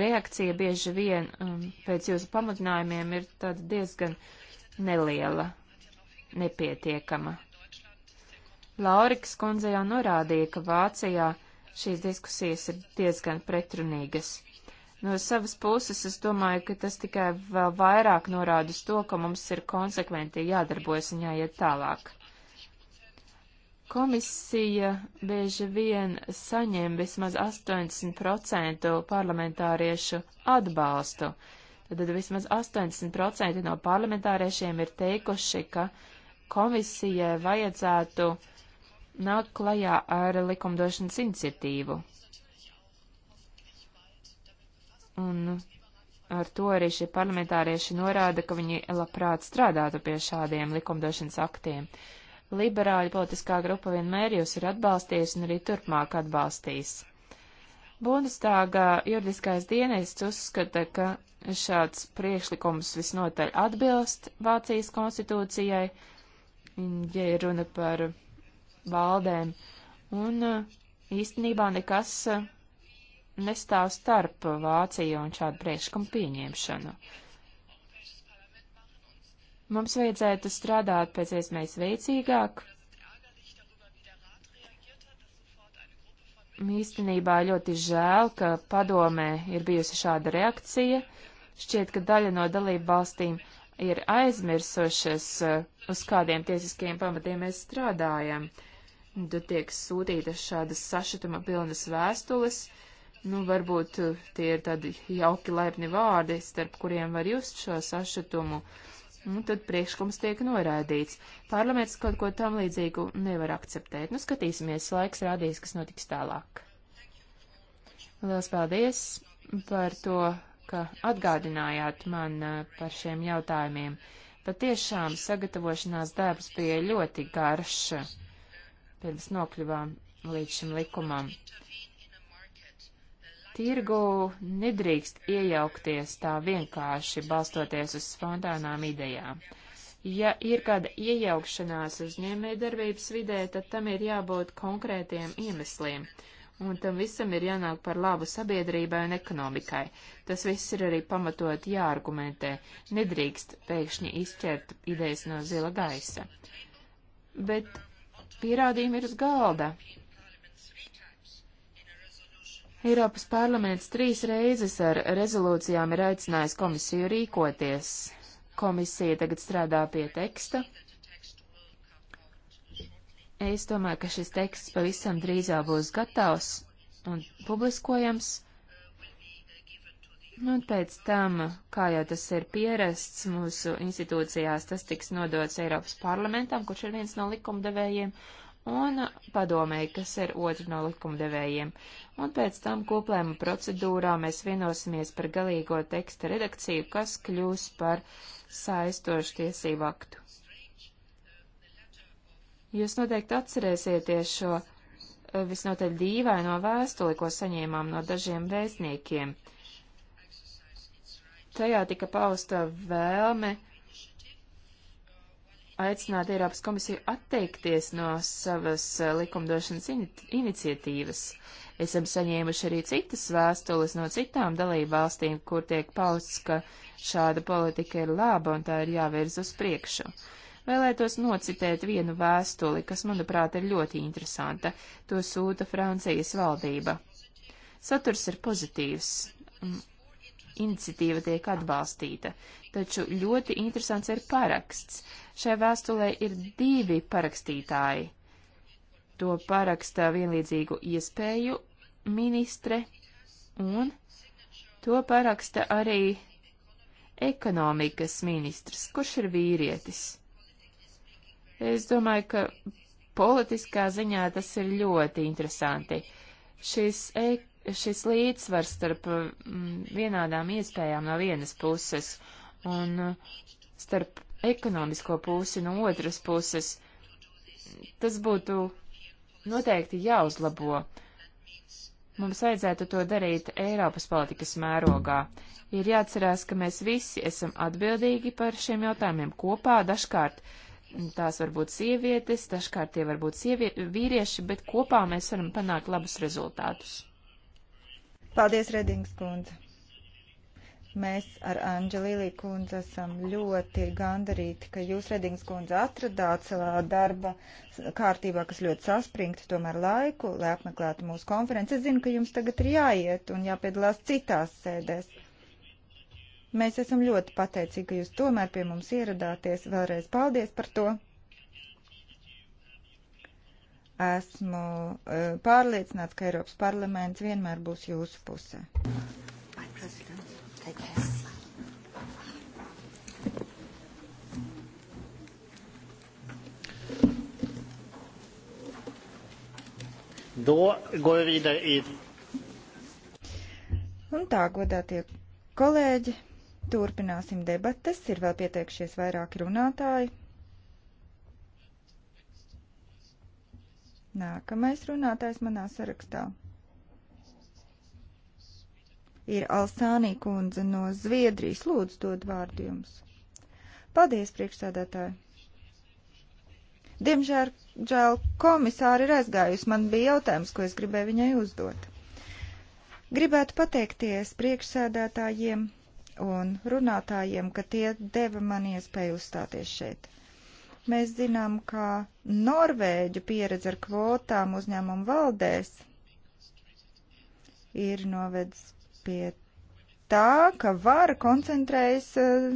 reakcija bieži vien um, pēc jūsu pamudinājumiem ir tāda diezgan neliela, nepietiekama. Laurikas kundze jau norādīja, ka Vācijā šīs diskusijas ir diezgan pretrunīgas. No savas puses es domāju, ka tas tikai vēl vairāk norāda uz to, ka mums ir konsekventi jādarbojas un jāiet tālāk. Komisija bieži vien saņem vismaz 80% parlamentāriešu atbalstu. Tad vismaz 80% no parlamentāriešiem ir teikuši, ka komisijai vajadzētu uh, nāk klajā ar likumdošanas iniciatīvu. Un Ar to arī šie parlamentārieši norāda, ka viņi labprāt strādātu pie šādiem likumdošanas aktiem. Liberāļu politiskā grupa vienmēr jūs ir atbalstījusi un arī turpmāk atbalstīs. Bundestāga juridiskais dienests uzskata, ka šāds priekšlikums visnotaļ atbilst Vācijas konstitūcijai, ja ir runa par valdēm, un uh, īstenībā nekas uh, nestāv starp Vāciju un šādu priekšlikumu pieņemšanu. Mums vajadzētu strādāt pēc iespējas veicīgāk. Īstenībā ļoti žēl, ka padomē ir bijusi šāda reakcija. Šķiet, ka daļa no dalību valstīm ir aizmirsušas, uh, uz kādiem tiesiskiem pamatiem mēs strādājam. Uh, Tad tiek sūtītas šādas sašutuma pilnas vēstules. Nu, varbūt eh, tie ir tādi jauki laipni vārdi, starp kuriem var just šo sašutumu. Nu, tad priekšlikums tiek noraidīts. Parlaments kaut ko tam līdzīgu nevar akceptēt. Nu, skatīsimies, laiks rādīs, kas notiks tālāk. Lielas paldies par to, ka atgādinājāt man eh, par šiem jautājumiem. Patiešām sagatavošanās darbs bija ļoti garš pirms nokļuvām līdz šim likumam. Tirgu nedrīkst iejaukties tā vienkārši balstoties uz spontānām idejām. Ja ir kāda iejaukšanās uzņēmējdarbības vidē, tad tam ir jābūt konkrētiem iemesliem, un tam visam ir jānāk par labu sabiedrībai un ekonomikai. Tas viss ir arī pamatot jāargumentē, nedrīkst pēkšņi izķert idejas no zila gaisa. Bet pierādījumi ir uz galda. Eiropas parlaments trīs reizes ar rezolūcijām ir aicinājis komisiju rīkoties. Komisija tagad strādā pie teksta. Es domāju, ka šis teksts pavisam drīzā būs gatavs un publiskojams. Nu, un pēc tam, kā jau tas ir pierasts mūsu institūcijās, tas tiks nodots Eiropas parlamentam, kurš ir viens no likumdevējiem, un padomēji, kas ir otru no likumdevējiem. Un pēc tam koplēma procedūrā mēs vienosimies par galīgo teksta redakciju, kas kļūs par saistošu tiesību aktu. Jūs noteikti atcerēsieties šo eh, visnotaļ dīvaino vēstuli, ko saņēmām no dažiem vēstniekiem. Uh, Tajā tika pausta vēlme aicināt Eiropas komisiju atteikties no savas eh, likumdošanas in iniciatīvas. Esam saņēmuši arī citas vēstules no citām dalību valstīm, kur tiek pausts, ka šāda politika ir laba un tā ir jāvirz uz priekšu. Vēlētos nocitēt vienu vēstuli, kas, manuprāt, ir ļoti interesanta. To sūta Francijas valdība. Saturs ir pozitīvs. Mm, iniciatīva tiek atbalstīta, taču ļoti interesants ir paraksts. Šai vēstulē ir divi parakstītāji. To parakstā vienlīdzīgu iespēju ministre un to paraksta arī ekonomikas ministrs, kurš ir vīrietis. Es domāju, ka politiskā ziņā tas ir ļoti interesanti. Šis ek šis līdzsvars starp mm, vienādām iespējām no vienas puses un mm, starp ekonomisko pusi no otras puses, tas būtu noteikti jāuzlabo. Mums vajadzētu to darīt Eiropas politikas mērogā. Ir jāatcerās, ka mēs visi esam atbildīgi par šiem jautājumiem kopā. Dažkārt tās var būt sievietes, dažkārt tie var būt sievie, vīrieši, bet kopā mēs varam panākt labus rezultātus. Paldies, Redings kundze! Mēs ar Anģelīlī kundze esam ļoti gandarīti, ka jūs, Redings kundze, atradāt savā darba kārtībā, kas ļoti saspringti tomēr laiku, lai apmeklētu mūsu konferenci. Es zinu, ka jums tagad ir jāiet un jāpiedalās citās sēdēs. Mēs esam ļoti pateicīgi, ka jūs tomēr pie mums ieradāties. Vēlreiz paldies par to! Esmu eh, pārliecināts, ka Eiropas parlaments vienmēr būs jūsu pusē. Då går vi vidare i Un tā, godātie kolēģi, turpināsim debates. Ir vēl pieteikšies vairāki runātāji. Nākamais runātājs manā sarakstā ir Alsānī kundze no Zviedrijas. Lūdzu, dod vārdu jums. Paldies, priekšsēdētāji! Diemžēl komisāri ir aizgājusi. Man bija jautājums, ko es gribēju viņai uzdot. Gribētu pateikties priekšsēdētājiem un runātājiem, ka tie deva man iespēju uzstāties šeit. Mēs zinām, ka Norvēģu pieredze ar kvotām uzņēmumu valdēs ir novedis pie tā, ka vara koncentrējas eh,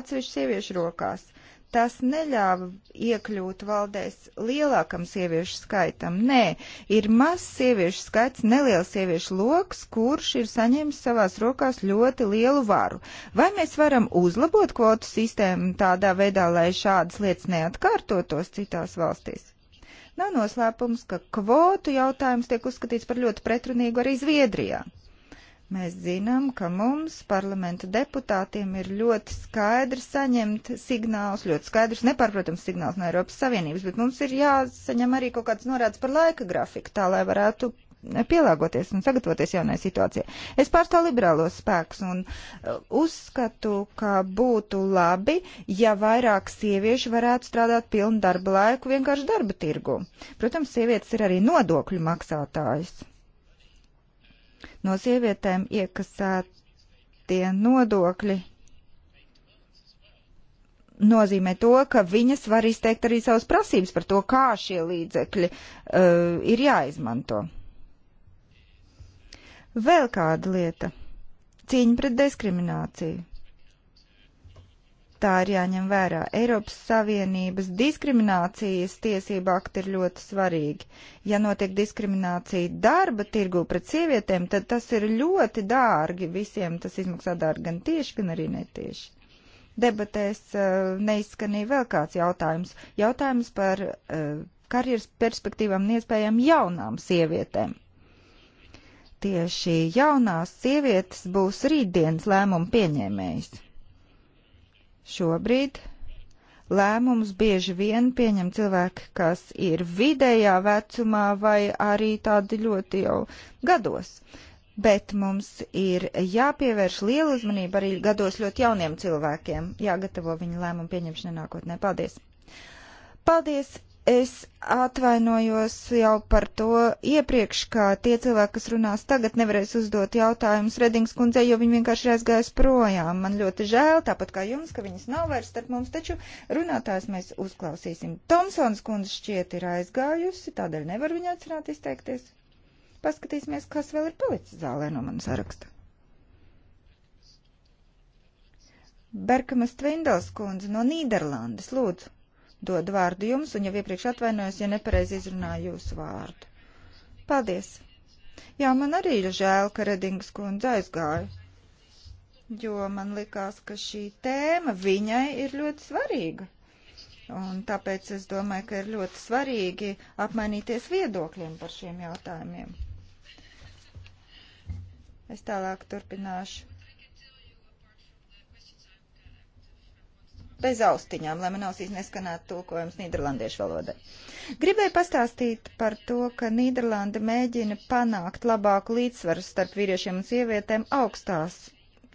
atsevišķu sieviešu rokās tas neļāva iekļūt valdēs lielākam sieviešu skaitam. Nē, ir mazs sieviešu skaits, neliels sieviešu loks, kurš ir saņēmis savās rokās ļoti lielu varu. Vai mēs varam uzlabot kvotu sistēmu tādā veidā, lai šādas lietas neatkārtotos citās valstīs? Nav noslēpums, ka kvotu jautājums tiek uzskatīts par ļoti pretrunīgu arī Zviedrijā. Mēs zinām, ka mums, parlamentu deputātiem, ir ļoti skaidri saņemt signālus, ļoti skaidrs, nepārprotams signāls no Eiropas Savienības, bet mums ir jāsaņem arī kaut kāds norāds par laika grafiku, tā lai varētu pielāgoties un sagatavoties jaunai situācijai. Es pārstāvu liberālos spēkus un uh, uzskatu, ka būtu labi, ja vairāk sieviešu varētu strādāt pilnu darba laiku vienkārši darba tirgu. Protams, sievietes ir arī nodokļu maksātājas. No sievietēm iekasētie nodokļi nozīmē to, ka viņas var izteikt arī savas prasības par to, kā šie līdzekļi uh, ir jāizmanto. Vēl kāda lieta - cīņa pret diskrimināciju. Tā ir jāņem vērā. Eiropas Savienības diskriminācijas tiesība akti ir ļoti svarīgi. Ja notiek diskriminācija darba tirgu pret sievietēm, tad tas ir ļoti dārgi visiem. Tas izmaksā dārgi gan tieši, gan arī netieši. Debatēs uh, neizskanīja vēl kāds jautājums. Jautājums par uh, karjeras perspektīvām un iespējām jaunām sievietēm. Tieši jaunās sievietes būs rītdienas lēmumu pieņēmējs Šobrīd lēmumus bieži vien pieņem cilvēki, kas ir vidējā vecumā vai arī tādi ļoti jau gados. Bet mums ir jāpievērš liela uzmanība arī gados ļoti jauniem cilvēkiem, jāgatavo viņu lēmumu pieņemšanai nākotnē. Paldies! Paldies Es atvainojos jau par to iepriekš, ka tie cilvēki, kas runās tagad, nevarēs uzdot jautājumus Redings kundzei, jo viņi vienkārši aizgājas projām. Man ļoti žēl, tāpat kā jums, ka viņas nav vairs starp mums, taču runātājs mēs uzklausīsim. Tomsons kundze šķiet ir aizgājusi, tādēļ nevar viņu aicināt izteikties. Paskatīsimies, kas vēl ir palicis zālē no manas saraksta. Berkamas Tvindels kundze no Nīderlandes, lūdzu dod vārdu jums, un jau iepriekš atvainojos, ja nepareizi izrunāju jūsu vārdu. Paldies! Jā, man arī ir žēl, ka Redings kundze aizgāja, jo man likās, ka šī tēma viņai ir ļoti svarīga. Un tāpēc es domāju, ka ir ļoti svarīgi apmainīties viedokļiem par šiem jautājumiem. Es tālāk turpināšu. bez austiņām, lai man ausīs neskanētu tulkojums nīderlandiešu valodai. Gribēju pastāstīt par to, ka Nīderlanda mēģina panākt labāku līdzsvaru starp vīriešiem un sievietēm augstās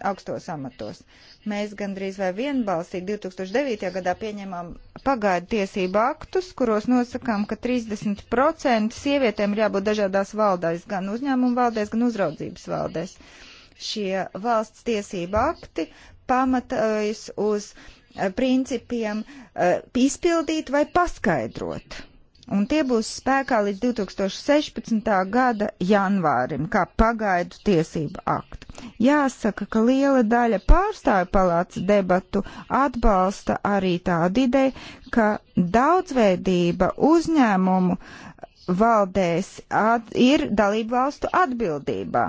augstos amatos. Mēs gandrīz vai vienbalsīgi 2009. gadā pieņemām pagaidu tiesību aktus, kuros nosakām, ka 30% sievietēm ir jābūt dažādās valdēs, gan uzņēmumu valdēs, gan uzraudzības valdēs. Šie valsts tiesība akti pamatojas uz uh, principiem eh, izpildīt vai paskaidrot. Un tie būs spēkā līdz 2016. gada janvārim, kā pagaidu tiesību aktu. Jāsaka, ka liela daļa pārstāju palāca debatu atbalsta arī tādu ideju, ka daudzveidība uzņēmumu valdēs at, ir dalību valstu atbildībā.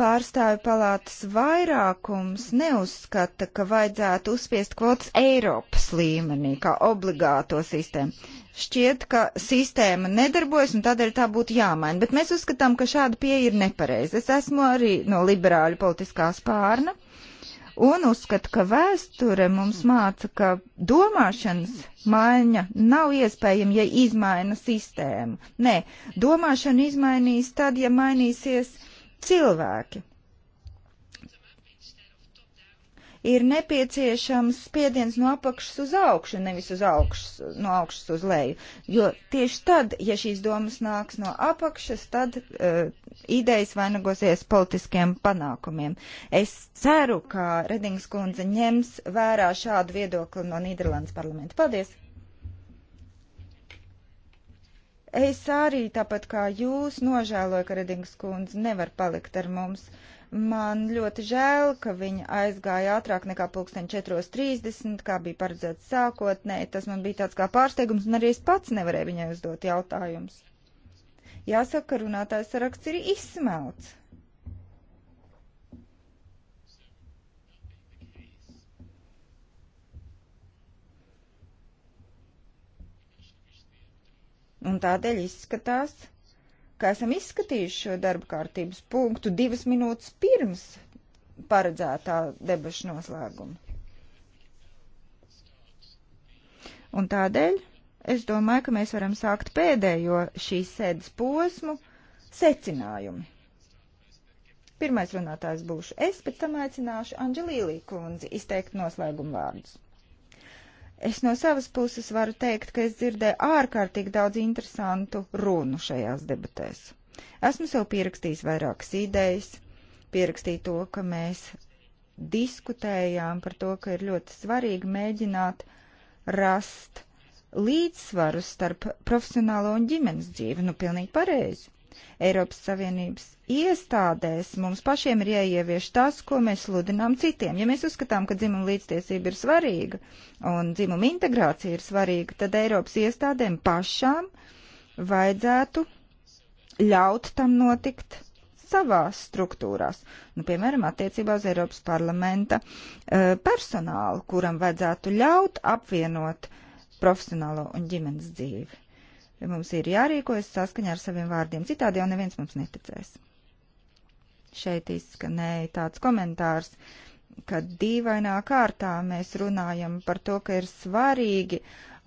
Pārstāvju palātas vairākums neuzskata, ka vajadzētu uzspiest kvotas Eiropas līmenī, kā obligāto sistēmu. Šķiet, ka sistēma nedarbojas un tādēļ tā būtu jāmaina, bet mēs uzskatām, ka šāda pieeja ir nepareiza. Es esmu arī no liberāļu politiskās pārna un uzskata, ka vēsture mums māca, ka domāšanas maiņa nav iespējama, ja izmaina sistēmu. Nē, domāšanu izmainīs tad, ja mainīsies cilvēki. Ir nepieciešams spiediens no apakšas uz augšu, nevis uz augšas, no augšas uz leju. Jo tieši tad, ja šīs domas nāks no apakšas, tad uh, idejas vainagosies politiskiem panākumiem. Es ceru, ka Redings kundze ņems vērā šādu viedokli no Nīderlandes parlamenta. Paldies! Es arī, tāpat kā jūs, nožēloju, ka Redings kundze nevar palikt ar mums. Man ļoti žēl, ka viņa aizgāja ātrāk nekā pulksten 4.30, kā bija paredzēts sākotnēji. Tas man bija tāds kā pārsteigums, un arī es pats nevarēju viņai uzdot jautājumus. Jāsaka, ka runātājs saraksts ir izsmelts. Un tādēļ izskatās, ka esam izskatījuši šo darba kārtības punktu divas minūtes pirms paredzētā debašu noslēguma. Un tādēļ es domāju, ka mēs varam sākt pēdējo šīs sēdes posmu secinājumi. Pirmais runātājs būšu es, pēc tam aicināšu Anģelīlī kundzi izteikt noslēgumu vārdus. Es no savas puses varu teikt, ka es dzirdēju ārkārtīgi daudz interesantu runu šajās debatēs. Esmu sev pierakstījis vairākas idejas, pierakstīju to, ka mēs diskutējām par to, ka ir ļoti svarīgi mēģināt rast līdzsvaru starp profesionālo un ģimenes dzīvi. Nu, pilnīgi pareizi. Eiropas Savienības iestādēs mums pašiem ir jāievieš tas, ko mēs sludinām citiem. Ja mēs uzskatām, ka dzimuma līdztiesība ir svarīga un dzimuma integrācija ir svarīga, tad Eiropas iestādēm pašām vajadzētu ļaut tam notikt savās struktūrās, nu, piemēram, attiecībā uz Eiropas parlamenta e, personālu, kuram vajadzētu ļaut apvienot profesionālo un ģimenes dzīvi. Mums ir jārīkojas saskaņā ar saviem vārdiem, citādi jau neviens mums neticēs. Šeit izskanēja tāds komentārs, ka dīvainā kārtā mēs runājam par to, ka ir svarīgi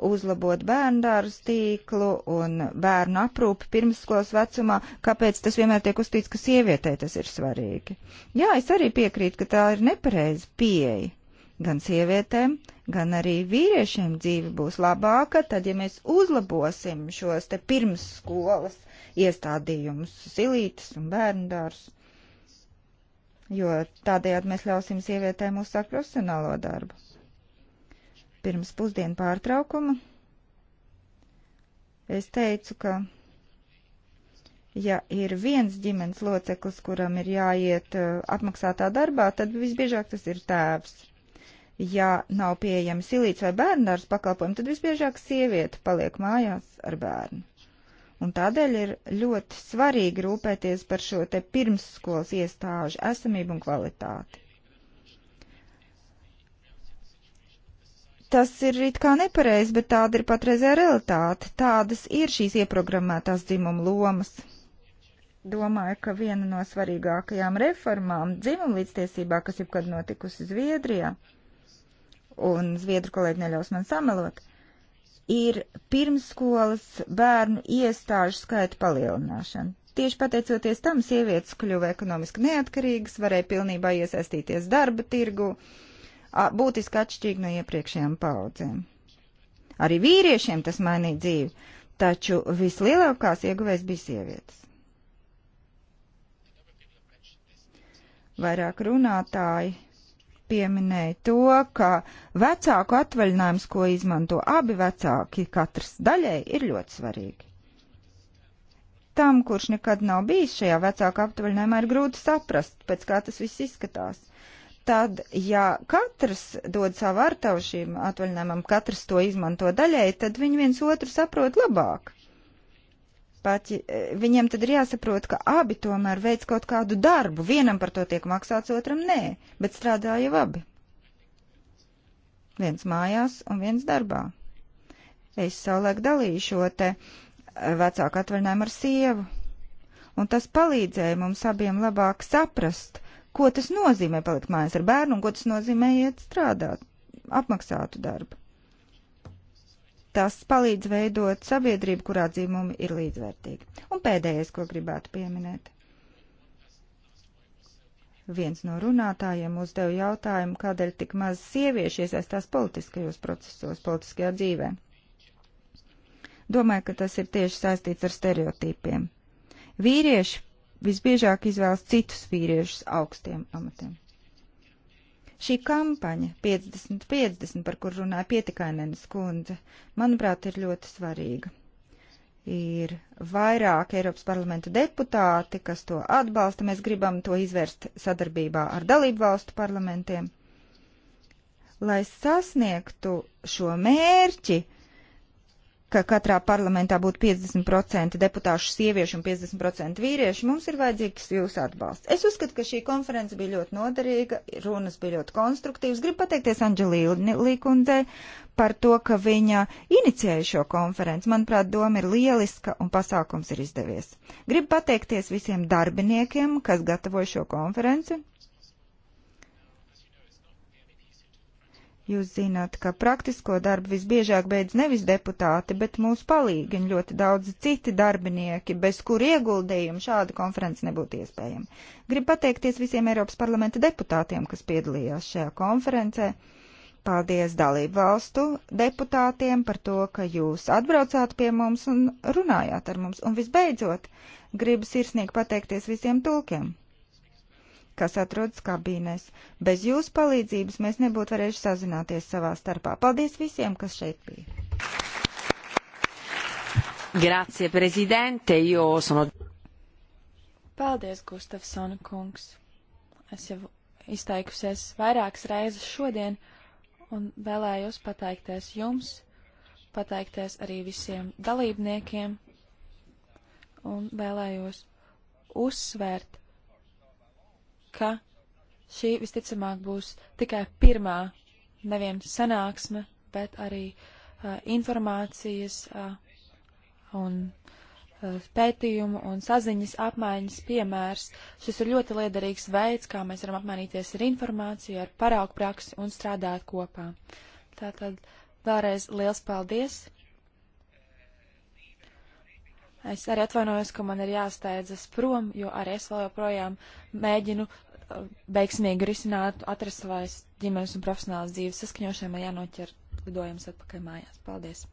uzlabot bērndāru stīklu un bērnu aprūpi pirmskolas vecumā, kāpēc tas vienmēr tiek uzstīts, ka sievietē tas ir svarīgi. Jā, es arī piekrītu, ka tā ir nepareiza pieeja. Gan sievietēm, gan arī vīriešiem dzīve būs labāka, tad, ja mēs uzlabosim šos te pirmsskolas iestādījumus, silītes un bērndārs, jo tādējādi mēs ļausim sievietēm uzsākt profesionālo darbu. Pirms pusdienu pārtraukuma es teicu, ka ja ir viens ģimenes loceklis, kuram ir jāiet uh, apmaksātā darbā, tad visbiežāk tas ir tēvs. Ja nav pieejami silīts vai bērndārs pakalpojumi, tad visbiežāk sieviete paliek mājās ar bērnu. Un tādēļ ir ļoti svarīgi rūpēties par šo te pirmsskolas iestāžu esamību un kvalitāti. tas ir it kā nepareizi, bet tāda ir patreizējā realitāte. Tādas ir šīs ieprogrammētās dzimuma lomas. Domāju, ka viena no svarīgākajām reformām dzimuma līdztiesībā, kas jebkad notikusi Zviedrijā, ir un zviedru kolēģi neļaus man samelot, ir pirmskolas bērnu iestāžu skaita palielināšana. Tieši pateicoties tam, sievietes kļuva ekonomiski neatkarīgas, varēja pilnībā iesaistīties darba tirgu, būtiski atšķirīgi no iepriekšējām paudzēm. Arī vīriešiem tas mainīja dzīvi, taču vislielākās ieguvēs bija sievietes. Vairāk runātāji pieminēja to, ka vecāku atvaļinājums, ko izmanto abi vecāki, katrs daļai, ir ļoti svarīgi. Tam, kurš nekad nav bijis šajā vecāku atvaļinājumā, ir grūti saprast, pēc kā tas viss izskatās. Tad, ja katrs dod savu artavu šīm atvaļinājumam, katrs to izmanto daļai, tad viņi viens otru saprot labāk pat, e, viņiem tad ir jāsaprot, ka abi tomēr veic kaut kādu darbu. Vienam par to tiek maksāts, otram nē, bet strādā jau abi. Viens mājās un viens darbā. Es savulaik dalīju šo te e, vecāku atvaļinājumu ar sievu, un tas palīdzēja mums abiem labāk saprast, ko tas nozīmē palikt mājās ar bērnu un ko tas nozīmē iet strādāt, apmaksātu darbu. Tas palīdz veidot sabiedrību, kurā dzimumi ir līdzvērtīgi. Un pēdējais, ko gribētu pieminēt. Viens no runātājiem uzdeva jautājumu, kādēļ tik maz sieviešu iesaistās politiskajos procesos, politiskajā dzīvē. Domāju, ka tas ir tieši saistīts ar stereotīpiem. Vīrieši visbiežāk izvēlas citus vīriešus augstiem amatiem. Šī kampaņa 50-50, par kur runāja pietikainenes kundze, manuprāt, ir ļoti svarīga. Ir vairāk Eiropas parlamenta deputāti, kas to atbalsta. Mēs gribam to izvērst sadarbībā ar dalību valstu parlamentiem. Lai sasniegtu šo mērķi, ka katrā parlamentā būtu 50% deputāšu sieviešu un 50% vīriešu, mums ir vajadzīgs jūsu atbalsts. Es uzskatu, ka šī konference bija ļoti noderīga, runas bija ļoti konstruktīvas. Gribu pateikties Anģelīna Līkundzei par to, ka viņa inicijēja šo konferenci. Manuprāt, doma ir lieliska un pasākums ir izdevies. Gribu pateikties visiem darbiniekiem, kas gatavoja šo konferenci. Jūs zināt, ka praktisko darbu visbiežāk beidz nevis deputāti, bet mūsu palīgiņi ļoti daudzi citi darbinieki, bez kur ieguldījumu šāda konferences nebūtu iespējama. Gribu pateikties visiem Eiropas parlamenta deputātiem, kas piedalījās šajā konferencē. Paldies dalību valstu deputātiem par to, ka jūs atbraucāt pie mums un runājāt ar mums. Un visbeidzot, gribu sirsnīgi pateikties visiem tulkiem kas atrodas kabīnēs. Bez jūsu palīdzības mēs nebūtu varējuši sazināties savā starpā. Paldies visiem, kas šeit bija. Grazie, prezidente, jo sono. Paldies, Gustafsona kungs. Es jau izteikusies vairākas reizes šodien un vēlējos pateikties jums, pateikties arī visiem dalībniekiem un vēlējos uzsvērt, ka šī visticamāk būs tikai pirmā nevien sanāksme, bet arī uh, informācijas uh, un uh, pētījumu un saziņas apmaiņas piemērs. Šis ir ļoti liederīgs veids, kā mēs varam apmainīties ar informāciju, ar paraugu praksi un strādāt kopā. Tātad vēlreiz liels paldies! Es arī atvainojos, ka man ir jāsteidzas prom, jo arī es vēl joprojām mēģinu uh, veiksmīgi risināt, atrast savas ģimenes un profesionālas dzīves saskaņošanu, man jānoķer lidojums atpakaļ mājās. Paldies!